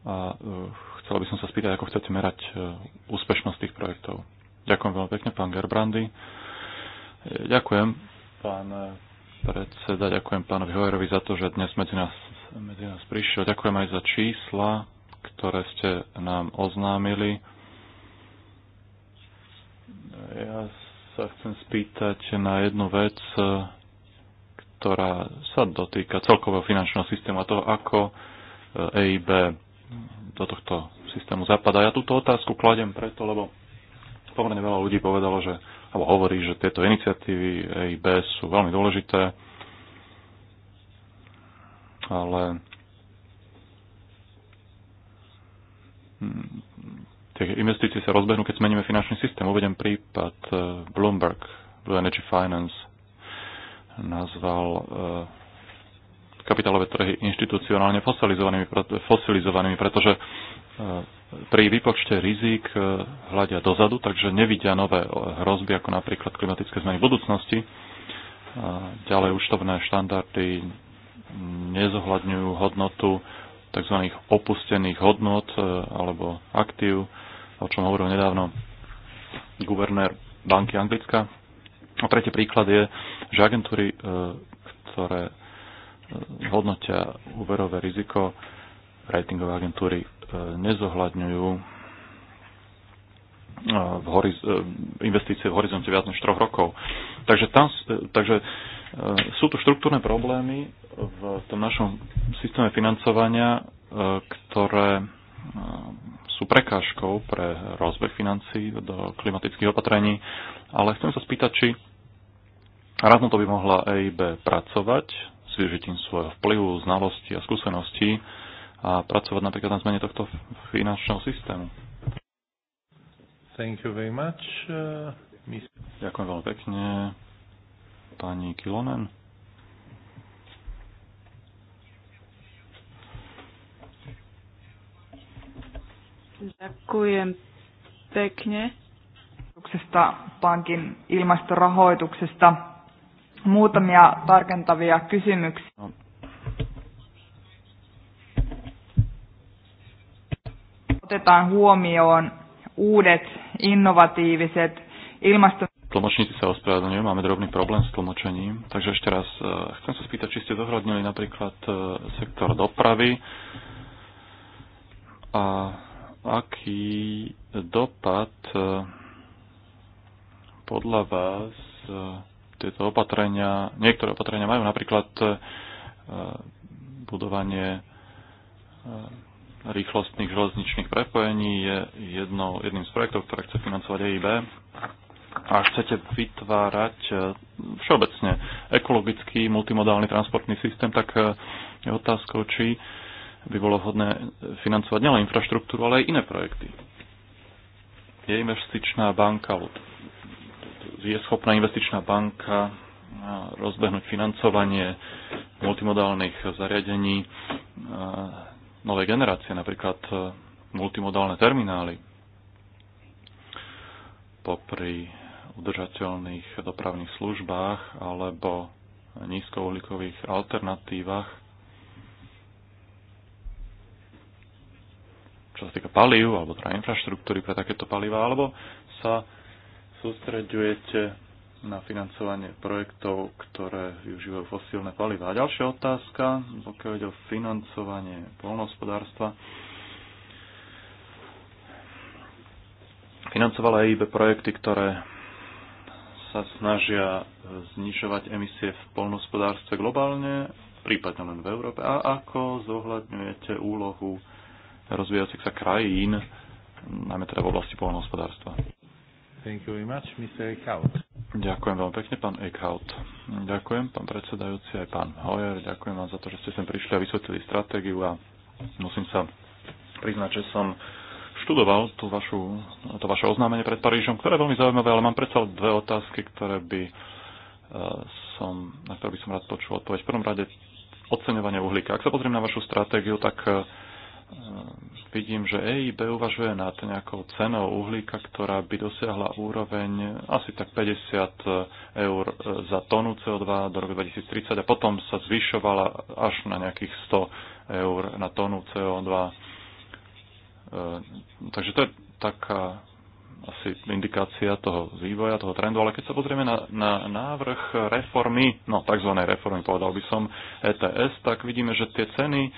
A e, chcel by som sa spýtať, ako chcete merať e, úspešnosť tých projektov. Ďakujem veľmi pekne, pán Gerbrandy. E, ďakujem, pán predseda, ďakujem pánovi Hojerovi za to, že dnes medzi nás, medzi nás prišiel. Ďakujem aj za čísla, ktoré ste nám oznámili. Ja sa chcem spýtať na jednu vec, ktorá sa dotýka celkového finančného systému a toho, ako EIB do tohto systému zapadá. Ja túto otázku kladem preto, lebo pomerne veľa ľudí povedalo, že, alebo hovorí, že tieto iniciatívy EIB sú veľmi dôležité, ale tie investície sa rozbehnú, keď zmeníme finančný systém. Uvedem prípad eh, Bloomberg, Blue Energy Finance, nazval eh, kapitálové trhy inštitucionálne fosilizovanými, fosilizovanými pretože eh, pri výpočte rizik hľadia dozadu, takže nevidia nové hrozby, ako napríklad klimatické zmeny v budúcnosti. Ďalej účtovné štandardy nezohľadňujú hodnotu tzv. opustených hodnot alebo aktív o čom hovoril nedávno guvernér Banky Anglická. A tretí príklad je, že agentúry, e, ktoré e, hodnotia úverové riziko, ratingové agentúry e, nezohľadňujú v horiz- investície v horizonte viac než troch rokov. Takže, tam, takže sú tu štruktúrne problémy v tom našom systéme financovania, ktoré sú prekážkou pre rozbeh financií do klimatických opatrení, ale chcem sa spýtať, či radno to by mohla EIB pracovať s využitím svojho vplyvu, znalosti a skúseností a pracovať napríklad na zmene tohto finančného systému. Thank you very much. Uh, Ďakujem veľmi pekne. Pani Kilonen. Ďakujem pekne. Pankin ilmastorahoituksesta muutamia tarkentavia kysymyksiä. No. Otetaan huomioon uudet innovatiiviset ilmaston... Tlmočníci sa ospravedlňujú, máme drobný problém s tlmočením. Takže ešte raz e, chcem sa spýtať, či ste zohľadnili napríklad e, sektor dopravy a aký dopad e, podľa vás e, tieto opatrenia, niektoré opatrenia majú napríklad e, budovanie rýchlostných železničných prepojení je jedno, jedným z projektov, ktoré chce financovať EIB a chcete vytvárať všeobecne ekologický multimodálny transportný systém, tak je otázkou, či by bolo vhodné e, financovať nielen infraštruktúru, ale aj iné projekty. Je investičná banka, je schopná investičná banka e, rozbehnúť financovanie multimodálnych zariadení e, novej generácie, napríklad multimodálne terminály popri udržateľných dopravných službách alebo nízkouhlíkových alternatívach čo sa týka palív, alebo teda infraštruktúry pre takéto paliva, alebo sa sústreďujete na financovanie projektov, ktoré využívajú fosílne paliva. A ďalšia otázka, pokiaľ ide o financovanie polnohospodárstva. Financovala EIB projekty, ktoré sa snažia znižovať emisie v polnohospodárstve globálne, prípadne len v Európe. A ako zohľadňujete úlohu rozvíjajúcich sa krajín, najmä teda v oblasti poľnohospodárstva. Thank you very much, Mr. Eckhout. Ďakujem veľmi pekne, pán Eckhout. Ďakujem, pán predsedajúci, aj pán Hoyer. Ďakujem vám za to, že ste sem prišli a vysvetlili stratégiu a musím sa priznať, že som študoval tú vašu, to vaše oznámenie pred Parížom, ktoré je veľmi zaujímavé, ale mám predsa dve otázky, ktoré by e, som, na ktoré by som rád počul odpoveď. V prvom rade oceňovanie uhlíka. Ak sa pozriem na vašu stratégiu, tak e, Ehm, vidím, že EIB uvažuje nad nejakou cenou uhlíka, ktorá by dosiahla úroveň asi tak 50 eur e, za tonu CO2 do roku 2030 a potom sa zvyšovala až na nejakých 100 eur na tonu CO2. Ehm, takže to je taká asi indikácia toho vývoja, toho trendu, ale keď sa pozrieme na, na návrh reformy, no tzv. reformy povedal by som ETS, tak vidíme, že tie ceny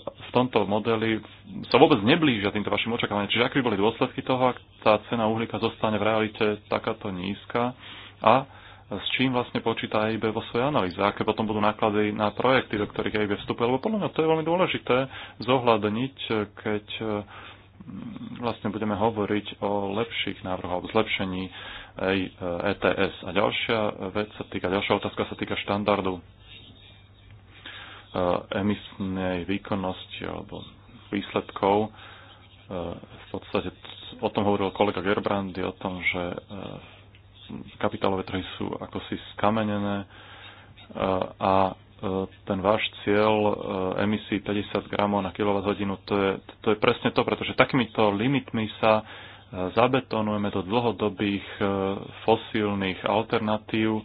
v tomto modeli sa vôbec neblížia týmto vašim očakávaniam. Čiže aké by boli dôsledky toho, ak tá cena uhlíka zostane v realite takáto nízka a s čím vlastne počíta EIB vo svojej analýze, aké potom budú náklady na projekty, do ktorých EIB vstupuje, lebo podľa mňa to je veľmi dôležité zohľadniť, keď mm, vlastne budeme hovoriť o lepších návrhoch, o zlepšení ETS. A ďalšia vec sa týka, ďalšia otázka sa týka štandardu Eh, emisnej výkonnosti alebo výsledkov. Eh, v podstate o tom hovoril kolega Gerbrandy, o tom, že eh, kapitálové trhy sú akosi skamenené a ten váš cieľ emisí 50 gramov na kWh, to je, to je presne to, pretože takýmito limitmi sa zabetonujeme do dlhodobých fosílnych alternatív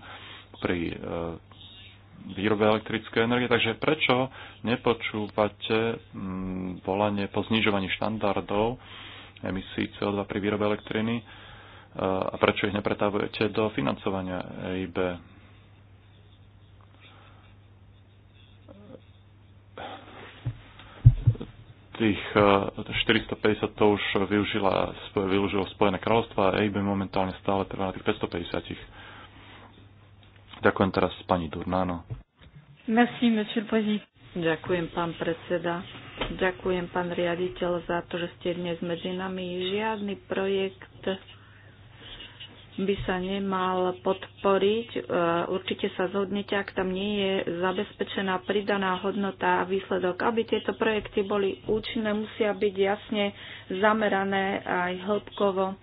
pri výrobe elektrickej energie. Takže prečo nepočúvate mm, volanie po znižovaní štandardov emisí CO2 pri výrobe elektriny e, a prečo ich nepretavujete do financovania EIB? Tých 450 e, to už využila, využilo Spojené kráľovstvo a EIB momentálne stále trvá na tých 550. Ďakujem teraz pani Durnáno. Merci, monsieur le président. Ďakujem, pán predseda. Ďakujem, pán riaditeľ, za to, že ste dnes medzi nami. Žiadny projekt by sa nemal podporiť. E, určite sa zhodnete, ak tam nie je zabezpečená pridaná hodnota a výsledok. Aby tieto projekty boli účinné, musia byť jasne zamerané aj hĺbkovo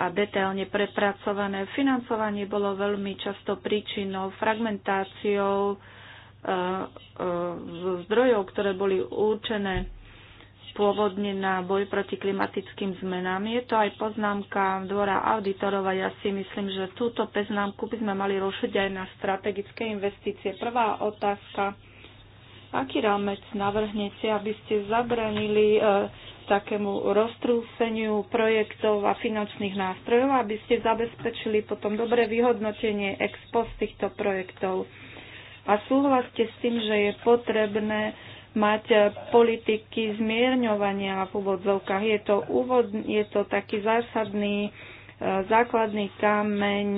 a detailne prepracované. Financovanie bolo veľmi často príčinou, fragmentáciou e, e, zdrojov, ktoré boli určené pôvodne na boj proti klimatickým zmenám. Je to aj poznámka dvora auditorov a ja si myslím, že túto poznámku by sme mali rušiť aj na strategické investície. Prvá otázka. Aký rámec navrhnete, aby ste zabranili e, takému roztrúseniu projektov a finančných nástrojov, aby ste zabezpečili potom dobré vyhodnotenie ex post týchto projektov. A súhlaste s tým, že je potrebné mať politiky zmierňovania v úvodzovkách. Je to, úvod, je to taký zásadný e, základný kameň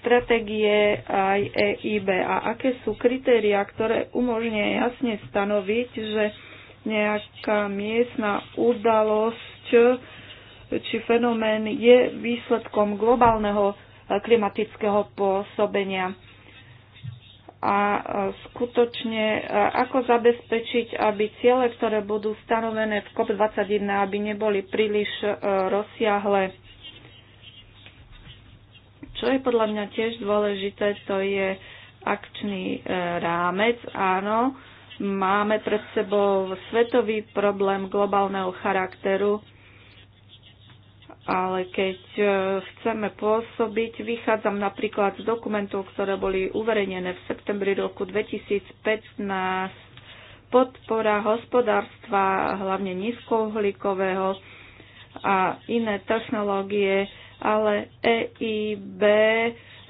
stratégie aj EIB a aké sú kritéria, ktoré umožňuje jasne stanoviť, že nejaká miestna udalosť či fenomén je výsledkom globálneho klimatického pôsobenia. A skutočne, ako zabezpečiť, aby ciele, ktoré budú stanovené v COP21, aby neboli príliš e, rozsiahle. Čo je podľa mňa tiež dôležité, to je akčný e, rámec, áno, Máme pred sebou svetový problém globálneho charakteru, ale keď e, chceme pôsobiť, vychádzam napríklad z dokumentov, ktoré boli uverejnené v septembri roku 2015, podpora hospodárstva, hlavne nízkouhlíkového a iné technológie, ale EIB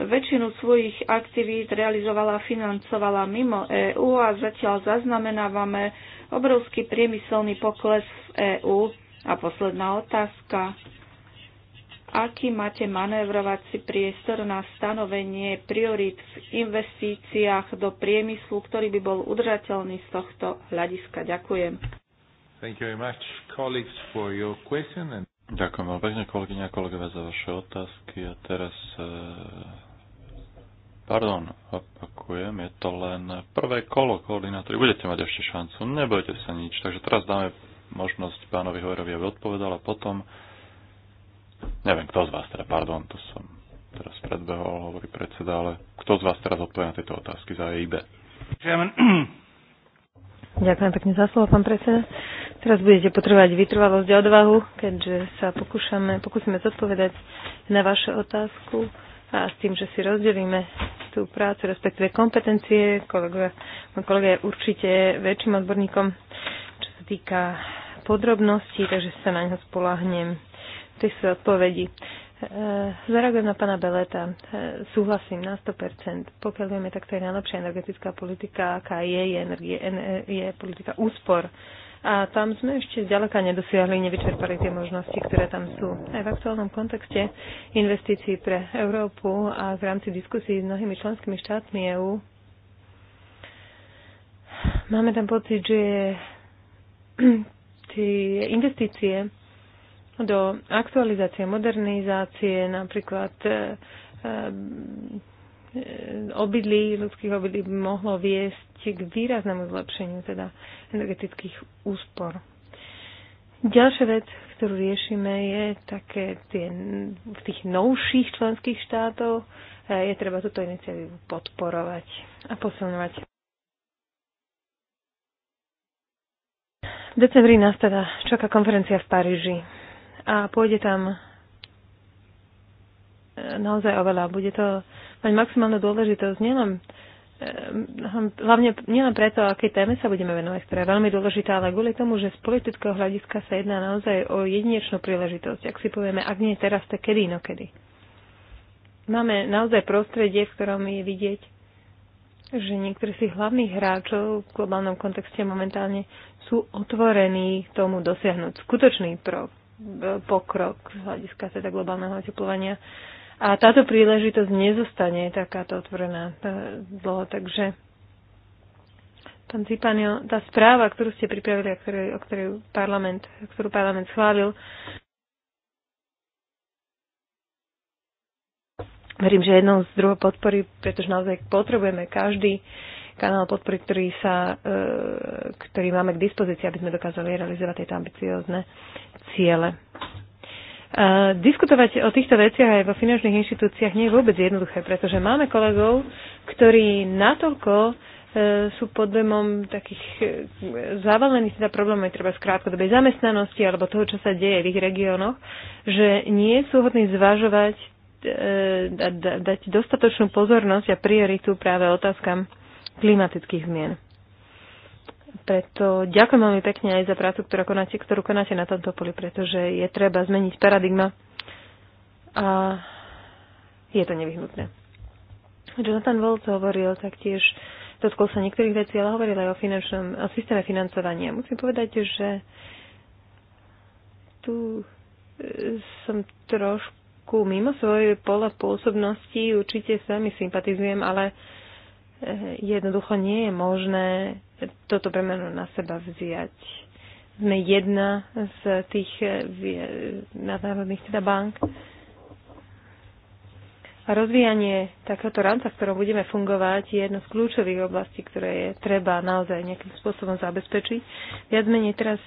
väčšinu svojich aktivít realizovala a financovala mimo EÚ a zatiaľ zaznamenávame obrovský priemyselný pokles v EÚ. A posledná otázka. Aký máte manévrovací priestor na stanovenie priorit v investíciách do priemyslu, ktorý by bol udržateľný z tohto hľadiska? Ďakujem. Thank you very much, colleagues, for your question. And... Ďakujem veľmi pekne, kolegyňa a kolegovia, za vaše otázky. A teraz eh, Pardon, opakujem, je to len prvé kolo koordinátory. Budete mať ešte šancu, nebojte sa nič. Takže teraz dáme možnosť pánovi Hojerovi, aby odpovedal a potom... Neviem, kto z vás teda, pardon, to som teraz predbehol, hovorí predseda, ale kto z vás teraz odpovie na tieto otázky za EIB? Ďakujem pekne za slovo, pán predseda. Teraz budete potrebovať vytrvalosť a odvahu, keďže sa pokúšame, pokúsime zodpovedať na vašu otázku a s tým, že si rozdelíme tú prácu, respektíve kompetencie. Kolega, môj kolega je určite väčším odborníkom, čo sa týka podrobností, takže sa na ňo spolahnem. To sú odpovedi. E, zareagujem na pána Beleta. E, súhlasím na 100%. Pokiaľ vieme, tak to je najlepšia energetická politika, aká je, je, energie, je politika úspor. A tam sme ešte zďaleka nedosiahli, nevyčerpali tie možnosti, ktoré tam sú. Aj v aktuálnom kontexte investícií pre Európu a v rámci diskusí s mnohými členskými štátmi EÚ máme tam pocit, že tie investície do aktualizácie, modernizácie, napríklad eh, Eh, obydlí, ľudských obydlí by mohlo viesť k výraznému zlepšeniu teda energetických úspor. Ďalšia vec, ktorú riešime, je také tie, v tých novších členských štátov je treba túto iniciatívu podporovať a posilňovať. V decembri nás teda čaká konferencia v Paríži a pôjde tam eh, naozaj oveľa. Bude to mať maximálnu dôležitosť nielen ehm, hlavne nielen preto, aké téme sa budeme venovať, ktorá je veľmi dôležitá, ale kvôli tomu, že z politického hľadiska sa jedná naozaj o jedinečnú príležitosť. Ak si povieme, ak nie teraz, tak kedy, no kedy. Máme naozaj prostredie, v ktorom je vidieť, že niektorí z hlavných hráčov v globálnom kontexte momentálne sú otvorení tomu dosiahnuť skutočný pro, pokrok z hľadiska teda globálneho oteplovania a táto príležitosť nezostane takáto otvorená dlho. Takže pán Cipanio, tá správa, ktorú ste pripravili a ktorú, o ktorej parlament, ktorú parlament schválil, verím, že jednou z druhov podpory, pretože naozaj potrebujeme každý kanál podpory, ktorý, sa, e, ktorý máme k dispozícii, aby sme dokázali realizovať tieto ambiciózne ciele diskutovať o týchto veciach aj vo finančných inštitúciách nie je vôbec jednoduché, pretože máme kolegov, ktorí natoľko e, sú pod dojmom takých e, zavalených teda problémov, treba z krátkodobej zamestnanosti alebo toho, čo sa deje v ich regiónoch, že nie sú hodní zvažovať e, a dať dostatočnú pozornosť a prioritu práve otázkam klimatických zmien. Preto ďakujem veľmi pekne aj za prácu, ktorú konáte, ktorú konáte na tomto poli, pretože je treba zmeniť paradigma a je to nevyhnutné. Jonathan Volt hovoril taktiež, dotkol sa niektorých vecí, ale hovoril aj o, finančnom, o systéme financovania. Musím povedať, že tu e, som trošku mimo svojej pole pôsobnosti, určite sa mi sympatizujem, ale uh, jednoducho nie je možné toto bremeno na seba vziať. Sme jedna z tých nadnárodných teda bank. A rozvíjanie takéhoto rámca, v ktorom budeme fungovať, je jedno z kľúčových oblastí, ktoré je treba naozaj nejakým spôsobom zabezpečiť. Viac menej teraz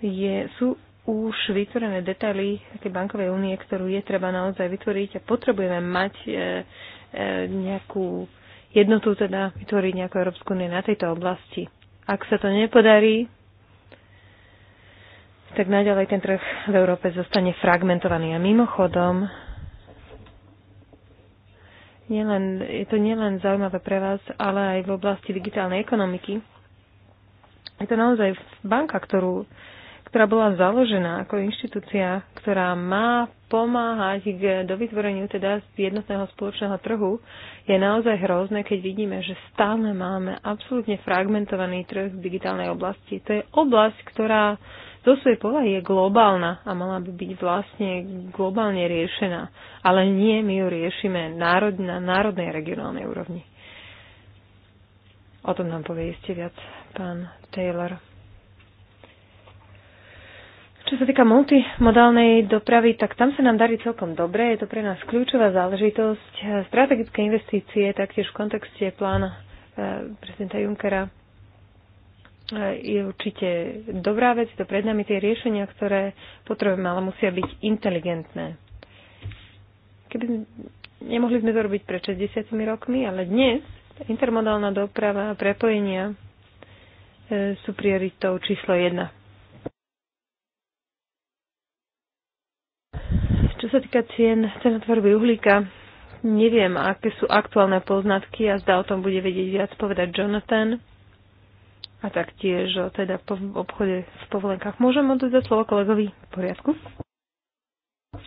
je, sú už vytvorené detaily také bankovej únie, ktorú je treba naozaj vytvoriť a potrebujeme mať e, e, nejakú jednotu teda vytvoriť nejakú Európsku úniu na tejto oblasti. Ak sa to nepodarí, tak naďalej ten trh v Európe zostane fragmentovaný. A mimochodom, nielen, je to nielen zaujímavé pre vás, ale aj v oblasti digitálnej ekonomiky. Je to naozaj banka, ktorú ktorá bola založená ako inštitúcia, ktorá má pomáhať k, do vytvoreniu teda z jednotného spoločného trhu, je naozaj hrozné, keď vidíme, že stále máme absolútne fragmentovaný trh v digitálnej oblasti. To je oblasť, ktorá zo svojej povahy je globálna a mala by byť vlastne globálne riešená. Ale nie, my ju riešime národ, na národnej regionálnej úrovni. O tom nám povie ešte viac pán Taylor. Čo sa týka multimodálnej dopravy, tak tam sa nám darí celkom dobre. Je to pre nás kľúčová záležitosť. Strategické investície taktiež v kontexte plána e, prezidenta Junckera e, je určite dobrá vec. To pred nami tie riešenia, ktoré potrebujeme, ale musia byť inteligentné. Keby nemohli sme to robiť pred 60 rokmi, ale dnes intermodálna doprava a prepojenia e, sú prioritou číslo jedna. Čo sa týka cien cenotvorby uhlíka, neviem, aké sú aktuálne poznatky a zdá o tom bude vedieť viac povedať Jonathan a taktiež o teda po obchode v povolenkách. Môžem odvedať slovo kolegovi v poriadku?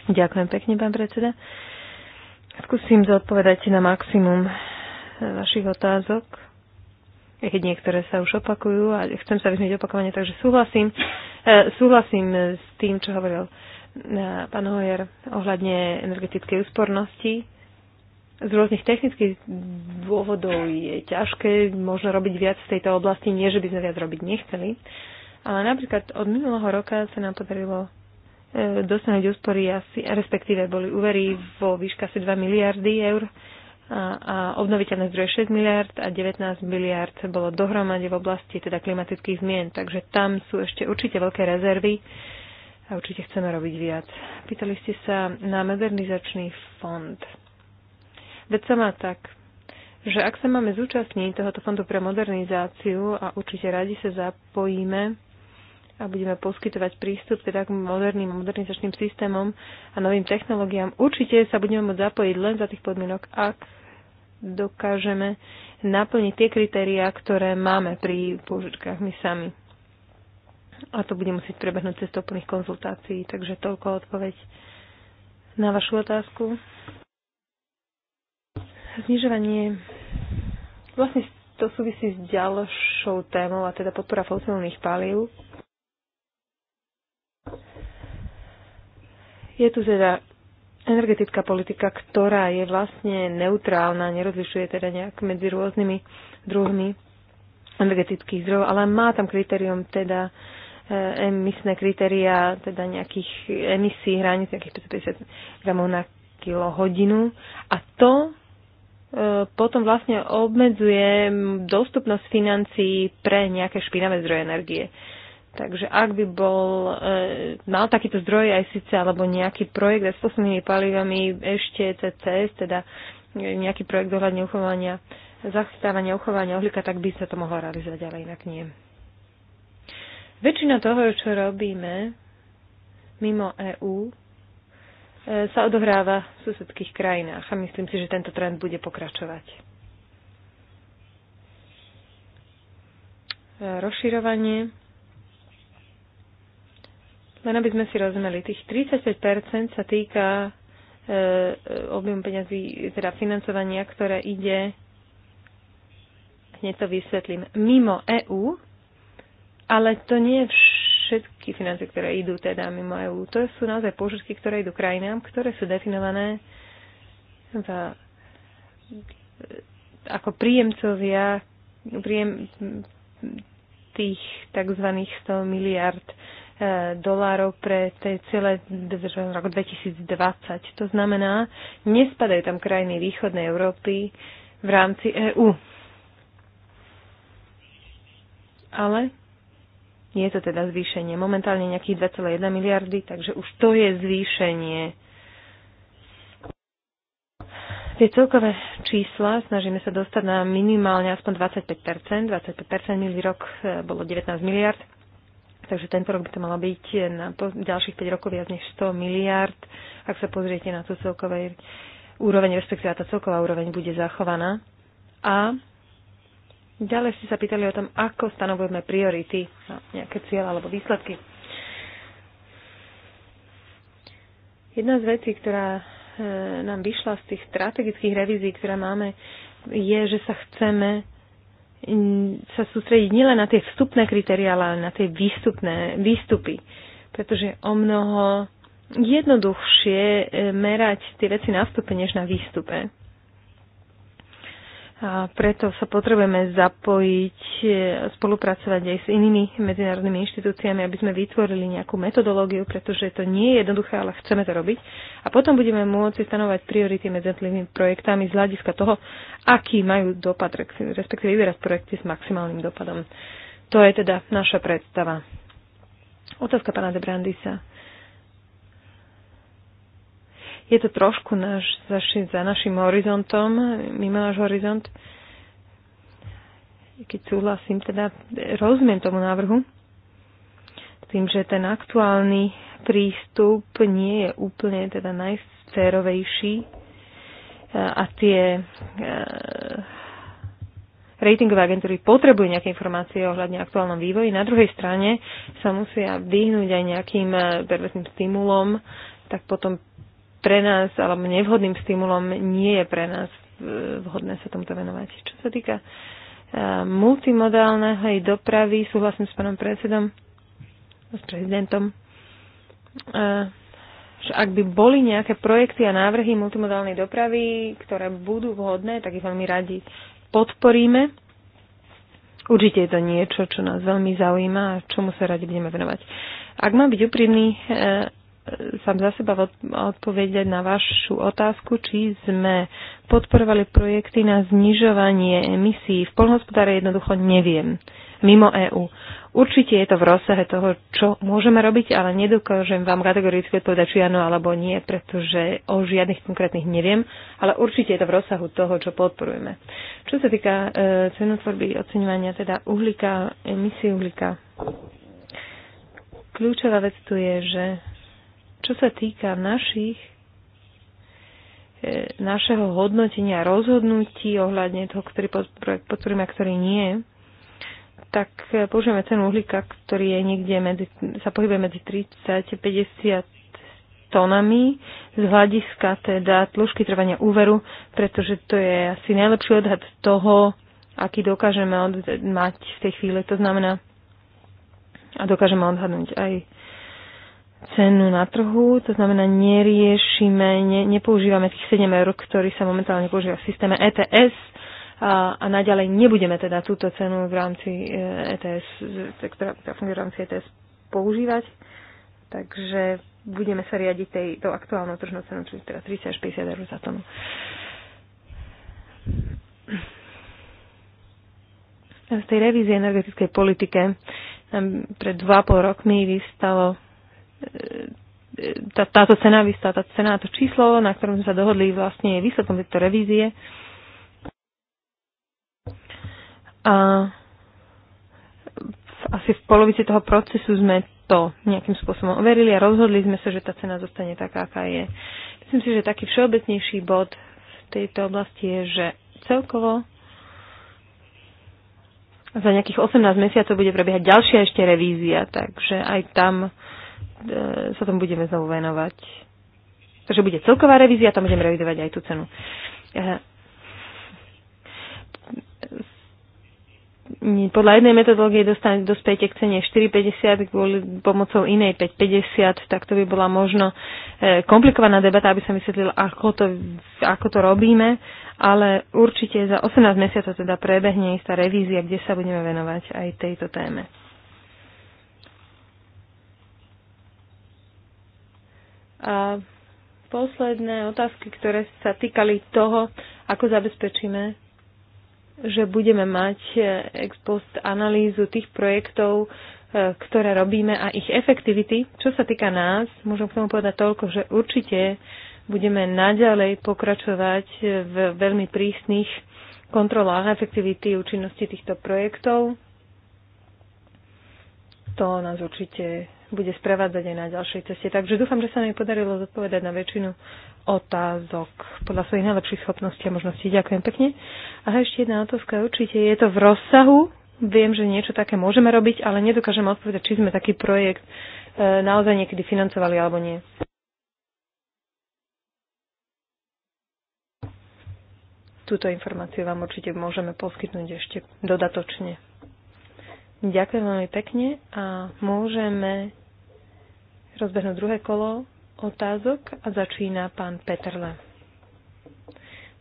Ďakujem pekne, pán predseda. Skúsim zodpovedať na maximum e, vašich otázok, aj keď niektoré sa už opakujú a chcem sa vyznúť opakovanie, takže súhlasím, e, súhlasím s tým, čo hovoril pán Hojer, ohľadne energetickej úspornosti. Z rôznych technických dôvodov je ťažké možno robiť viac v tejto oblasti, nie že by sme viac robiť nechceli. Ale napríklad od minulého roka sa nám podarilo e, dosiahnuť úspory, asi, respektíve boli úvery vo výške asi 2 miliardy eur a, a obnoviteľné zdroje 6 miliard a 19 miliard bolo dohromade v oblasti teda klimatických zmien. Takže tam sú ešte určite veľké rezervy a určite chceme robiť viac. Pýtali ste sa na modernizačný fond. Veď sa má tak, že ak sa máme zúčastniť tohoto fondu pre modernizáciu a určite radi sa zapojíme a budeme poskytovať prístup teda k moderným modernizačným systémom a novým technológiám, určite sa budeme môcť zapojiť len za tých podmienok, ak dokážeme naplniť tie kritériá, ktoré máme pri požičkách my sami a to bude musieť prebehnúť cez plných konzultácií. Takže toľko odpoveď na vašu otázku. Znižovanie vlastne to súvisí s ďalšou témou, a teda podpora fosilných palív. Je tu teda energetická politika, ktorá je vlastne neutrálna, nerozlišuje teda nejak medzi rôznymi druhmi energetických zdrojov, ale má tam kritérium teda emisné kritéria, teda nejakých emisí hraníc, nejakých 550 gramov na hodinu. A to e, potom vlastne obmedzuje dostupnosť financií pre nejaké špinavé zdroje energie. Takže ak by bol, e, mal takýto zdroj aj síce, alebo nejaký projekt aj s fosilnými palivami, ešte CCS, teda nejaký projekt dohľadne uchovania, zachytávania, uchovania uhlíka, tak by sa to mohlo realizovať, ale inak nie. Väčšina toho, čo robíme mimo EÚ, e, sa odohráva v susedských krajinách a myslím si, že tento trend bude pokračovať. E, rozširovanie. Len aby sme si rozumeli, tých 35% sa týka e, objemu peňazí, teda financovania, ktoré ide, hneď to vysvetlím, mimo EÚ, ale to nie všetky financie, ktoré idú teda mimo EU. To sú naozaj požičky, ktoré idú krajinám, ktoré sú definované v, e, ako príjemcovia príjem tých tzv. 100 miliard e, dolárov pre tie celé rok 2020. To znamená, nespadajú tam krajiny východnej Európy v rámci EÚ. Ale je to teda zvýšenie. Momentálne nejakých 2,1 miliardy, takže už to je zvýšenie. Tie celkové čísla snažíme sa dostať na minimálne aspoň 25%. 25% minulý rok e, bolo 19 miliard, takže tento rok by to malo byť na ďalších 5 rokov viac než 100 miliard. Ak sa pozriete na tú celkovej úroveň, respektíve tá celková úroveň bude zachovaná. A Ďalej ste sa pýtali o tom, ako stanovujeme priority, nejaké cieľa alebo výsledky. Jedna z vecí, ktorá e, nám vyšla z tých strategických revízií, ktoré máme, je, že sa chceme sa sústrediť nielen na tie vstupné kritériá, ale na tie výstupné, výstupy. Pretože o mnoho jednoduchšie e, merať tie veci na vstupe, než na výstupe. A preto sa potrebujeme zapojiť, e, spolupracovať aj s inými medzinárodnými inštitúciami, aby sme vytvorili nejakú metodológiu, pretože to nie je jednoduché, ale chceme to robiť. A potom budeme môcť stanovať priority medzi jednotlivými projektami z hľadiska toho, aký majú dopad, respektíve vyberať projekty s maximálnym dopadom. To je teda naša predstava. Otázka pána Debrandisa je to trošku náš, za, za našim horizontom, mimo náš horizont. Keď súhlasím, teda rozumiem tomu návrhu, tým, že ten aktuálny prístup nie je úplne teda najsférovejší e, a tie e, ratingové agentúry potrebujú nejaké informácie ohľadne aktuálnom vývoji. Na druhej strane sa musia vyhnúť aj nejakým e, perverznym stimulom, tak potom pre nás, alebo nevhodným stimulom nie je pre nás e, vhodné sa tomuto venovať. Čo sa týka e, multimodálneho aj dopravy, súhlasím s pánom predsedom, s prezidentom, e, že ak by boli nejaké projekty a návrhy multimodálnej dopravy, ktoré budú vhodné, tak ich veľmi radi podporíme. Určite je to niečo, čo nás veľmi zaujíma a čomu sa radi budeme venovať. Ak mám byť úprimný, sám za seba odpovedať na vašu otázku, či sme podporovali projekty na znižovanie emisí v polnohospodáre, jednoducho neviem. Mimo EÚ. Určite je to v rozsahe toho, čo môžeme robiť, ale nedokážem vám kategoricky odpovedať, či áno alebo nie, pretože o žiadnych konkrétnych neviem, ale určite je to v rozsahu toho, čo podporujeme. Čo sa týka e, cenotvorby oceňovania teda uhlíka, emisí uhlíka, kľúčová vec tu je, že čo sa týka našich e, našeho hodnotenia rozhodnutí ohľadne toho, ktorý podporujeme a ktorý nie, tak e, použijeme cenu uhlíka, ktorý je niekde medzi, sa pohybuje medzi 30 a 50 tónami z hľadiska teda dĺžky trvania úveru, pretože to je asi najlepší odhad toho, aký dokážeme mať v tej chvíli. To znamená, a dokážeme odhadnúť aj cenu na trhu, to znamená neriešime, ne, nepoužívame tých 7 eur, ktorý sa momentálne používa v systéme ETS a, a naďalej nebudeme teda túto cenu v rámci ETS, e e, ktorá, ktorá funguje v rámci ETS používať. Takže budeme sa riadiť tej, tou aktuálnou tržnou cenou, čiže teda 30 až 50 eur za tonu. Z tej revízie energetickej politike nám pred 2,5 rokmi vystalo E, e, tá, táto cena, tá, tá cena, to číslo, na ktorom sme sa dohodli, vlastne je výsledkom tejto revízie. A v, asi v polovici toho procesu sme to nejakým spôsobom overili a rozhodli sme sa, že tá cena zostane taká, aká je. Myslím si, že taký všeobecnejší bod v tejto oblasti je, že celkovo za nejakých 18 mesiacov bude prebiehať ďalšia ešte revízia, takže aj tam sa tomu budeme znovu venovať. Takže bude celková revízia, tam budeme revidovať aj tú cenu. Eh, podľa jednej metodológie dostane, dospejete k cene 4,50 kvôli pomocou inej 5,50, tak to by bola možno eh, komplikovaná debata, aby som vysvetlil, ako to, ako to robíme, ale určite za 18 mesiacov teda prebehne istá revízia, kde sa budeme venovať aj tejto téme. A posledné otázky, ktoré sa týkali toho, ako zabezpečíme, že budeme mať e, ex post analýzu tých projektov, e, ktoré robíme a ich efektivity. Čo sa týka nás, môžem k tomu povedať toľko, že určite budeme naďalej pokračovať v veľmi prísnych kontrolách efektivity účinnosti týchto projektov. To nás určite bude sprevádzať aj na ďalšej ceste. Takže dúfam, že sa mi podarilo zodpovedať na väčšinu otázok podľa svojich najlepších schopností a možností. Ďakujem pekne. A ešte jedna otázka. Určite je to v rozsahu. Viem, že niečo také môžeme robiť, ale nedokážeme odpovedať, či sme taký projekt e, naozaj niekedy financovali alebo nie. Túto informáciu vám určite môžeme poskytnúť ešte dodatočne. Ďakujem veľmi pekne a môžeme rozbehnúť druhé kolo otázok a začína pán Petrle.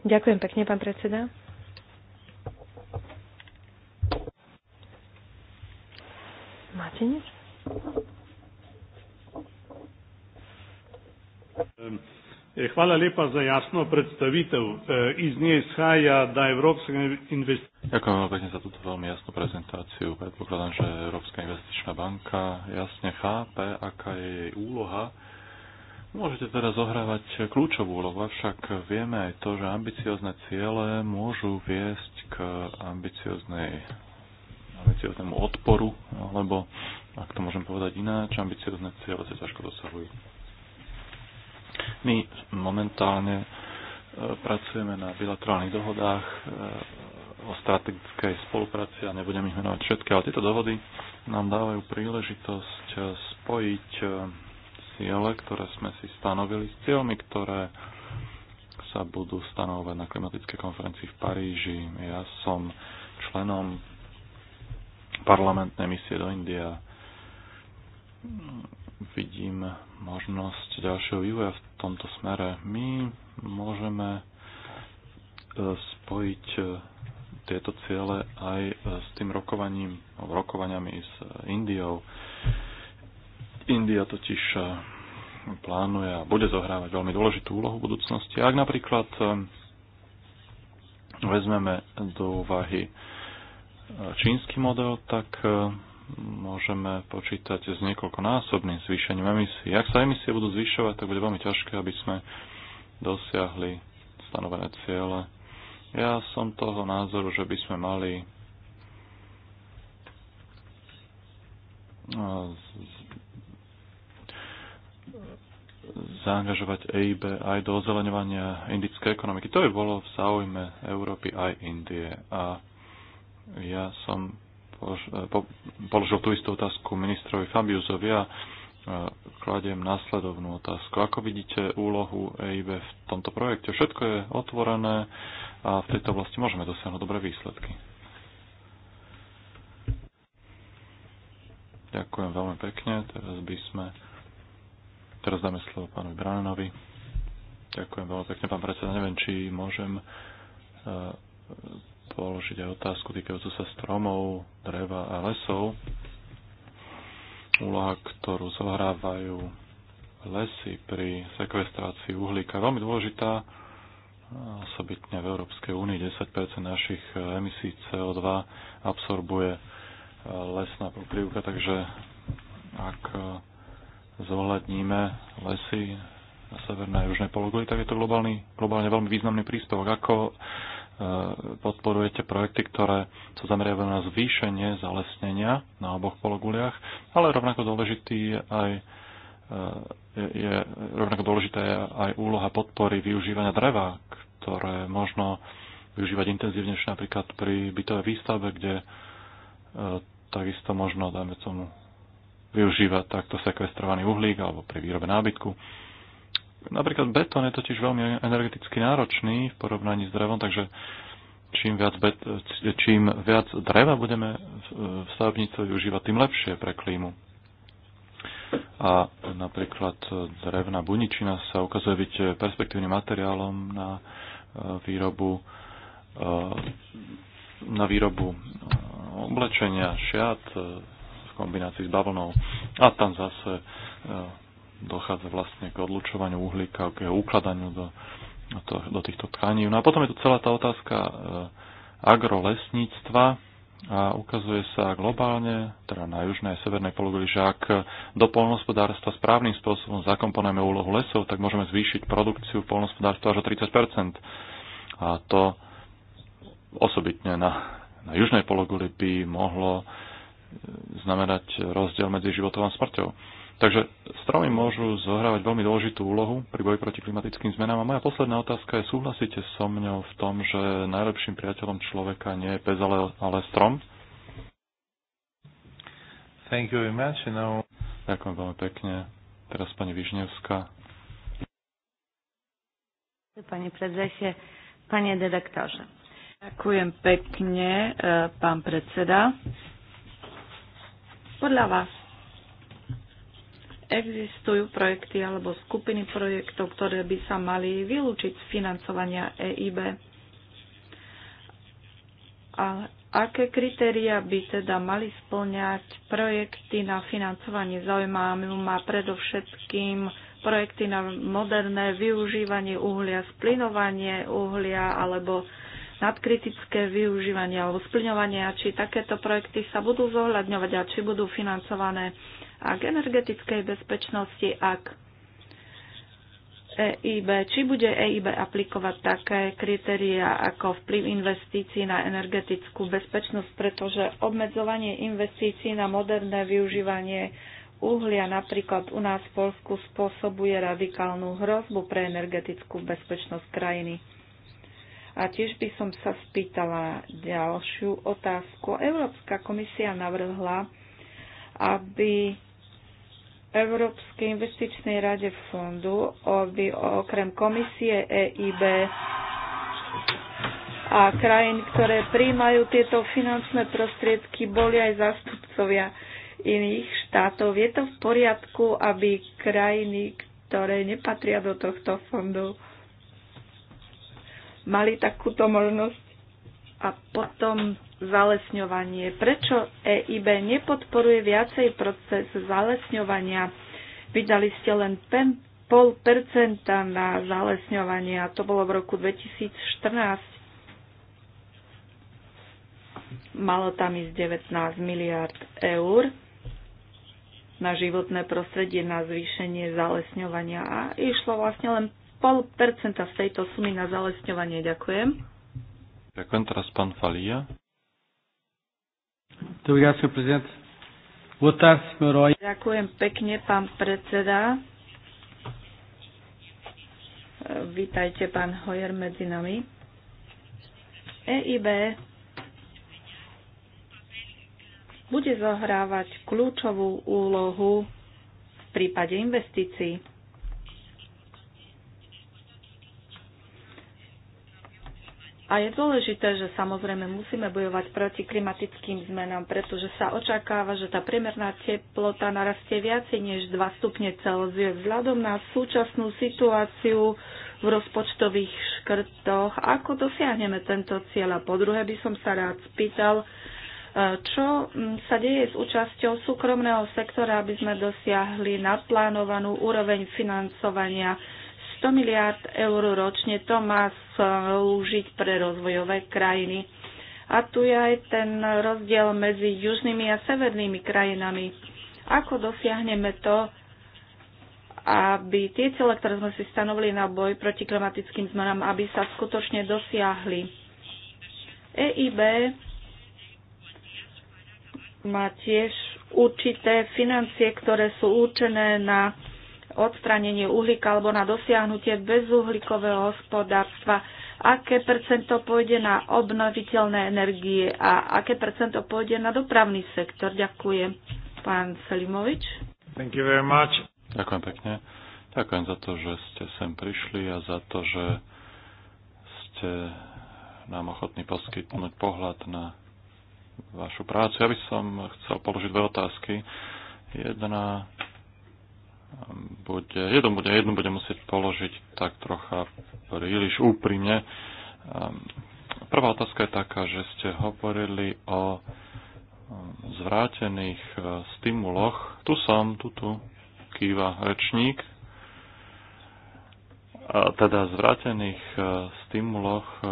Ďakujem pekne, pán predseda. Máte niečo? Ehm, eh, hvala lepa za jasno predstavitev. Eh, iz nje izhaja, da Evropska investicija Ďakujem veľmi pekne za túto veľmi jasnú prezentáciu. Predpokladám, že Európska investičná banka jasne chápe, aká je jej úloha. Môžete teda zohrávať kľúčovú úlohu, avšak vieme aj to, že ambiciozne ciele môžu viesť k ambicioznej ambicioznému odporu, alebo ak to môžem povedať ináč, ambiciozne ciele sa ťažko dosahujú. My momentálne e, pracujeme na bilaterálnych dohodách e, o strategickej spolupráci a nebudem ich menovať všetky, ale tieto dohody nám dávajú príležitosť eh, spojiť eh, ciele, ktoré sme si stanovili s cieľmi, ktoré sa budú stanovať na klimatickej konferencii v Paríži. Ja som členom parlamentnej misie do India. Vidím možnosť ďalšieho vývoja v tomto smere. My môžeme eh, spojiť tieto ciele aj e, s tým rokovaním, rokovaniami s e, Indiou. India totiž e, plánuje a bude zohrávať veľmi dôležitú úlohu v budúcnosti. Ak napríklad vezmeme do úvahy čínsky model, tak môžeme počítať s niekoľkonásobným zvýšením emisí. Ak sa emisie budú zvyšovať, tak bude veľmi ťažké, aby sme dosiahli stanovené ciele ja som toho názoru, že by sme mali no, zaangažovať EIB aj do ozeleňovania indickej ekonomiky. To by bolo v záujme Európy aj Indie. A ja som položil tú istú otázku ministrovi Fabiusovi a kladiem následovnú otázku. Ako vidíte úlohu EIB v tomto projekte? Všetko je otvorené a v tejto oblasti môžeme dosiahnuť dobré výsledky. Ďakujem veľmi pekne. Teraz by sme... Teraz dáme slovo pánovi Branenovi. Ďakujem veľmi pekne, pán predseda. Neviem, či môžem e, položiť aj otázku týkajúcu sa stromov, dreva a lesov úloha, ktorú zohrávajú lesy pri sekvestrácii uhlíka, je veľmi dôležitá, osobitne v Európskej únii 10 našich emisí CO2 absorbuje eh, lesná pokrývka, takže ak eh, zohľadníme lesy na severnej a južnej pologuli, tak je to globálny, globálne veľmi významný príspevok. Ako E, podporujete projekty, ktoré sa zameriavajú na zvýšenie zalesnenia na oboch pologuliach, ale rovnako dôležitý aj e, je, je rovnako dôležitá je aj úloha podpory využívania dreva, ktoré možno využívať intenzívnejšie napríklad pri bytovej výstave, kde e, takisto možno, dajme tomu, využívať takto sekvestrovaný uhlík alebo pri výrobe nábytku. Napríklad betón je totiž veľmi energeticky náročný v porovnaní s drevom, takže čím viac, bet, čím viac dreva budeme v stavebnice využívať, tým lepšie pre klímu. A napríklad drevná buničina sa ukazuje byť perspektívnym materiálom na eh, výrobu eh, na výrobu eh, oblečenia, šiat v kombinácii s bavlnou. A tam zase dochádza vlastne k odlučovaniu uhlíka, k jeho ukladaniu do, do, do týchto tkaní. No a potom je tu celá tá otázka eh, agrolesníctva a ukazuje sa globálne, teda na južnej a severnej pologuli, že ak do polnospodárstva správnym spôsobom zakomponujeme úlohu lesov, tak môžeme zvýšiť produkciu polnospodárstva až o 30 A to osobitne na, na južnej pologuli by mohlo eh, znamenať eh, rozdiel medzi životom a smrťou. Takže stromy môžu zohrávať veľmi dôležitú úlohu pri boji proti klimatickým zmenám. A moja posledná otázka je, súhlasíte so mňou v tom, že najlepším priateľom človeka nie je pes, ale, ale strom? Thank you very much. No. Ďakujem veľmi pekne. Teraz pani Vyžnevská. Pani predzesie, pani redaktorze. Ďakujem pekne, e, pán predseda. Podľa vás existujú projekty alebo skupiny projektov, ktoré by sa mali vylúčiť z financovania EIB. A aké kritéria by teda mali splňať projekty na financovanie? Zaujímavé má predovšetkým projekty na moderné využívanie uhlia, splinovanie uhlia alebo nadkritické využívanie alebo splňovanie a či takéto projekty sa budú zohľadňovať a či budú financované a k energetickej bezpečnosti, ak EIB, či bude EIB aplikovať také kritéria ako vplyv investícií na energetickú bezpečnosť, pretože obmedzovanie investícií na moderné využívanie uhlia napríklad u nás v Polsku spôsobuje radikálnu hrozbu pre energetickú bezpečnosť krajiny. A tiež by som sa spýtala ďalšiu otázku. Európska komisia navrhla, aby Európskej investičnej rade fondu, aby okrem komisie EIB a krajín, ktoré príjmajú tieto finančné prostriedky, boli aj zástupcovia iných štátov. Je to v poriadku, aby krajiny, ktoré nepatria do tohto fondu, mali takúto možnosť a potom zalesňovanie. Prečo EIB nepodporuje viacej proces zalesňovania? Vydali ste len 5,5% na zalesňovanie a to bolo v roku 2014. Malo tam ísť 19 miliard eur na životné prostredie, na zvýšenie zalesňovania a išlo vlastne len 0,5% z tejto sumy na zalesňovanie. Ďakujem. Ďakujem teraz pán Falia. Obrigado, Presidente. Boa tarde, Ďakujem pekne, pán predseda. Vítajte, pán Hojer, medzi nami. EIB bude zohrávať kľúčovú úlohu v prípade investícií. A je dôležité, že samozrejme musíme bojovať proti klimatickým zmenám, pretože sa očakáva, že tá priemerná teplota narastie viacej než 2 stupne Celzia vzhľadom na súčasnú situáciu v rozpočtových škrtoch. Ako dosiahneme tento cieľ? A po druhé by som sa rád spýtal, e, čo sa deje s účasťou súkromného sektora, aby sme dosiahli naplánovanú úroveň financovania 100 miliard eur ročne to má slúžiť pre rozvojové krajiny. A tu je aj ten rozdiel medzi južnými a severnými krajinami. Ako dosiahneme to, aby tie cele, ktoré sme si stanovili na boj proti klimatickým zmenám, aby sa skutočne dosiahli. EIB má tiež určité financie, ktoré sú určené na odstranenie uhlíka alebo na dosiahnutie bezuhlíkového hospodárstva, aké percento pôjde na obnoviteľné energie a aké percento pôjde na dopravný sektor. Ďakujem. Pán Selimovič. Thank you very much. Ďakujem pekne. Ďakujem za to, že ste sem prišli a za to, že ste nám ochotní poskytnúť pohľad na vašu prácu. Ja by som chcel položiť dve otázky. Jedna bude, jeden bude, jednu bude musieť položiť tak trocha príliš úprimne. Ehm, prvá otázka je taká, že ste hovorili o ehm, zvrátených e, stimuloch. Tu som, tu, tu, kýva rečník. A teda zvrátených e, stimuloch, e,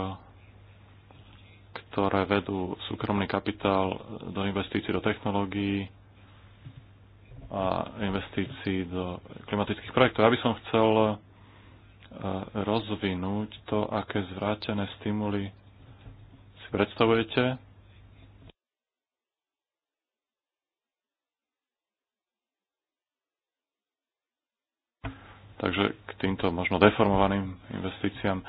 ktoré vedú súkromný kapitál do investícií do technológií, a investícií do klimatických projektov. Ja by som chcel e, rozvinúť to, aké zvrátené stimuly si predstavujete. Takže k týmto možno deformovaným investíciám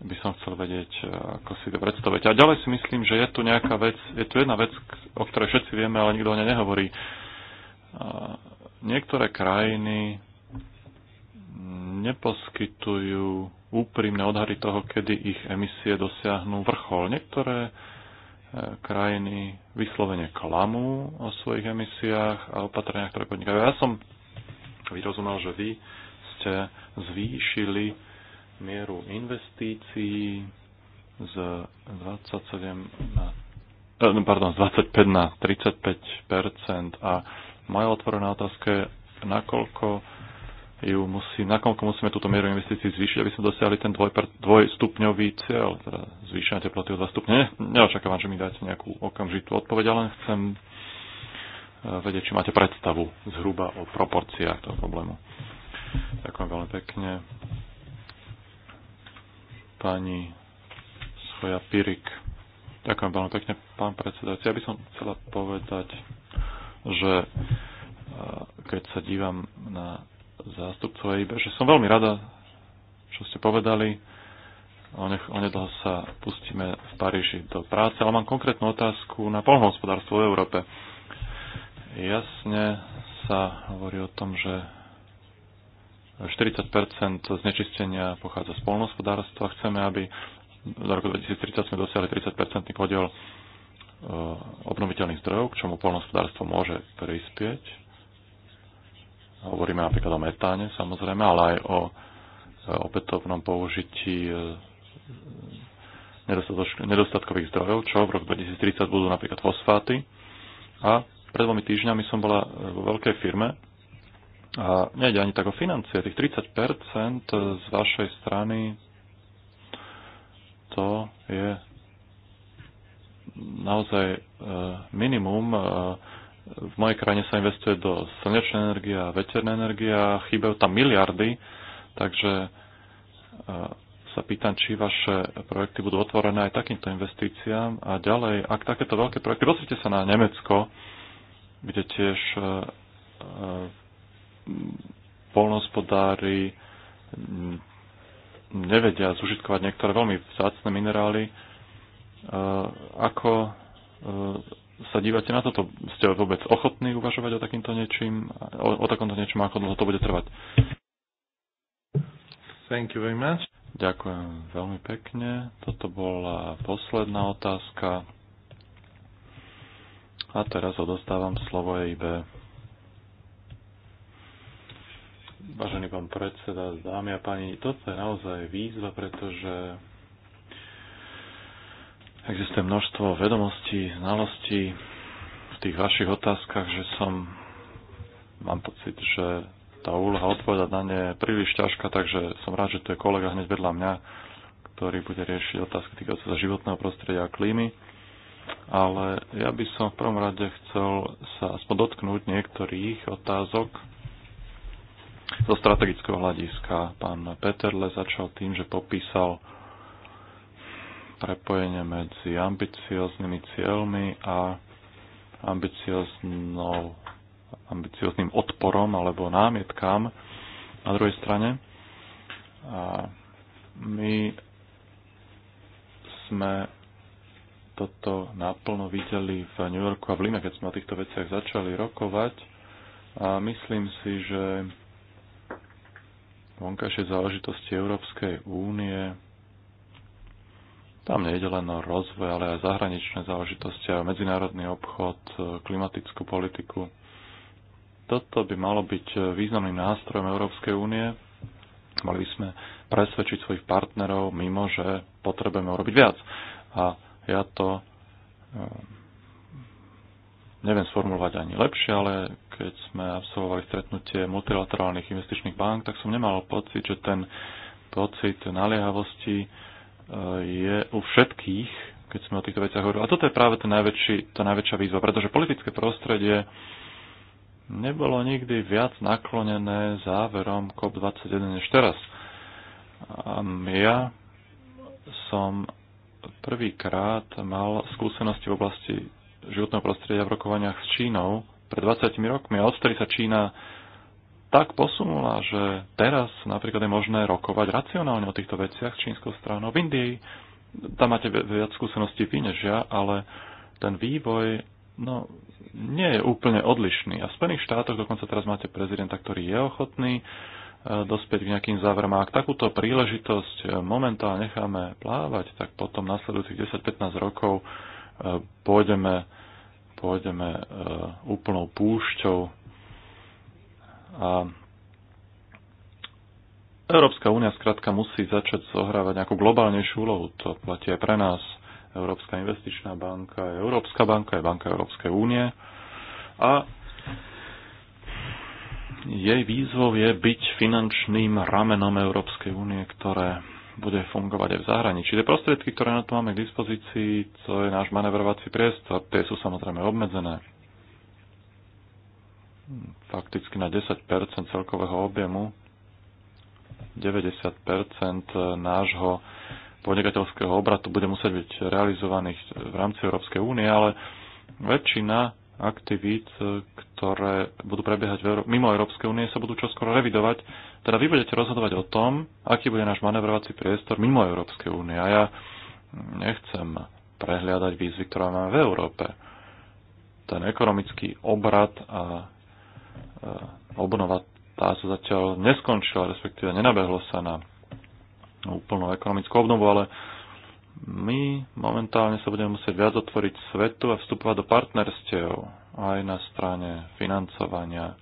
by som chcel vedieť, e, ako si to predstavujete. A ďalej si myslím, že je tu nejaká vec, je tu jedna vec, o ktorej všetci vieme, ale nikto o nej nehovorí niektoré krajiny neposkytujú úprimné odhady toho, kedy ich emisie dosiahnu vrchol. Niektoré e, krajiny vyslovene klamú o svojich emisiách a opatreniach, ktoré podnikajú. Ja som vyrozumel, že vy ste zvýšili mieru investícií z 27 na e, no, pardon, z 25 na 35 a moja otvorená otázka je, nakoľko ju musí, nakoľko musíme túto mieru investícií zvýšiť, aby sme dosiahli ten dvoj, dvojstupňový cieľ, teda zvýšenie teploty o 2 stupne. Neočakávam, že mi dáte nejakú okamžitú odpoveď, ale chcem e, vedieť, či máte predstavu zhruba o proporciách toho problému. Ďakujem veľmi pekne. Pani Svoja Pirik. Ďakujem veľmi pekne, pán predsedajúci. Ja by som chcela povedať že keď sa dívam na zástupcov EIB, že som veľmi rada, čo ste povedali. Onedlho sa pustíme v Paríži do práce, ale mám konkrétnu otázku na polnohospodárstvo v Európe. Jasne sa hovorí o tom, že 40 znečistenia pochádza z polnohospodárstva. Chceme, aby do roku 2030 sme dosiahli 30 podiel Eh, obnoviteľných zdrojov, k čomu polnospodárstvo môže prispieť. Hovoríme napríklad o metáne samozrejme, ale aj o eh, opätovnom použití eh, nedostatkových zdrojov, čo v roku 2030 budú napríklad fosfáty. A pred dvomi týždňami som bola vo veľkej firme a nejde ani tak o financie. Tých 30% z vašej strany to je naozaj e, minimum. E, v mojej krajine sa investuje do slnečnej energie a veternej energie a chýbajú tam miliardy, takže e, sa pýtam, či vaše projekty budú otvorené aj takýmto investíciám. A ďalej, ak takéto veľké projekty, pozrite sa na Nemecko, kde tiež polnospodári nevedia zužitkovať niektoré veľmi vzácne minerály ako e, sa dívate na toto? Ste vôbec ochotní uvažovať o takýmto niečím, o, o takomto niečom, ako dlho to bude trvať? Thank you very much. Ďakujem veľmi pekne. Toto bola posledná otázka. A teraz odostávam slovo EIB. Vážený pán predseda, dámy a páni, toto je naozaj výzva, pretože Existuje množstvo vedomostí, znalostí v tých vašich otázkach, že som, mám pocit, že tá úloha odpovedať na ne je príliš ťažká, takže som rád, že tu je kolega hneď vedľa mňa, ktorý bude riešiť otázky týkajúce sa životného prostredia a klímy. Ale ja by som v prvom rade chcel sa aspoň dotknúť niektorých otázok zo strategického hľadiska. Pán Peterle začal tým, že popísal prepojenie medzi ambicioznými cieľmi a ambicioznym odporom alebo námietkám na druhej strane. A my sme toto naplno videli v New Yorku a v Lime, keď sme o týchto veciach začali rokovať. A myslím si, že vonkajšie záležitosti Európskej únie tam nejde len o rozvoj, ale aj zahraničné záležitosti, aj medzinárodný obchod, e, klimatickú politiku. Toto by malo byť e, významným nástrojom Európskej únie. Mali by sme presvedčiť svojich partnerov, mimo že potrebujeme urobiť viac. A ja to e, neviem sformulovať ani lepšie, ale keď sme absolvovali stretnutie multilaterálnych investičných bank, tak som nemal pocit, že ten pocit naliehavosti je u všetkých, keď sme o týchto veciach hovorili. A toto je práve ten najväčší, tá najväčšia výzva, pretože politické prostredie nebolo nikdy viac naklonené záverom COP21 než teraz. A ja som prvýkrát mal skúsenosti v oblasti životného prostredia v rokovaniach s Čínou pred 20 rokmi a odtedy sa Čína tak posunula, že teraz napríklad je možné rokovať racionálne o týchto veciach s čínskou stranou. V Indii tam máte viac skúseností vy než ja, ale ten vývoj no, nie je úplne odlišný. A v Spojených štátoch dokonca teraz máte prezidenta, ktorý je ochotný e, dospieť k nejakým záverom. A ak takúto príležitosť e, momentálne necháme plávať, tak potom nasledujúcich 10-15 rokov e, pôjdeme, pôjdeme úplnou púšťou a Európska únia skrátka musí začať zohrávať nejakú globálnejšiu úlohu. To platí aj pre nás. Európska investičná banka je Európska banka, je banka Európskej únie. A jej výzvou je byť finančným ramenom Európskej únie, ktoré bude fungovať aj v zahraničí. Tie prostriedky, ktoré na to máme k dispozícii, to je náš manevrovací priestor, tie sú samozrejme obmedzené fakticky na 10 celkového objemu, 90 nášho podnikateľského obratu bude musieť byť realizovaných v rámci Európskej únie, ale väčšina aktivít, ktoré budú prebiehať mimo Európskej únie, sa budú čoskoro revidovať. Teda vy budete rozhodovať o tom, aký bude náš manevrovací priestor mimo Európskej únie. A ja nechcem prehliadať výzvy, ktoré máme v Európe. Ten ekonomický obrad a Eh, obnova tá sa zatiaľ neskončila, respektíve nenabehlo sa na úplnú ekonomickú obnovu, ale my momentálne sa budeme musieť viac otvoriť svetu a vstupovať do partnerstiev aj na strane financovania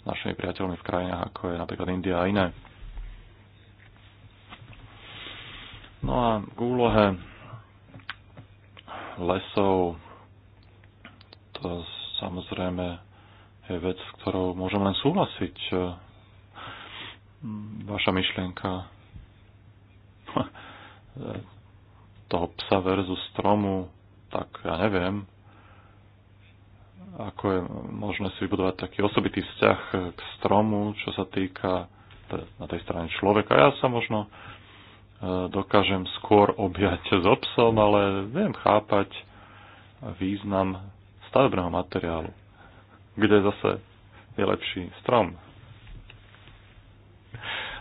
s našimi priateľmi v krajinách, ako je napríklad India a iné. No a k úlohe lesov to samozrejme je vec, s ktorou môžem len súhlasiť. Vaša myšlienka toho psa versus stromu, tak ja neviem, ako je možné si vybudovať taký osobitý vzťah k stromu, čo sa týka teda na tej strane človeka. Ja sa možno e, dokážem skôr objať s so obsom, ale viem chápať význam stavebného materiálu kde zase je lepší strom.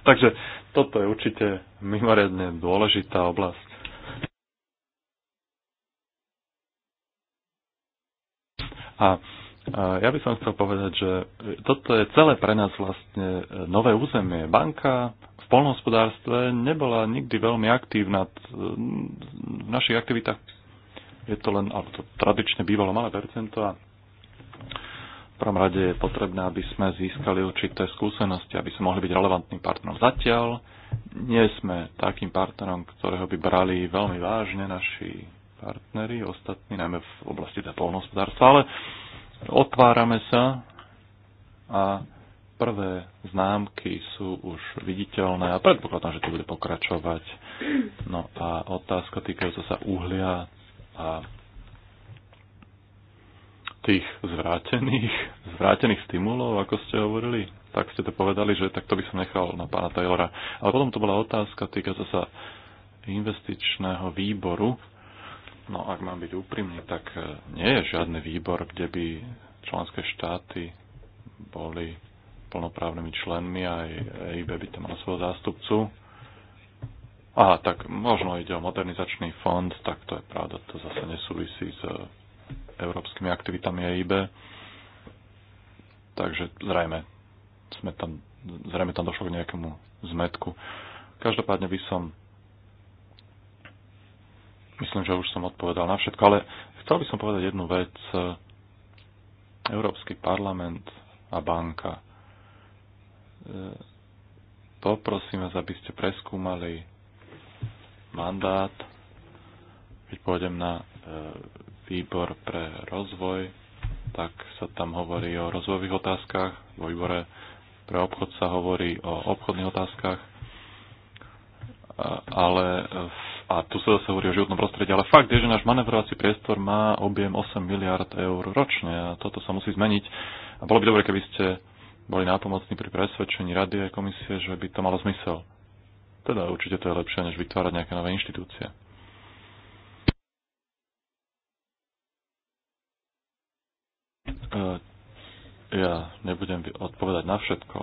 Takže toto je určite mimoriadne dôležitá oblasť. A ja by som chcel povedať, že toto je celé pre nás vlastne nové územie. Banka v polnohospodárstve nebola nikdy veľmi aktívna v našich aktivitách. Je to len, alebo to tradične bývalo malé percento a prvom rade je potrebné, aby sme získali určité skúsenosti, aby sme mohli byť relevantným partnerom. Zatiaľ nie sme takým partnerom, ktorého by brali veľmi vážne naši partneri, ostatní, najmä v oblasti teda polnohospodárstva, ale otvárame sa a prvé známky sú už viditeľné a predpokladám, že to bude pokračovať. No a otázka týkajúca sa uhlia a tých zvrátených, zvrátených stimulov, ako ste hovorili, tak ste to povedali, že takto by som nechal na pána Taylora. Ale potom to bola otázka týka sa investičného výboru. No ak mám byť úprimný, tak e, nie je žiadny výbor, kde by členské štáty boli plnoprávnymi členmi a EIB by tam mal svojho zástupcu. Aha, tak možno ide o modernizačný fond, tak to je pravda, to zase nesúvisí s e, európskymi aktivitami EIB. Takže zrejme, sme tam, zrejme tam došlo k nejakému zmetku. Každopádne by som myslím, že už som odpovedal na všetko, ale chcel by som povedať jednu vec. Európsky parlament a banka. E, Poprosím vás, aby ste preskúmali mandát, keď pôjdem na e, výbor pre rozvoj, tak sa tam hovorí o rozvojových otázkach, vo výbore pre obchod sa hovorí o obchodných otázkach, ale a tu sa zase hovorí o životnom prostredí, ale fakt je, že náš manevrovací priestor má objem 8 miliard eur ročne a toto sa musí zmeniť. A bolo by dobre, keby ste boli nápomocní pri presvedčení rady a komisie, že by to malo zmysel. Teda určite to je lepšie, než vytvárať nejaké nové inštitúcie. E, ja nebudem odpovedať na všetko.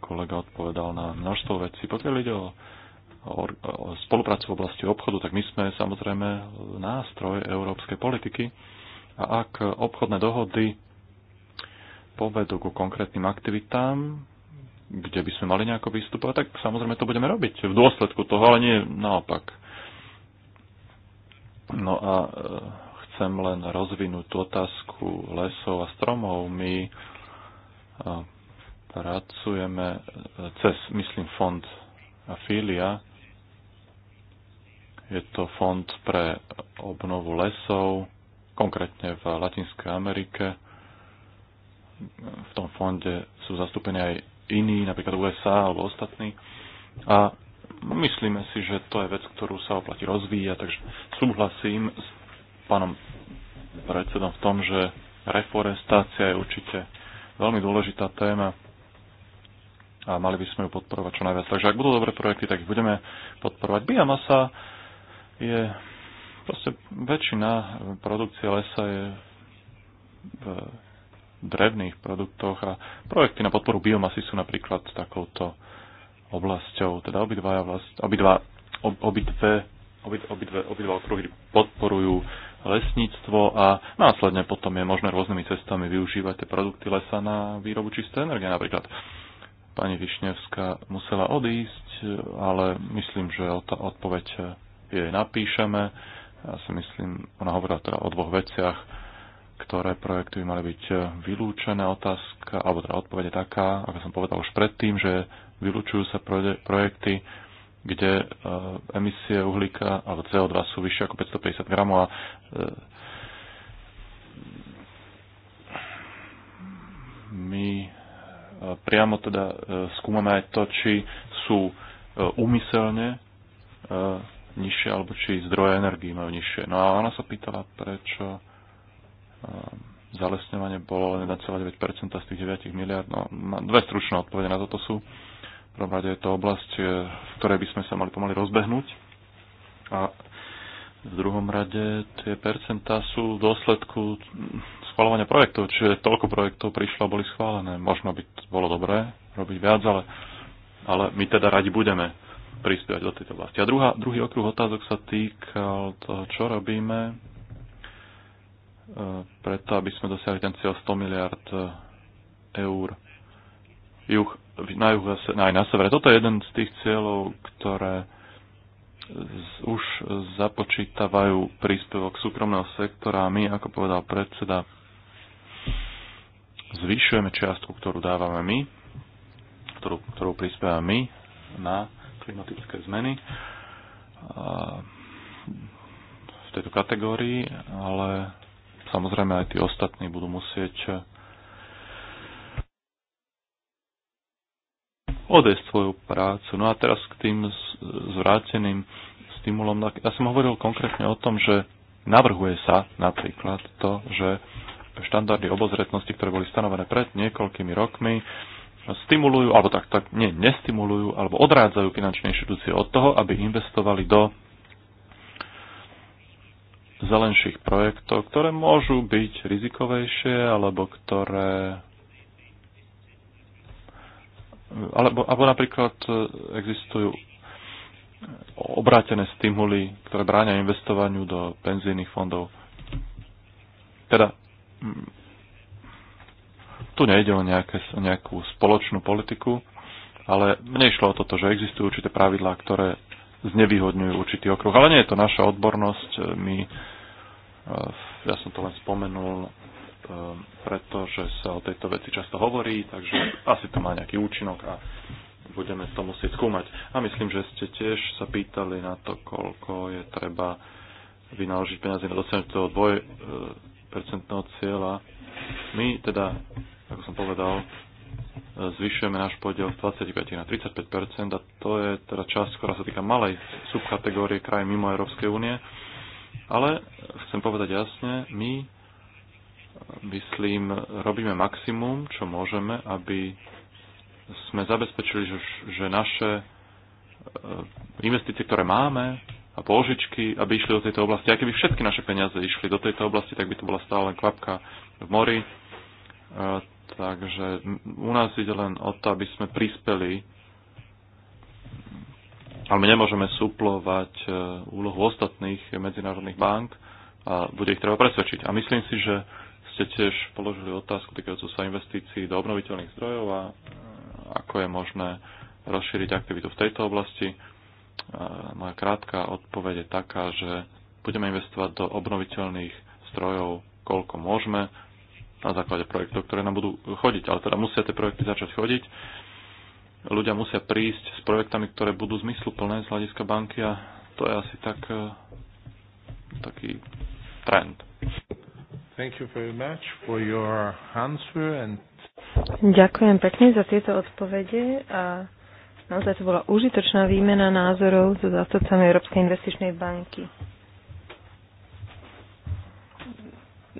Kolega odpovedal na množstvo vecí. Pokiaľ ide o spoluprácu v oblasti obchodu, tak my sme samozrejme nástroj európskej politiky a ak obchodné dohody povedú ku konkrétnym aktivitám, kde by sme mali nejako vystupovať, tak samozrejme to budeme robiť v dôsledku toho, ale nie naopak. No a e, chcem len rozvinúť tú otázku lesov a stromov. My pracujeme cez, myslím, fond Afilia. Je to fond pre obnovu lesov, konkrétne v Latinskej Amerike. V tom fonde sú zastúpení aj iní, napríklad USA alebo ostatní. A myslíme si, že to je vec, ktorú sa oplatí rozvíjať, takže súhlasím s pánom predsedom v tom, že reforestácia je určite veľmi dôležitá téma a mali by sme ju podporovať čo najviac. Takže ak budú dobré projekty, tak ich budeme podporovať. Biomasa je proste väčšina produkcie lesa je v drevných produktoch a projekty na podporu biomasy sú napríklad takouto oblasťou. Teda obidva, obidva, obidve, obidve, obidva okruhy podporujú lesníctvo a následne potom je možné rôznymi cestami využívať tie produkty lesa na výrobu čisté energie napríklad. Pani Višňovská musela odísť, ale myslím, že odpoveď jej napíšeme. Ja si myslím, ona hovorila teda o dvoch veciach, ktoré projekty by mali byť vylúčené. Otázka, alebo teda odpoveď je taká, ako som povedal už predtým, že vylúčujú sa projekty, kde e, emisie uhlíka alebo CO2 sú vyššie ako 550 gramov a e, my e, priamo teda skúmame aj to, či sú úmyselne nižšie alebo či zdroje energii majú nižšie. No a ona sa pýtala, prečo zalesňovanie bolo len 1,9% z tých 9 miliard. No, mám dve stručné odpovede na toto sú. Prvade je to oblasť, e, v ktorej by sme sa mali pomaly rozbehnúť. A v druhom rade tie percentá sú v dôsledku schválovania projektov, čiže toľko projektov prišlo a boli schválené. Možno by to bolo dobré robiť viac, ale, ale my teda radi budeme prispievať do tejto oblasti. A druhá, druhý okruh otázok sa týkal toho, čo robíme e, preto, aby sme dosiahli ten cieľ 100 miliard e, eur. Juch, na juhu aj na severe. Toto je jeden z tých cieľov, ktoré už započítavajú príspevok súkromného sektora a my, ako povedal predseda, zvyšujeme čiastku, ktorú dávame my, ktorú, ktorú prispievame my na klimatické zmeny v tejto kategórii, ale samozrejme aj tí ostatní budú musieť odejsť svoju prácu. No a teraz k tým zvráteným stimulom. No, ja som hovoril konkrétne o tom, že navrhuje sa napríklad to, že štandardy obozretnosti, ktoré boli stanovené pred niekoľkými rokmi, stimulujú, alebo tak, tak nie, nestimulujú, alebo odrádzajú finančné inštitúcie od toho, aby investovali do zelenších projektov, ktoré môžu byť rizikovejšie, alebo ktoré alebo, alebo napríklad e, existujú obrátené stimuly, ktoré bráňa investovaniu do penzijných fondov. Teda tu nejde o, nejaké, o nejakú spoločnú politiku, ale mne išlo o toto, že existujú určité pravidlá, ktoré znevýhodňujú určitý okruh. Ale nie je to naša odbornosť. E, my, e, ja som to len spomenul, pretože sa o tejto veci často hovorí, takže asi to má nejaký účinok a budeme to musieť skúmať. A myslím, že ste tiež sa pýtali na to, koľko je treba vynaložiť peniazy na dosiahnutie toho 2% cieľa. My teda, ako som povedal, zvyšujeme náš podiel z 25 na 35 a to je teda časť, ktorá sa týka malej subkategórie krajín mimo Európskej únie. Ale chcem povedať jasne, my myslím, robíme maximum, čo môžeme, aby sme zabezpečili, že, že naše e, investície, ktoré máme a pôžičky, aby išli do tejto oblasti. A keby všetky naše peniaze išli do tejto oblasti, tak by to bola stále len kvapka v mori. E, takže u nás ide len o to, aby sme prispeli, ale my nemôžeme suplovať e, úlohu ostatných medzinárodných bank a bude ich treba presvedčiť. A myslím si, že ste tiež položili otázku týkajúcu sa investícií do obnoviteľných zdrojov a ako je možné rozšíriť aktivitu v tejto oblasti. Moja krátka odpoveď je taká, že budeme investovať do obnoviteľných zdrojov, koľko môžeme, na základe projektov, ktoré nám budú chodiť. Ale teda musia tie projekty začať chodiť. Ľudia musia prísť s projektami, ktoré budú zmysluplné z hľadiska banky a to je asi tak, e, taký trend. Ďakujem pekne za tieto odpovede a naozaj to bola užitočná výmena názorov so zástupcami Európskej investičnej banky.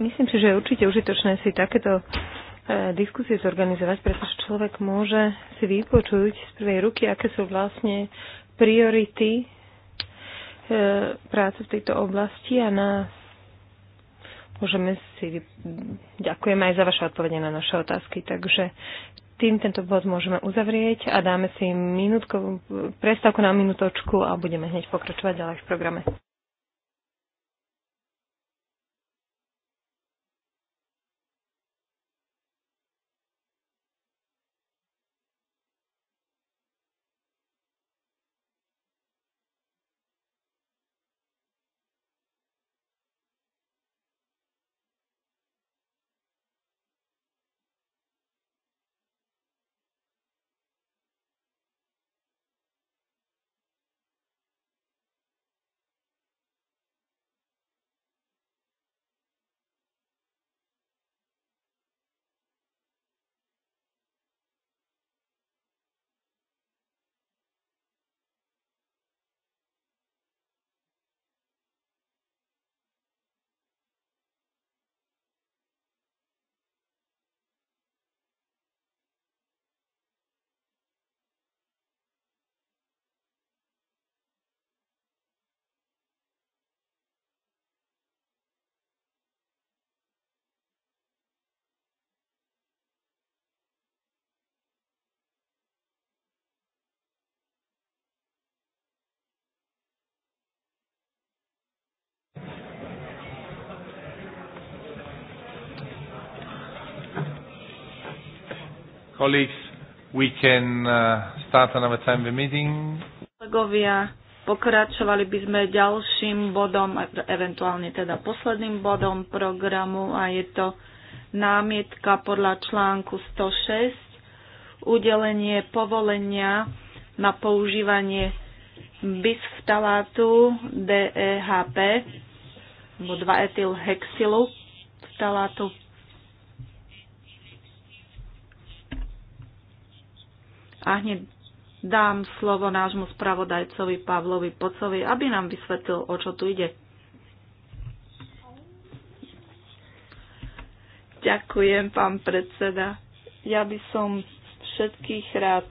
Myslím si, že je určite užitočné si takéto e, diskusie zorganizovať, pretože človek môže si vypočuť z prvej ruky, aké sú vlastne priority e, práce v tejto oblasti a na Môžeme si... Ďakujem aj za vaše odpovede na naše otázky. Takže tým tento bod môžeme uzavrieť a dáme si minútko, prestávku na minútočku a budeme hneď pokračovať ďalej v programe. Colleagues, we can uh, start another time the meeting. Kolegovia, pokračovali by sme ďalším bodom, eventuálne teda posledným bodom programu a je to námietka podľa článku 106, udelenie povolenia na používanie bisftalátu DEHP, alebo 2-etylhexilu vtalátu A hneď dám slovo nášmu spravodajcovi Pavlovi Pocovi, aby nám vysvetlil, o čo tu ide. Ďakujem, pán predseda. Ja by som všetkých rád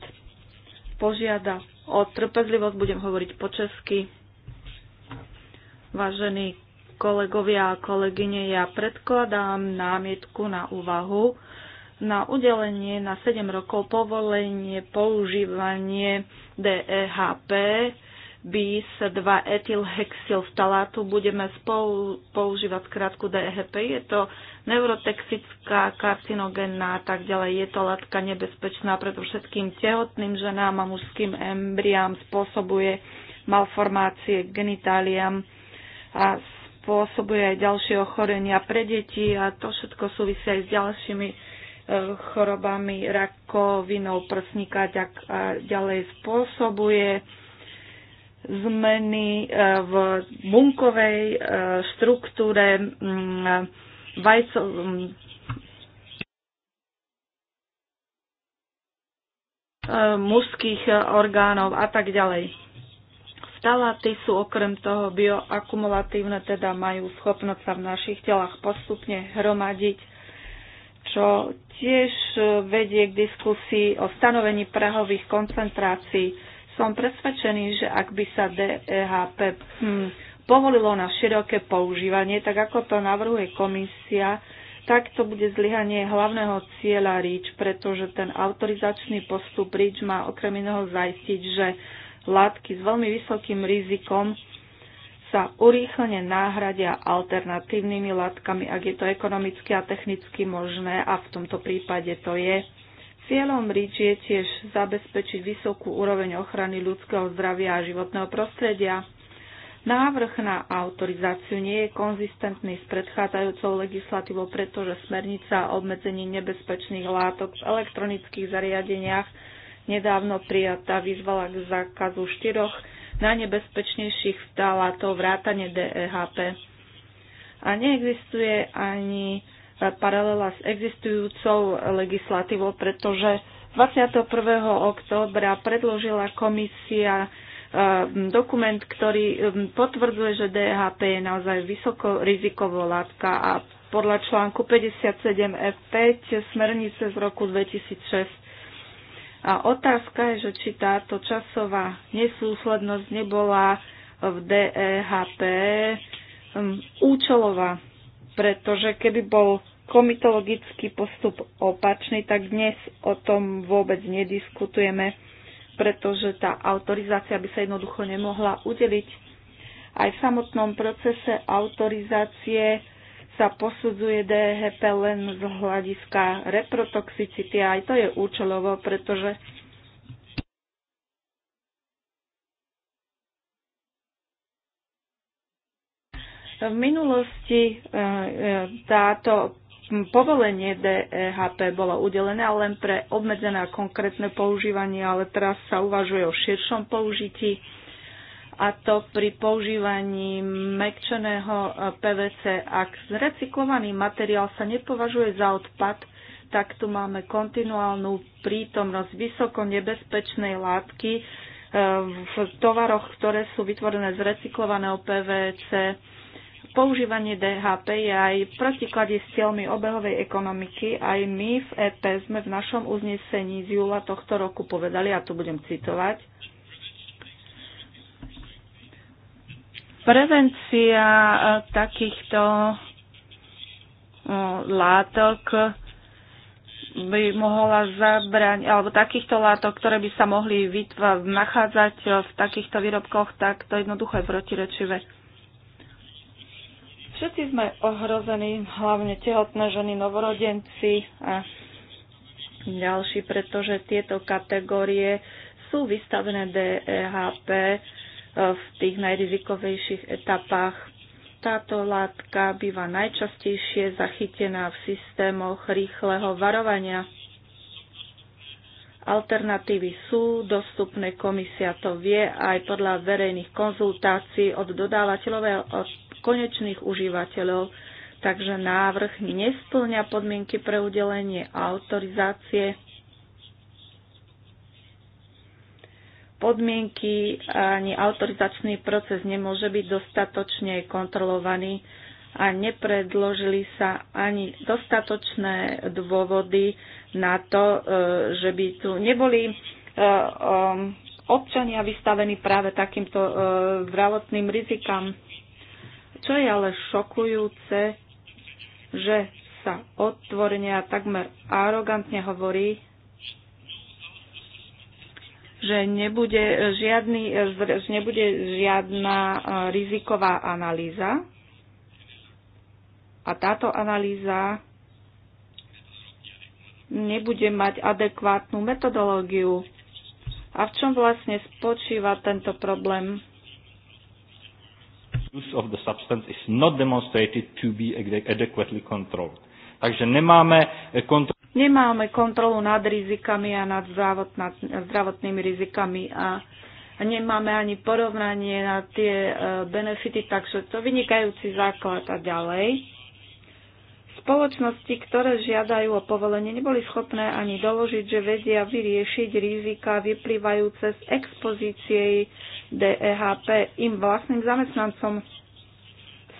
požiadal o trpezlivosť, budem hovoriť po česky. Vážení kolegovia a kolegyne, ja predkladám námietku na úvahu na udelenie na 7 rokov povolenie používanie DEHP bis 2 etylhexylftalátu budeme spolu používať krátku DEHP. Je to neurotexická karcinogénna a tak ďalej. Je to látka nebezpečná predovšetkým tehotným ženám a mužským embriám. Spôsobuje malformácie genitáliám a spôsobuje aj ďalšie ochorenia pre deti a to všetko súvisia aj s ďalšími chorobami rakovinou prsníka a ďalej spôsobuje zmeny e, v bunkovej e, štruktúre vajcov, e, mužských orgánov a tak ďalej. Vtaláty sú okrem toho bioakumulatívne, teda majú schopnosť sa v našich telách postupne hromadiť čo tiež e, vedie k diskusii o stanovení prahových koncentrácií. Som presvedčený, že ak by sa DEHP hm, povolilo na široké používanie, tak ako to navrhuje komisia, tak to bude zlyhanie hlavného cieľa REACH, pretože ten autorizačný postup REACH má okrem iného zajistiť, že látky s veľmi vysokým rizikom sa urýchlene náhradia alternatívnymi látkami, ak je to ekonomicky a technicky možné a v tomto prípade to je. Cieľom RIČ je tiež zabezpečiť vysokú úroveň ochrany ľudského zdravia a životného prostredia. Návrh na autorizáciu nie je konzistentný s predchádzajúcou legislatívou, pretože smernica o obmedzení nebezpečných látok v elektronických zariadeniach nedávno prijatá vyzvala k zákazu štyroch najnebezpečnejších to vrátane DEHP. A neexistuje ani e, paralela s existujúcou legislatívou, pretože 21. októbra predložila komisia e, dokument, ktorý e, potvrdzuje, že DHP je naozaj vysokoriziková látka a podľa článku 57F5 smernice z roku 2006 a otázka je, že či táto časová nesúslednosť nebola v DEHP um, účelová, pretože keby bol komitologický postup opačný, tak dnes o tom vôbec nediskutujeme, pretože tá autorizácia by sa jednoducho nemohla udeliť. Aj v samotnom procese autorizácie sa posudzuje DHP len z hľadiska reprotoxicity a aj to je účelovo, pretože v minulosti e, e, táto povolenie DHP bolo udelené len pre obmedzené a konkrétne používanie, ale teraz sa uvažuje o širšom použití a to pri používaní mekčeného eh, PVC. Ak zrecyklovaný materiál sa nepovažuje za odpad, tak tu máme kontinuálnu prítomnosť vysoko nebezpečnej látky eh, v tovaroch, ktoré sú vytvorené z recyklovaného PVC. Používanie DHP je aj protiklade s cieľmi obehovej ekonomiky. Aj my v EP sme v našom uznesení z júla tohto roku povedali, a tu budem citovať, Prevencia eh, takýchto eh, látok by mohla zabrať alebo takýchto látok, ktoré by sa mohli vytva- nachádzať eh, v takýchto výrobkoch, tak to jednoducho je protirečivé. Všetci sme ohrození, hlavne tehotné ženy, novorodenci a ďalší, pretože tieto kategórie sú vystavené DEHP v tých najrizikovejších etapách. Táto látka býva najčastejšie zachytená v systémoch rýchleho varovania. Alternatívy sú dostupné, komisia to vie aj podľa verejných konzultácií od dodávateľov a od konečných užívateľov, takže návrh nesplňa podmienky pre udelenie autorizácie podmienky ani autorizačný proces nemôže byť dostatočne kontrolovaný a nepredložili sa ani dostatočné dôvody na to, e, že by tu neboli e, e, občania vystavení práve takýmto zdravotným rizikám. Čo je ale šokujúce, že sa otvorene a takmer arogantne hovorí, že nebude, žiadny, že nebude žiadna e, riziková analýza. A táto analýza nebude mať adekvátnu metodológiu. A v čom vlastne spočíva tento problém? Use of the substance is not demonstrated to be adequately controlled. Takže nemáme e, kontrolu Nemáme kontrolu nad rizikami a nad zdravotnými rizikami a nemáme ani porovnanie na tie e, benefity, takže to vynikajúci základ a ďalej. Spoločnosti, ktoré žiadajú o povolenie, neboli schopné ani doložiť, že vedia vyriešiť rizika vyplývajúce z expozície DEHP im vlastným zamestnancom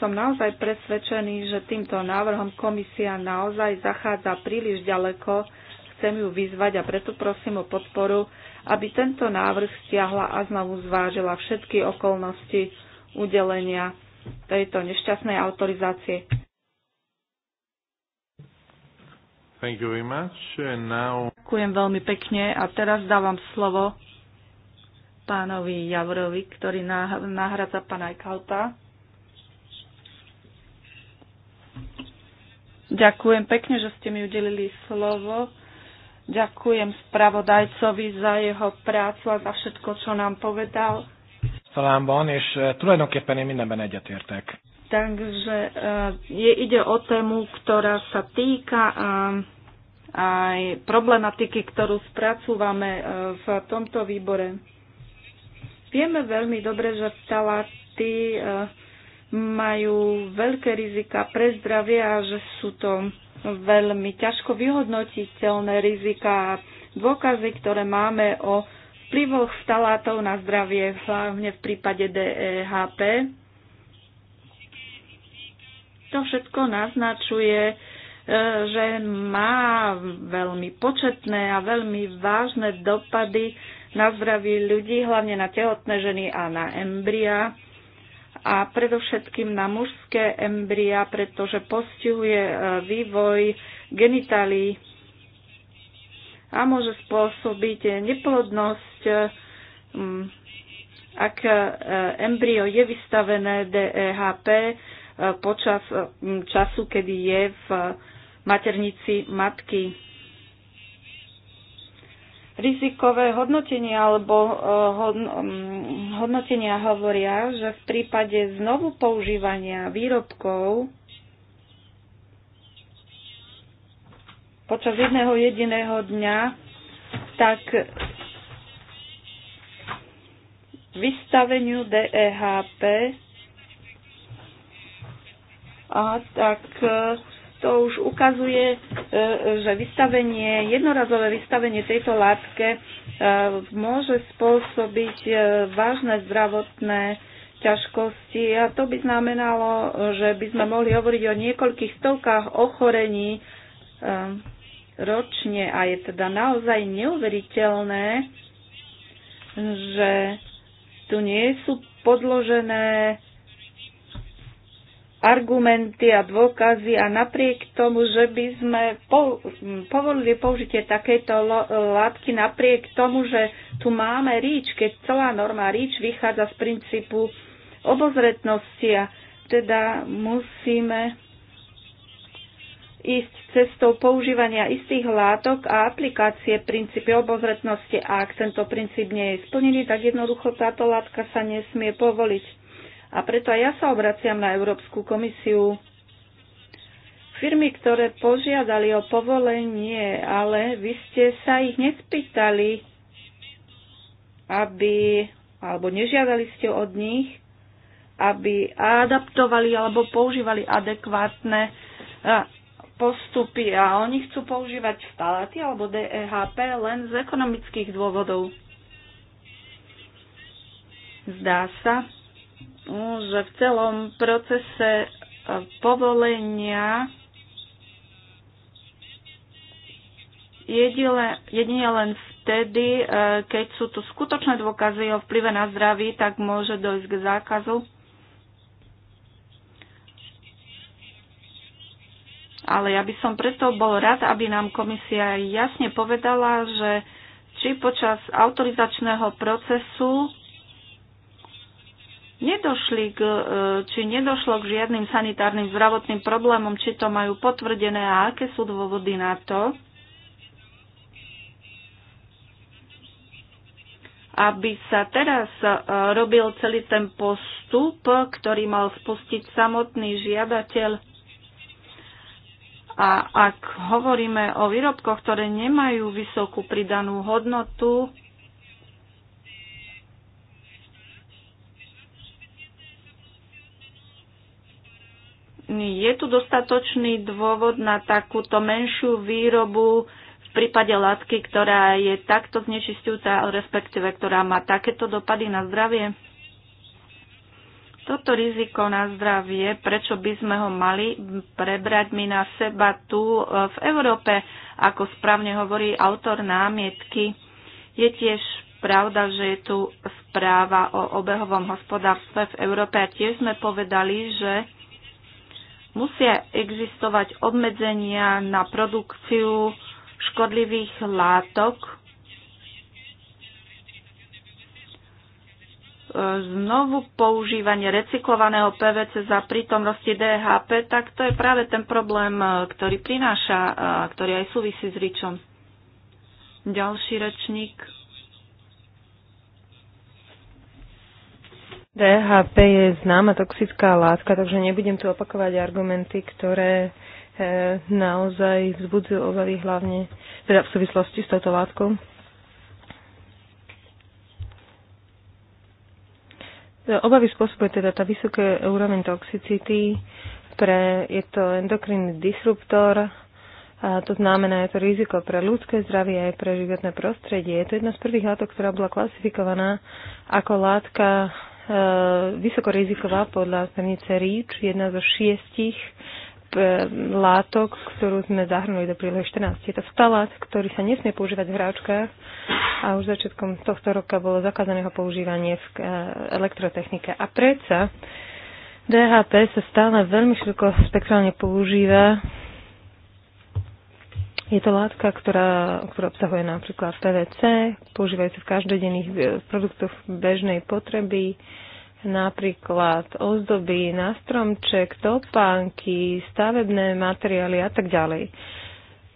som naozaj presvedčený, že týmto návrhom komisia naozaj zachádza príliš ďaleko. Chcem ju vyzvať a preto prosím o podporu, aby tento návrh stiahla a znovu zvážila všetky okolnosti udelenia tejto nešťastnej autorizácie. Thank you very much. now... Ďakujem veľmi pekne a teraz dávam slovo pánovi Javrovi, ktorý nahradza pána Ekalta. Ďakujem pekne, že ste mi udelili slovo. Ďakujem spravodajcovi za jeho prácu a za všetko, čo nám povedal. Talánban, és e, tulajdonképpen én mindenben egyetértek. Takže e, je, ide o tému, ktorá sa týka e, aj problematiky, ktorú spracúvame v tomto výbore. Vieme veľmi dobre, že vtalaty majú veľké rizika pre zdravie a že sú to veľmi ťažko vyhodnotiteľné rizika a dôkazy, ktoré máme o vplyvoch stalátov na zdravie, hlavne v prípade DEHP. To všetko naznačuje, e, že má veľmi početné a veľmi vážne dopady na zdravie ľudí, hlavne na tehotné ženy a na embriá a predovšetkým na mužské embria, pretože postihuje e, vývoj genitálií a môže spôsobiť neplodnosť, e, ak e, embryo je vystavené DEHP počas času, kedy je v maternici matky rizikové hodnotenia alebo eh, mm, hodnotenia hovoria, že v prípade znovu používania výrobkov počas jedného jediného dňa, tak vystaveniu DEHP a tak eh, to už ukazuje, e, že vystavenie, jednorazové vystavenie tejto látke e, môže spôsobiť e, vážne zdravotné ťažkosti a to by znamenalo, že by sme mohli hovoriť o niekoľkých stovkách ochorení ročne a je teda naozaj neuveriteľné, že tu nie sú podložené argumenty a dôkazy a napriek tomu, že by sme po, povolili použitie lo, látky, napriek tomu, že tu máme ríč, keď celá norma ríč vychádza z princípu obozretnosti a teda musíme ísť cestou používania istých látok a aplikácie princípy obozretnosti. A ak tento princíp nie je splnený, tak jednoducho táto látka sa nesmie povoliť. A preto aj ja sa obraciam na Európsku komisiu. Firmy, ktoré požiadali o povolenie, ale vy ste sa ich nespýtali, aby, alebo nežiadali ste od nich, aby adaptovali alebo používali adekvátne postupy a oni chcú používať vtaláty alebo DEHP len z ekonomických dôvodov. Zdá sa, že v celom procese e, povolenia jedine, len vtedy, e, keď sú tu skutočné dôkazy o vplyve na zdraví, tak môže dojsť k zákazu. Ale ja by som preto bol rád, aby nám komisia jasne povedala, že či počas autorizačného procesu nedošli k, e, či nedošlo k žiadnym sanitárnym zdravotným problémom, či to majú potvrdené a aké sú dôvody na to, aby sa teraz e, robil celý ten postup, ktorý mal spustiť samotný žiadateľ. A ak hovoríme o výrobkoch, ktoré nemajú vysokú pridanú hodnotu, je tu dostatočný dôvod na takúto menšiu výrobu v prípade látky, ktorá je takto znečistujúca, respektíve ktorá má takéto dopady na zdravie? Toto riziko na zdravie, prečo by sme ho mali prebrať my na seba tu e, v Európe, ako správne hovorí autor námietky, je tiež pravda, že je tu správa o obehovom hospodárstve v Európe a tiež sme povedali, že Musia existovať obmedzenia na produkciu škodlivých látok. Znovu používanie recyklovaného PVC za prítomnosti DHP, tak to je práve ten problém, ktorý prináša, ktorý aj súvisí s ričom. Ďalší rečník. DHP je známa toxická látka, takže nebudem tu opakovať argumenty, ktoré e, naozaj vzbudzujú obavy hlavne teda v súvislosti s touto látkou. Obavy spôsobuje teda tá vysoké úroveň toxicity, pre, je to endokrinný disruptor, a to znamená, je to riziko pre ľudské zdravie aj pre životné prostredie. Je to jedna z prvých látok, ktorá bola klasifikovaná ako látka E, vysokoriziková podľa smernice REACH, jedna zo šiestich e, látok, ktorú sme zahrnuli do prílohy 14. Je to ftalát, ktorý sa nesmie používať v hráčkach a už začiatkom tohto roka bolo zakázané jeho používanie v e, elektrotechnike. A predsa DHP sa stále veľmi široko spektrálne používa je to látka, ktorá, ktorá obsahuje napríklad PVC, používajú sa v každodenných e, produktoch bežnej potreby, napríklad ozdoby na stromček, topánky, stavebné materiály a tak ďalej.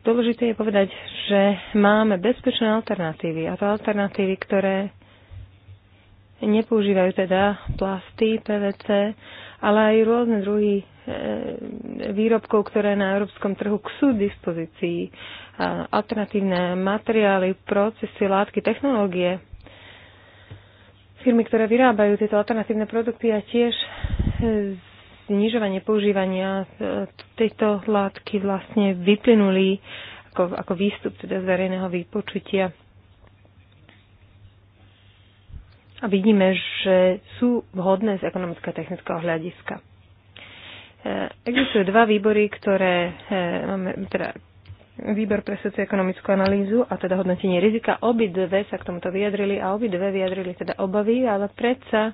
Dôležité je povedať, že máme bezpečné alternatívy a to alternatívy, ktoré nepoužívajú teda plasty, PVC, ale aj rôzne druhy e, výrobkov, ktoré na európskom trhu sú k dispozícii. Alternatívne materiály, procesy, látky, technológie. Firmy, ktoré vyrábajú tieto alternatívne produkty a tiež e, znižovanie používania e, tejto látky vlastne vyplynuli ako, ako výstup teda z verejného vypočutia. a vidíme, že sú vhodné z ekonomického a technického hľadiska. E, existujú dva výbory, ktoré e, máme, teda výbor pre socioekonomickú analýzu a teda hodnotenie rizika. Obidve sa k tomuto vyjadrili a dve vyjadrili teda obavy, ale predsa,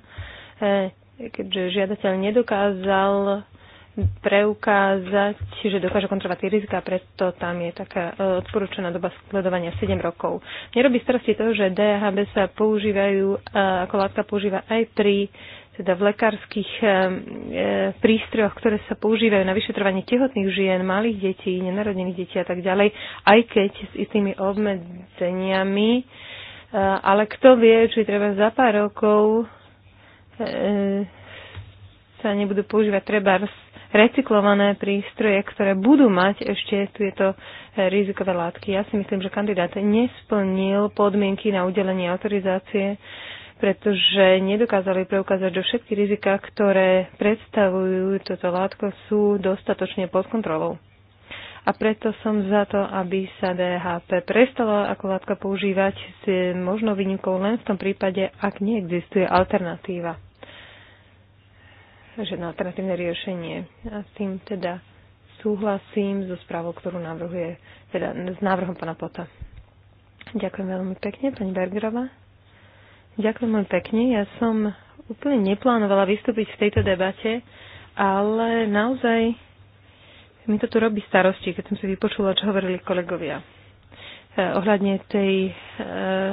e, keďže žiadateľ nedokázal preukázať, že dokáže kontrolovať tie rizika, preto tam je taká e, odporúčaná doba sledovania 7 rokov. Nerobí starosti to, že DHB sa používajú, e, ako látka používa aj pri teda v lekárskych e, prístrojoch, ktoré sa používajú na vyšetrovanie tehotných žien, malých detí, nenarodených detí a tak ďalej, aj keď s istými obmedzeniami. Ale kto vie, či treba za pár rokov sa nebudú používať trebárs recyklované prístroje, ktoré budú mať ešte tieto e, rizikové látky. Ja si myslím, že kandidát nesplnil podmienky na udelenie autorizácie, pretože nedokázali preukázať, že všetky rizika, ktoré predstavujú toto látko, sú dostatočne pod kontrolou. A preto som za to, aby sa DHP prestala ako látka používať s možnou výnimkou len v tom prípade, ak neexistuje alternatíva. Že na alternatívne riešenie. A s tým teda súhlasím so správou, ktorú navrhuje, teda s návrhom pana Pota. Ďakujem veľmi pekne, pani Bergerová. Ďakujem veľmi pekne. Ja som úplne neplánovala vystúpiť v tejto debate, ale naozaj mi to tu robí starosti, keď som si vypočula, čo hovorili kolegovia. Eh, ohľadne tej, eh,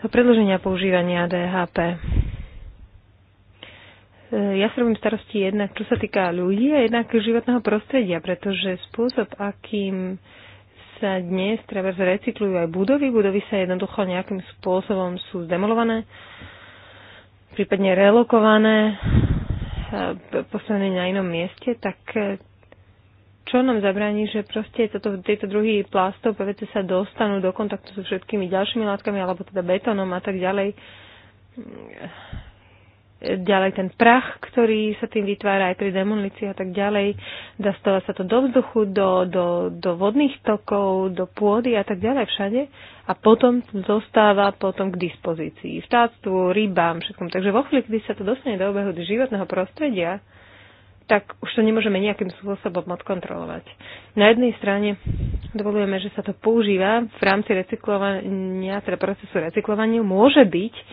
toho predloženia používania DHP. Eh, ja si robím starosti jednak, čo sa týka ľudí a jednak životného prostredia, pretože spôsob, akým sa dnes treba recyklujú aj budovy, budovy sa jednoducho nejakým spôsobom sú zdemolované, prípadne relokované, eh, postavené na inom mieste, tak eh, čo nám zabráni, že proste toto, tieto druhy plastov PVC sa dostanú do kontaktu so všetkými ďalšími látkami alebo teda betónom a tak ďalej mm, ďalej ten prach, ktorý sa tým vytvára aj pri demolícii a tak ďalej. Dostáva sa to do vzduchu, do, do, do vodných tokov, do pôdy a tak ďalej všade a potom zostáva potom k dispozícii vtáctvu, rybám, všetkom. Takže vo chvíli, kedy sa to dostane do obehu do životného prostredia, tak už to nemôžeme nejakým spôsobom odkontrolovať. Na jednej strane dovolujeme, že sa to používa v rámci recyklovania, teda procesu recyklovania môže byť e,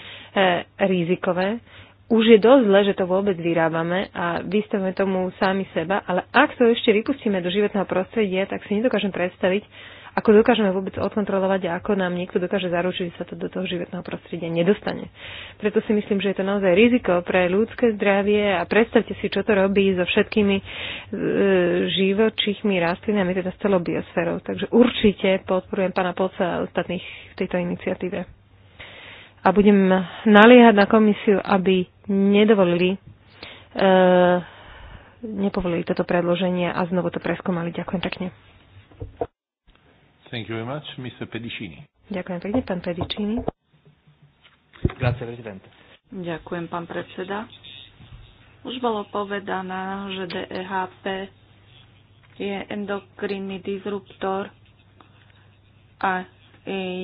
rizikové už je dosť zle, že to vôbec vyrábame a vystavujeme tomu sami seba, ale ak to ešte vypustíme do životného prostredia, tak si nedokážem predstaviť, ako dokážeme vôbec odkontrolovať a ako nám niekto dokáže zaručiť, že sa to do toho životného prostredia nedostane. Preto si myslím, že je to naozaj riziko pre ľudské zdravie a predstavte si, čo to robí so všetkými e, živočíchmi, rastlinami, teda s celou biosférou. Takže určite podporujem pána Polca a ostatných v tejto iniciatíve a budem naliehať na komisiu, aby nedovolili, e, nepovolili toto predloženie a znovu to preskúmali. Ďakujem pekne. Thank you very much, Mr. Pedicini. Ďakujem pekne, pán Pedicini. Grazie, prezident. Ďakujem, pán predseda. Už bolo povedané, že DEHP je endokrinný disruptor a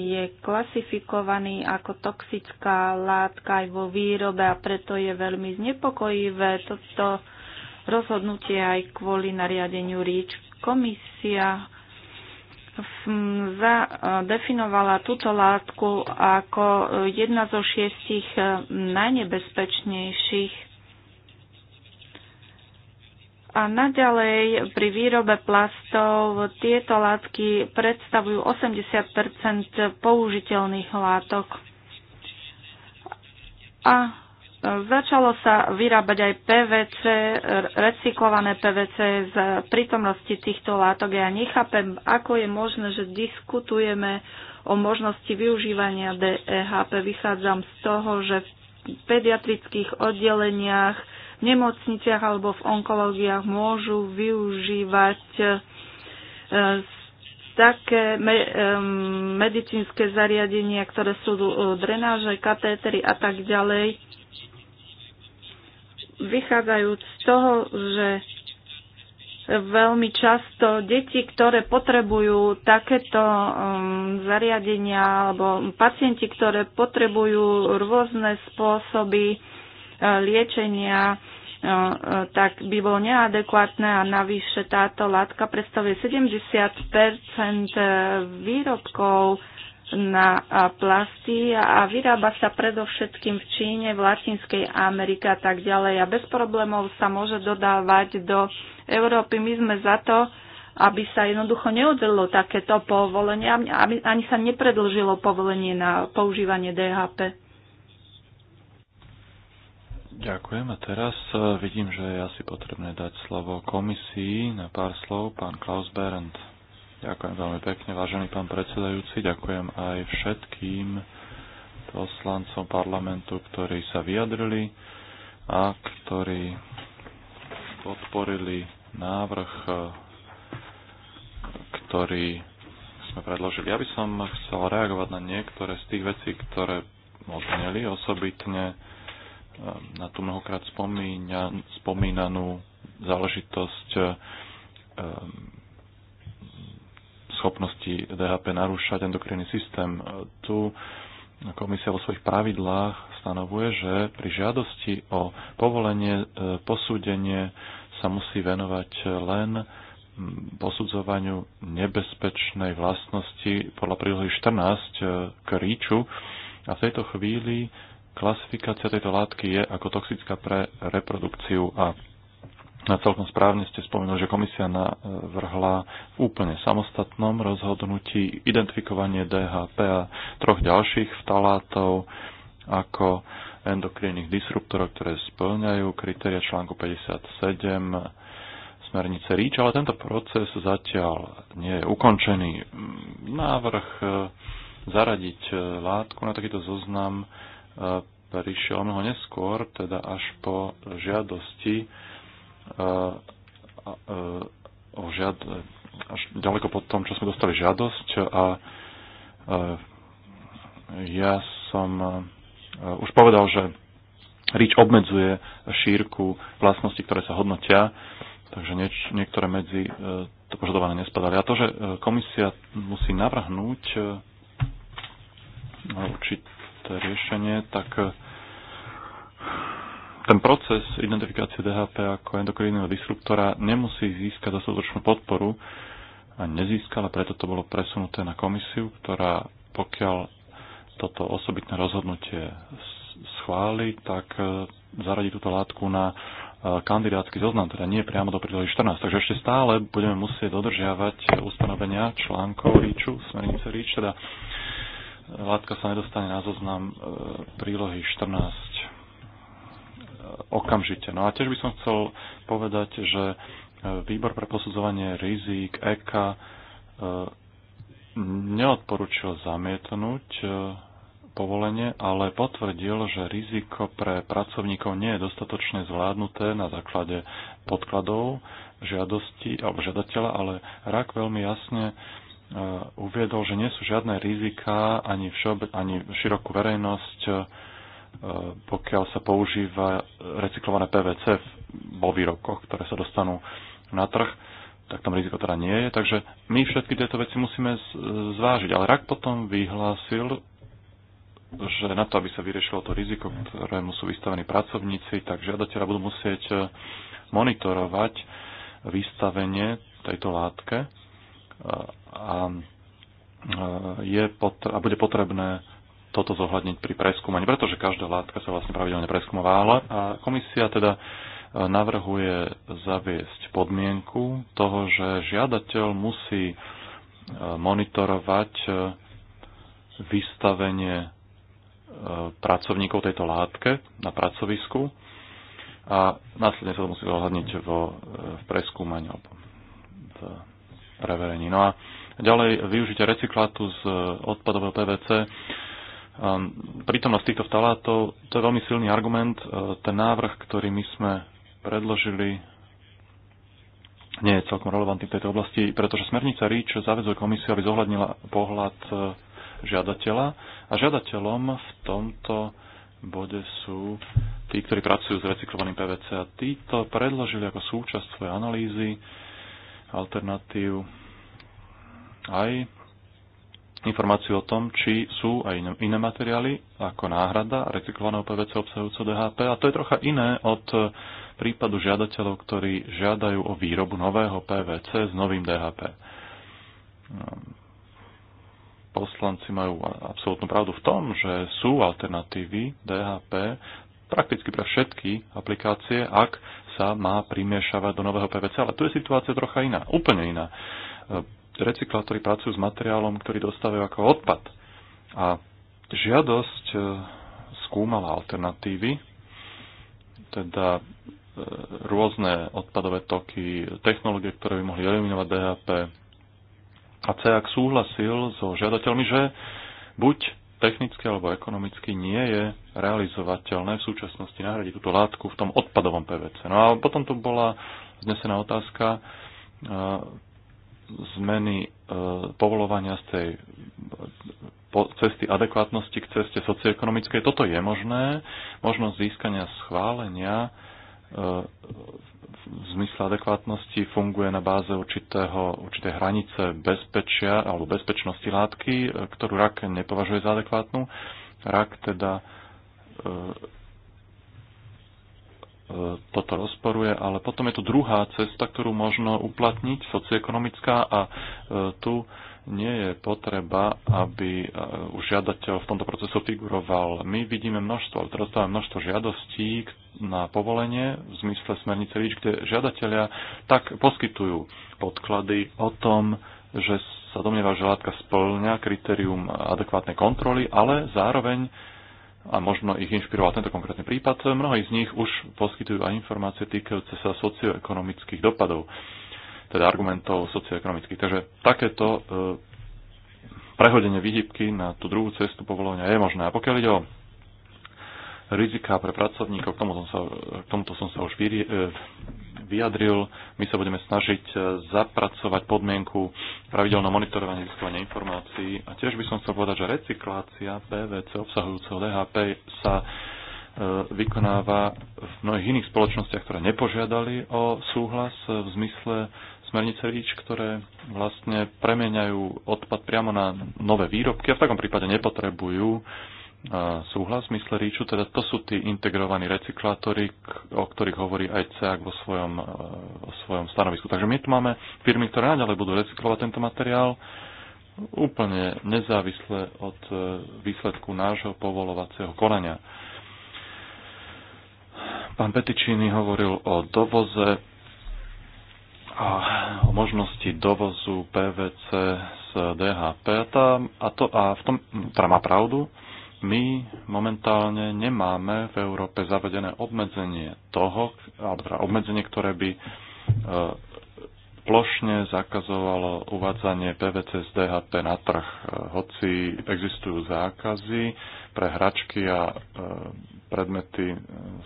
je klasifikovaný ako toxická látka aj vo výrobe a preto je veľmi znepokojivé toto rozhodnutie aj kvôli nariadeniu REACH. Komisia zadefinovala e, túto látku ako jedna zo šiestich e, najnebezpečnejších a naďalej pri výrobe plastov tieto látky predstavujú 80 použiteľných látok. A e, začalo sa vyrábať aj PVC, recyklované PVC z prítomnosti týchto látok. Ja nechápem, ako je možné, že diskutujeme o možnosti využívania DEHP. Vychádzam z toho, že v pediatrických oddeleniach nemocniciach alebo v onkológiách môžu využívať eh, také eh, medicínske zariadenia, ktoré sú eh, drenáže, katétery a tak ďalej, vychádzajúc z toho, že veľmi často deti, ktoré potrebujú takéto mm, zariadenia alebo pacienti, ktoré potrebujú rôzne spôsoby liečenia, e, tak by bolo neadekvátne a navyše táto látka predstavuje 70 výrobkov na plasty a vyrába sa predovšetkým v Číne, v Latinskej Amerike a tak ďalej. A bez problémov sa môže dodávať do Európy. My sme za to, aby sa jednoducho neudelilo takéto povolenie, aby ani sa nepredlžilo povolenie na používanie DHP. Ďakujem. A teraz e, vidím, že je asi potrebné dať slovo komisii na pár slov. Pán Klaus Berendt. Ďakujem veľmi pekne, vážený pán predsedajúci. Ďakujem aj všetkým poslancom parlamentu, ktorí sa vyjadrili a ktorí podporili návrh, e, ktorý sme predložili. Ja by som chcel reagovať na niektoré z tých vecí, ktoré odneli osobitne na tú mnohokrát spomínanú záležitosť e, e, schopnosti DHP narúšať endokrinný systém. E, tu komisia vo svojich pravidlách stanovuje, že pri žiadosti o povolenie posúdenie sa musí venovať len posudzovaniu nebezpečnej vlastnosti podľa prílohy 14 k ríču a v tejto chvíli Klasifikácia tejto látky je ako toxická pre reprodukciu a na celkom správne ste spomenuli, že komisia navrhla v úplne samostatnom rozhodnutí identifikovanie DHP a troch ďalších vtalátov ako endokrinných disruptorov, ktoré splňajú kritéria článku 57 smernice REACH, ale tento proces zatiaľ nie je ukončený. Návrh eh, zaradiť eh, látku na takýto zoznam prišiel mnoho neskôr, teda až po žiadosti o žiad, až ďaleko po tom, čo sme dostali žiadosť a ja som už povedal, že rič obmedzuje šírku vlastnosti, ktoré sa hodnotia, takže nieč, niektoré medzi e, to požadované nespadali. A to, že e, komisia musí navrhnúť e, určit riešenie, tak eh, ten proces identifikácie DHP ako endokrinného disruptora nemusí získať dostatočnú podporu a nezískala, preto to bolo presunuté na komisiu, ktorá pokiaľ toto osobitné rozhodnutie schváli, tak eh, zaradí túto látku na eh, kandidátsky zoznam, teda nie priamo do prílohy 14. Takže ešte stále budeme musieť dodržiavať ustanovenia článkov ríču, smernice REACH, teda látka sa nedostane na zoznam e, prílohy 14 e, okamžite. No a tiež by som chcel povedať, že e, Výbor pre posudzovanie rizík EKA neodporučil zamietnúť povolenie, ale potvrdil, že riziko pre pracovníkov nie je dostatočne zvládnuté na základe podkladov žiadosti alebo žiadateľa, ale RAK veľmi jasne uviedol, že nie sú žiadne rizika ani, všeobe, ani širokú verejnosť, pokiaľ sa používa recyklované PVC vo výrokoch, ktoré sa dostanú na trh, tak tam riziko teda nie je. Takže my všetky tieto veci musíme zvážiť. Ale RAK potom vyhlásil, že na to, aby sa vyriešilo to riziko, ktorému sú vystavení pracovníci, tak žiadateľa budú musieť e, monitorovať vystavenie tejto látke a je potre- a bude potrebné toto zohľadniť pri preskúmaní, pretože každá látka sa vlastne pravidelne preskúmavála a komisia teda e, navrhuje zaviesť podmienku toho, že žiadateľ musí e, monitorovať e, vystavenie pracovníkov tejto látke na pracovisku a následne sa to musí zohľadniť v preskúmaní alebo v preverení. No a ďalej využite recyklátu z e, odpadového PVC. E, prítomnosť týchto vtalátov, to je veľmi silný argument. E, ten návrh, ktorý my sme predložili, nie je celkom relevantný v tejto oblasti, pretože smernica REACH zavedzuje komisiu, aby zohľadnila pohľad žiadateľa a žiadateľom v tomto bode sú tí, ktorí pracujú s recyklovaným PVC a títo predložili ako súčasť svojej analýzy alternatív aj informáciu o tom, či sú aj iné, iné materiály ako náhrada recyklovaného PVC obsahujúco DHP a to je trocha iné od prípadu žiadateľov, ktorí žiadajú o výrobu nového PVC s novým DHP. Poslanci majú absolútnu pravdu v tom, že sú alternatívy DHP prakticky pre všetky aplikácie, ak sa má primiešavať do nového PVC, ale tu je situácia trocha iná, úplne iná. E, recyklátori pracujú s materiálom, ktorý dostávajú ako odpad. A žiadosť e, skúmala alternatívy, teda e, rôzne odpadové toky, technológie, ktoré by mohli eliminovať DHP. A CEAC súhlasil so žiadateľmi, že buď technicky alebo ekonomicky nie je realizovateľné v súčasnosti nahradiť túto látku v tom odpadovom PVC. No a potom tu bola znesená otázka e, zmeny e, povolovania z tej cesty adekvátnosti k ceste socioekonomickej. Toto je možné. Možnosť získania schválenia e, v zmysle adekvátnosti funguje na báze určitého, určité hranice bezpečia alebo bezpečnosti látky, e, ktorú rak nepovažuje za adekvátnu. Rak teda e, e, toto rozporuje, ale potom je tu druhá cesta, ktorú možno uplatniť, socioekonomická a e, tu e, nie je potreba, aby e, už žiadateľ v tomto procesu figuroval. My vidíme množstvo, teraz tam množstvo žiadostí na povolenie v zmysle smernice REACH, kde žiadatelia tak poskytujú podklady o tom, že sa domnieva, že látka splňa kritérium adekvátnej kontroly, ale zároveň a možno ich inšpiroval tento konkrétny prípad. Mnohí z nich už poskytujú aj informácie týkajúce sa socioekonomických dopadov teda argumentov socioekonomických. Takže takéto e, prehodenie výhybky na tú druhú cestu povolovania je možné. A pokiaľ ide o rizika pre pracovníkov, k, tomu som sa, k tomuto som sa už e, vyjadril. My sa budeme snažiť e, zapracovať podmienku pravidelného monitorovania získovania informácií. A tiež by som chcel povedať, že recyklácia PVC obsahujúceho DHP sa vykonáva v mnohých iných spoločnostiach, ktoré nepožiadali o súhlas v zmysle smernice REACH, ktoré vlastne premeniajú odpad priamo na nové výrobky a v takom prípade nepotrebujú súhlas v mysle ríču, teda to sú tí integrovaní recyklátory, o ktorých hovorí aj CEAC vo svojom, vo svojom stanovisku. Takže my tu máme firmy, ktoré naďalej budú recyklovať tento materiál úplne nezávisle od e, výsledku nášho povolovacieho konania. Pán Petičíny hovoril o dovoze a o možnosti dovozu PVC z DHP. Tá, a, to, a v tom, teda má pravdu, my momentálne nemáme v Európe zavedené obmedzenie toho, alebo teda obmedzenie, ktoré by e, plošne zakazovalo uvádzanie PVC z DHP na trh. E, hoci existujú zákazy pre hračky a e, predmety eh,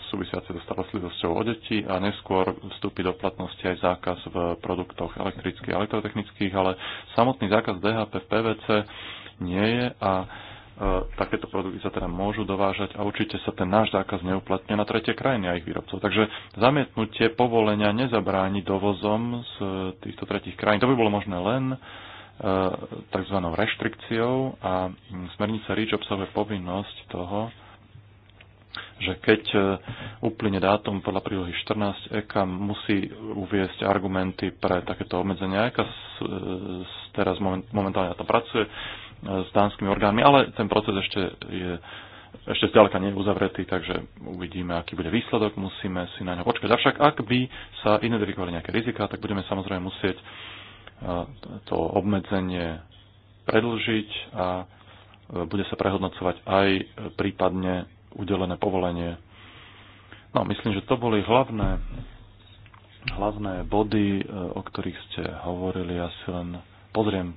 súvisiace so starostlivosťou o deti a neskôr vstúpi do platnosti aj zákaz v produktoch elektrických a elektrotechnických, ale samotný zákaz DHP v PVC nie je a eh, takéto produkty sa teda môžu dovážať a určite sa ten náš zákaz neuplatňuje na tretie krajiny a ich výrobcov. Takže zamietnutie povolenia nezabráni dovozom z týchto tretich krajín. To by bolo možné len eh, tzv. reštrikciou a hm, smernica REACH obsahuje povinnosť toho, že keď e, uplyne dátum podľa prílohy 14, EKA musí uviesť argumenty pre takéto obmedzenia. EKA e, teraz momentálne na to pracuje e, s dánskymi orgánmi, ale ten proces ešte je ešte zďaleka nie je uzavretý, takže uvidíme, aký bude výsledok, musíme si na ňo počkať. Avšak ak by sa identifikovali nejaké riziká, tak budeme samozrejme musieť to obmedzenie predlžiť a bude sa prehodnocovať aj prípadne udelené povolenie. No, myslím, že to boli hlavné, hlavné body, e, o ktorých ste hovorili. Ja si len pozriem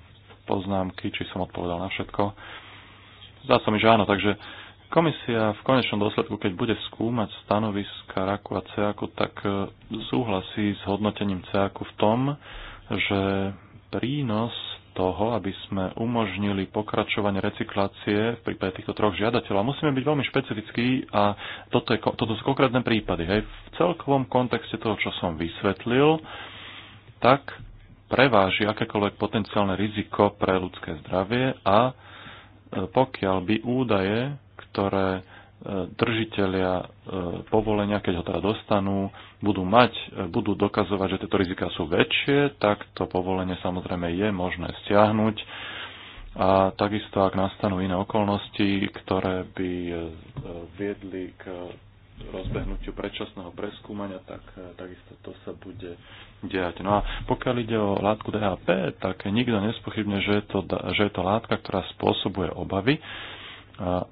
poznámky, či som odpovedal na všetko. Zdá sa mi, že áno, takže komisia v konečnom dôsledku, keď bude skúmať stanoviska RAKu a CEAKu, tak e, súhlasí s hodnotením CEAKu v tom, že prínos toho, aby sme umožnili pokračovanie recyklácie v prípade týchto troch žiadateľov. musíme byť veľmi špecifickí a toto, je, toto sú konkrétne prípady. Hej. V celkovom kontexte toho, čo som vysvetlil, tak preváži akékoľvek potenciálne riziko pre ľudské zdravie a e, pokiaľ by údaje, ktoré držiteľia e, povolenia, keď ho teda dostanú, budú mať, e, budú dokazovať, že tieto rizika sú väčšie, tak to povolenie samozrejme je možné stiahnuť. A takisto, ak nastanú iné okolnosti, ktoré by e, viedli k rozbehnutiu predčasného preskúmania, tak takisto to sa bude diať. No a pokiaľ ide o látku DHP, tak nikto nespochybne, že je to, že je to látka, ktorá spôsobuje obavy,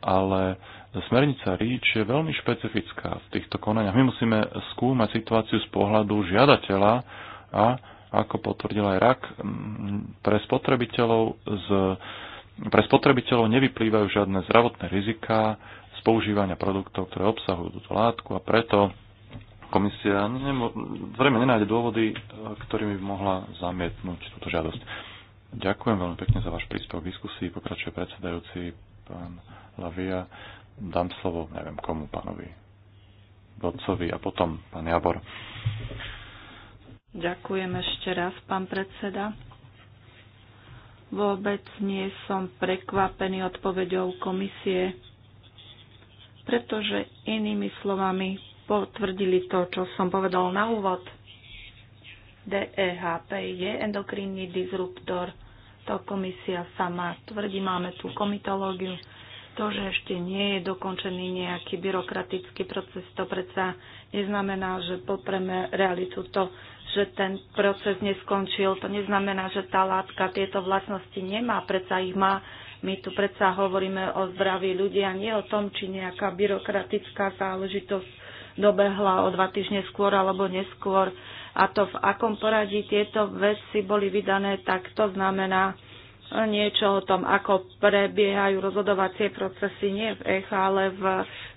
ale Smernica REACH je veľmi špecifická v týchto konaniach. My musíme skúmať situáciu z pohľadu žiadateľa a, ako potvrdil aj RAK, pre spotrebiteľov, z, pre spotrebiteľov nevyplývajú žiadne zdravotné riziká z používania produktov, ktoré obsahujú túto látku a preto komisia nemo, zrejme nenájde dôvody, e, ktorými by mohla zamietnúť túto žiadosť. Ďakujem veľmi pekne za váš príspevok v diskusii. Pokračuje predsedajúci pán Lavia dám slovo, neviem komu, pánovi Vodcovi a potom pán Javor. Ďakujem ešte raz, pán predseda. Vôbec nie som prekvapený odpovedou komisie, pretože inými slovami potvrdili to, čo som povedal na úvod. DEHP je endokrinný disruptor. To komisia sama tvrdí. Máme tu komitológiu, to, že ešte nie je dokončený nejaký byrokratický proces, to predsa neznamená, že popreme realitu. To, že ten proces neskončil, to neznamená, že tá látka tieto vlastnosti nemá, predsa ich má. My tu predsa hovoríme o zdraví ľudí a nie o tom, či nejaká byrokratická záležitosť dobehla o dva týždne skôr alebo neskôr. A to, v akom poradí tieto veci boli vydané, tak to znamená, niečo o tom, ako prebiehajú rozhodovacie procesy nie v ECHA, ale v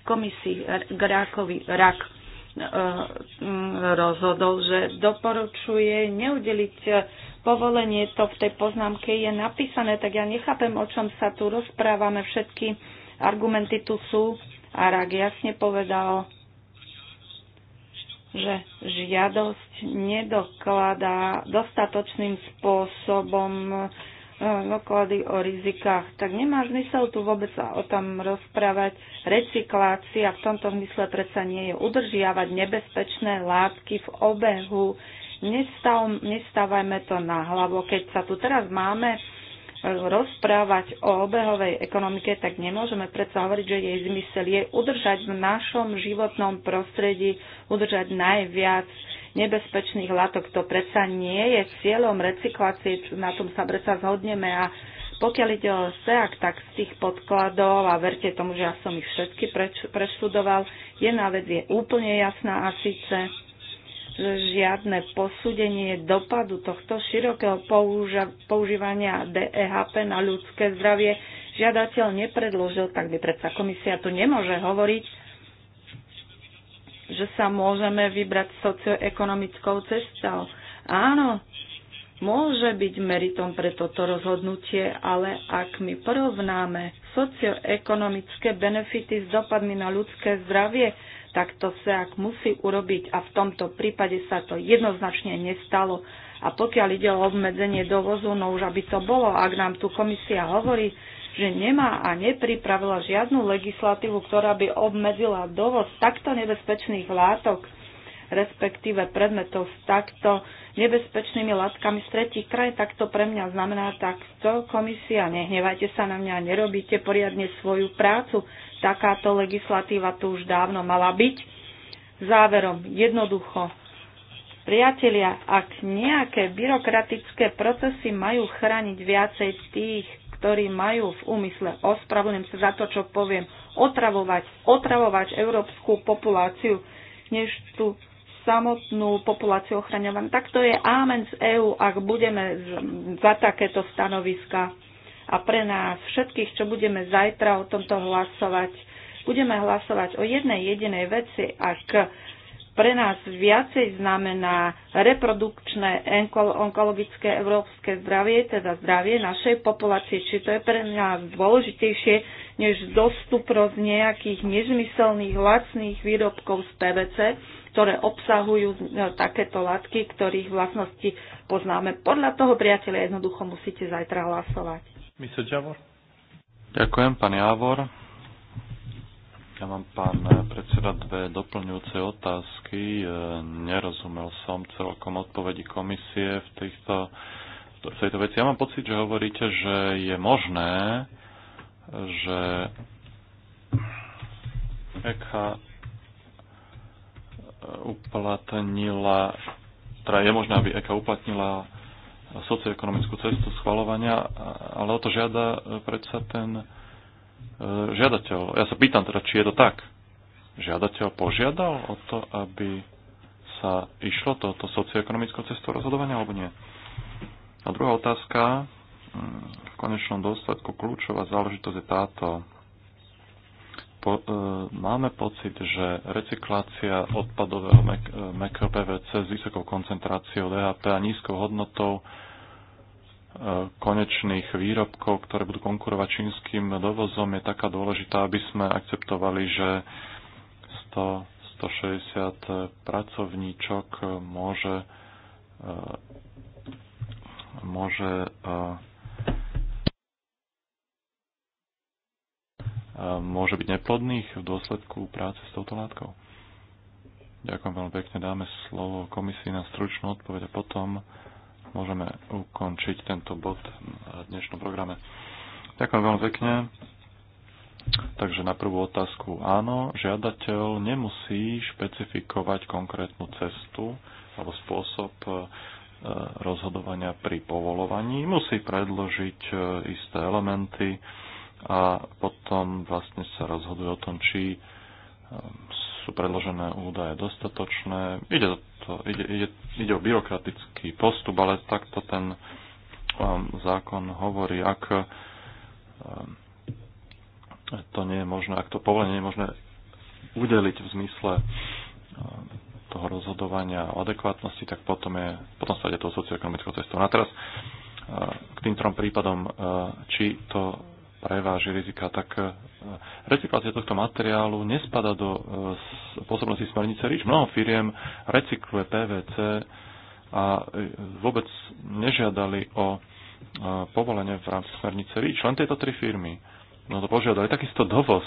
komisii Grákovi RAK e, rozhodol, že doporučuje neudeliť povolenie, to v tej poznámke je napísané, tak ja nechápem, o čom sa tu rozprávame. Všetky argumenty tu sú a RAK jasne povedal, že žiadosť nedokladá dostatočným spôsobom E, doklady o rizikách, tak nemá zmysel tu vôbec o tom rozprávať. Recyklácia v tomto zmysle predsa nie je udržiavať nebezpečné látky v obehu. Nestav, nestávajme to na hlavu. Keď sa tu teraz máme e, rozprávať o obehovej ekonomike, tak nemôžeme predsa hovoriť, že jej zmysel je udržať v našom životnom prostredí, udržať najviac nebezpečných látok. To predsa nie je cieľom recyklácie, na tom sa predsa zhodneme a pokiaľ ide o SEAK, tak z tých podkladov, a verte tomu, že ja som ich všetky preč, preštudoval, jedna vec je úplne jasná a síce, že žiadne posúdenie dopadu tohto širokého používania DEHP na ľudské zdravie žiadateľ nepredložil, tak by predsa komisia tu nemôže hovoriť, že sa môžeme vybrať socioekonomickou cestou. Áno, môže byť meritom pre toto rozhodnutie, ale ak my porovnáme socioekonomické benefity s dopadmi na ľudské zdravie, tak to sa ak musí urobiť a v tomto prípade sa to jednoznačne nestalo. A pokiaľ ide o obmedzenie dovozu, no už aby to bolo, ak nám tu komisia hovorí, že nemá a nepripravila žiadnu legislatívu, ktorá by obmedzila dovoz takto nebezpečných látok, respektíve predmetov s takto nebezpečnými látkami z tretich kraj, tak to pre mňa znamená takto komisia, nehnevajte sa na mňa, nerobíte poriadne svoju prácu. Takáto legislatíva tu už dávno mala byť. Záverom, jednoducho, Priatelia, ak nejaké byrokratické procesy majú chrániť viacej tých, ktorí majú v úmysle, ospravujem sa za to, čo poviem, otravovať, otravovať európsku populáciu, než tú samotnú populáciu ochraňovanú. Tak to je ámen z EÚ, ak budeme za takéto stanoviska. A pre nás všetkých, čo budeme zajtra o tomto hlasovať, budeme hlasovať o jednej jedinej veci, ak pre nás viacej znamená reprodukčné onkologické európske zdravie, teda zdravie našej populácie, či to je pre nás dôležitejšie než dostupnosť nejakých nezmyselných lacných výrobkov z PVC, ktoré obsahujú e, takéto látky, ktorých vlastnosti poznáme. Podľa toho, priateľe, jednoducho musíte zajtra hlasovať. Ďakujem, pán Javor. Ja mám, pán predseda, dve doplňujúce otázky. E, nerozumel som celkom odpovedi komisie v, týchto, v tejto veci. Ja mám pocit, že hovoríte, že je možné, že EKA e, uplatnila, teda je možné, aby EKA uplatnila socioekonomickú cestu schvalovania, ale o to žiada e, predsa ten E, žiadateľ, ja sa pýtam teda, či je to tak, žiadateľ požiadal o to, aby sa išlo toto socioekonomickou cestou rozhodovania, alebo nie? A druhá otázka, mm, v konečnom dôsledku kľúčová záležitosť je táto. Po, e, máme pocit, že recyklácia odpadového mek, e, PVC s vysokou koncentráciou DHP a nízkou hodnotou konečných výrobkov, ktoré budú konkurovať čínskym dovozom, je taká dôležitá, aby sme akceptovali, že 100, 160 pracovníčok môže, e, môže e, môže byť neplodných v dôsledku práce s touto látkou. Ďakujem veľmi pekne. Dáme slovo komisii na stručnú odpoveď a potom môžeme ukončiť tento bod v dnešnom programe. Ďakujem veľmi pekne. Takže na prvú otázku áno, žiadateľ nemusí špecifikovať konkrétnu cestu alebo spôsob e, rozhodovania pri povolovaní. Musí predložiť e, isté elementy a potom vlastne sa rozhoduje o tom, či e, sú predložené údaje dostatočné. Ide, to, ide, ide, ide o byrokratický postup, ale takto ten um, zákon hovorí, ak um, to nie je možné, ak to povolenie je možné udeliť v zmysle um, toho rozhodovania o adekvátnosti, tak potom, je, potom sa ide to socioekonomickou cestou. No a teraz uh, k tým trom prípadom, uh, či to preváži rizika, tak e, recyklácia tohto materiálu nespada do e, pôsobnosti smernice rič. Mnoho firiem recykluje PVC a e, vôbec nežiadali o povolenie v rámci smernice rič Len tieto tri firmy. No to požiadali. Takisto dovoz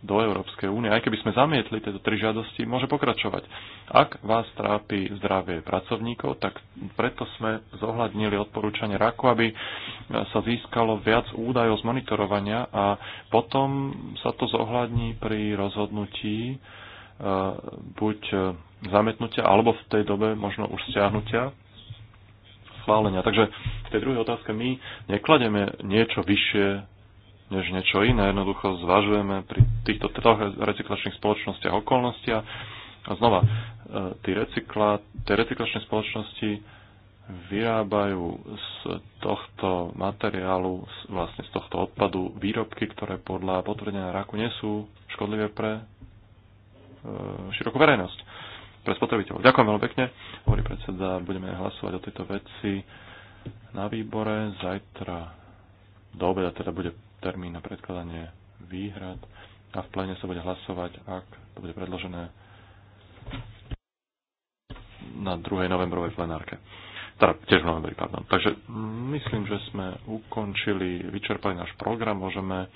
do Európskej únie, aj keby sme zamietli tieto tri žiadosti, môže pokračovať. Ak vás trápi zdravie pracovníkov, tak preto sme zohľadnili odporúčanie RAKu, aby sa získalo viac údajov z monitorovania a potom sa to zohľadní pri rozhodnutí e, buď zametnutia, alebo v tej dobe možno už stiahnutia schválenia. Takže v tej druhej otázke my neklademe niečo vyššie než niečo iné. Jednoducho zvažujeme pri týchto troch recyklačných spoločnostiach okolnosti a znova, e, tí recykla, tie recyklačné spoločnosti vyrábajú z tohto materiálu, vlastne z tohto odpadu výrobky, ktoré podľa potvrdenia raku nie sú škodlivé pre e, širokú verejnosť, pre spotrebiteľov. Ďakujem veľmi pekne, hovorí predseda, budeme hlasovať o tejto veci na výbore zajtra do obeda, teda bude termín na predkladanie výhrad a v plene sa bude hlasovať, ak to bude predložené na 2. novembrovej plenárke. Teda tiež v novembri, pardon. Takže myslím, že sme ukončili, vyčerpali náš program, môžeme e,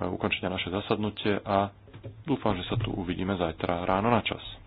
ukončiť naše zasadnutie a dúfam, že sa tu uvidíme zajtra ráno na čas.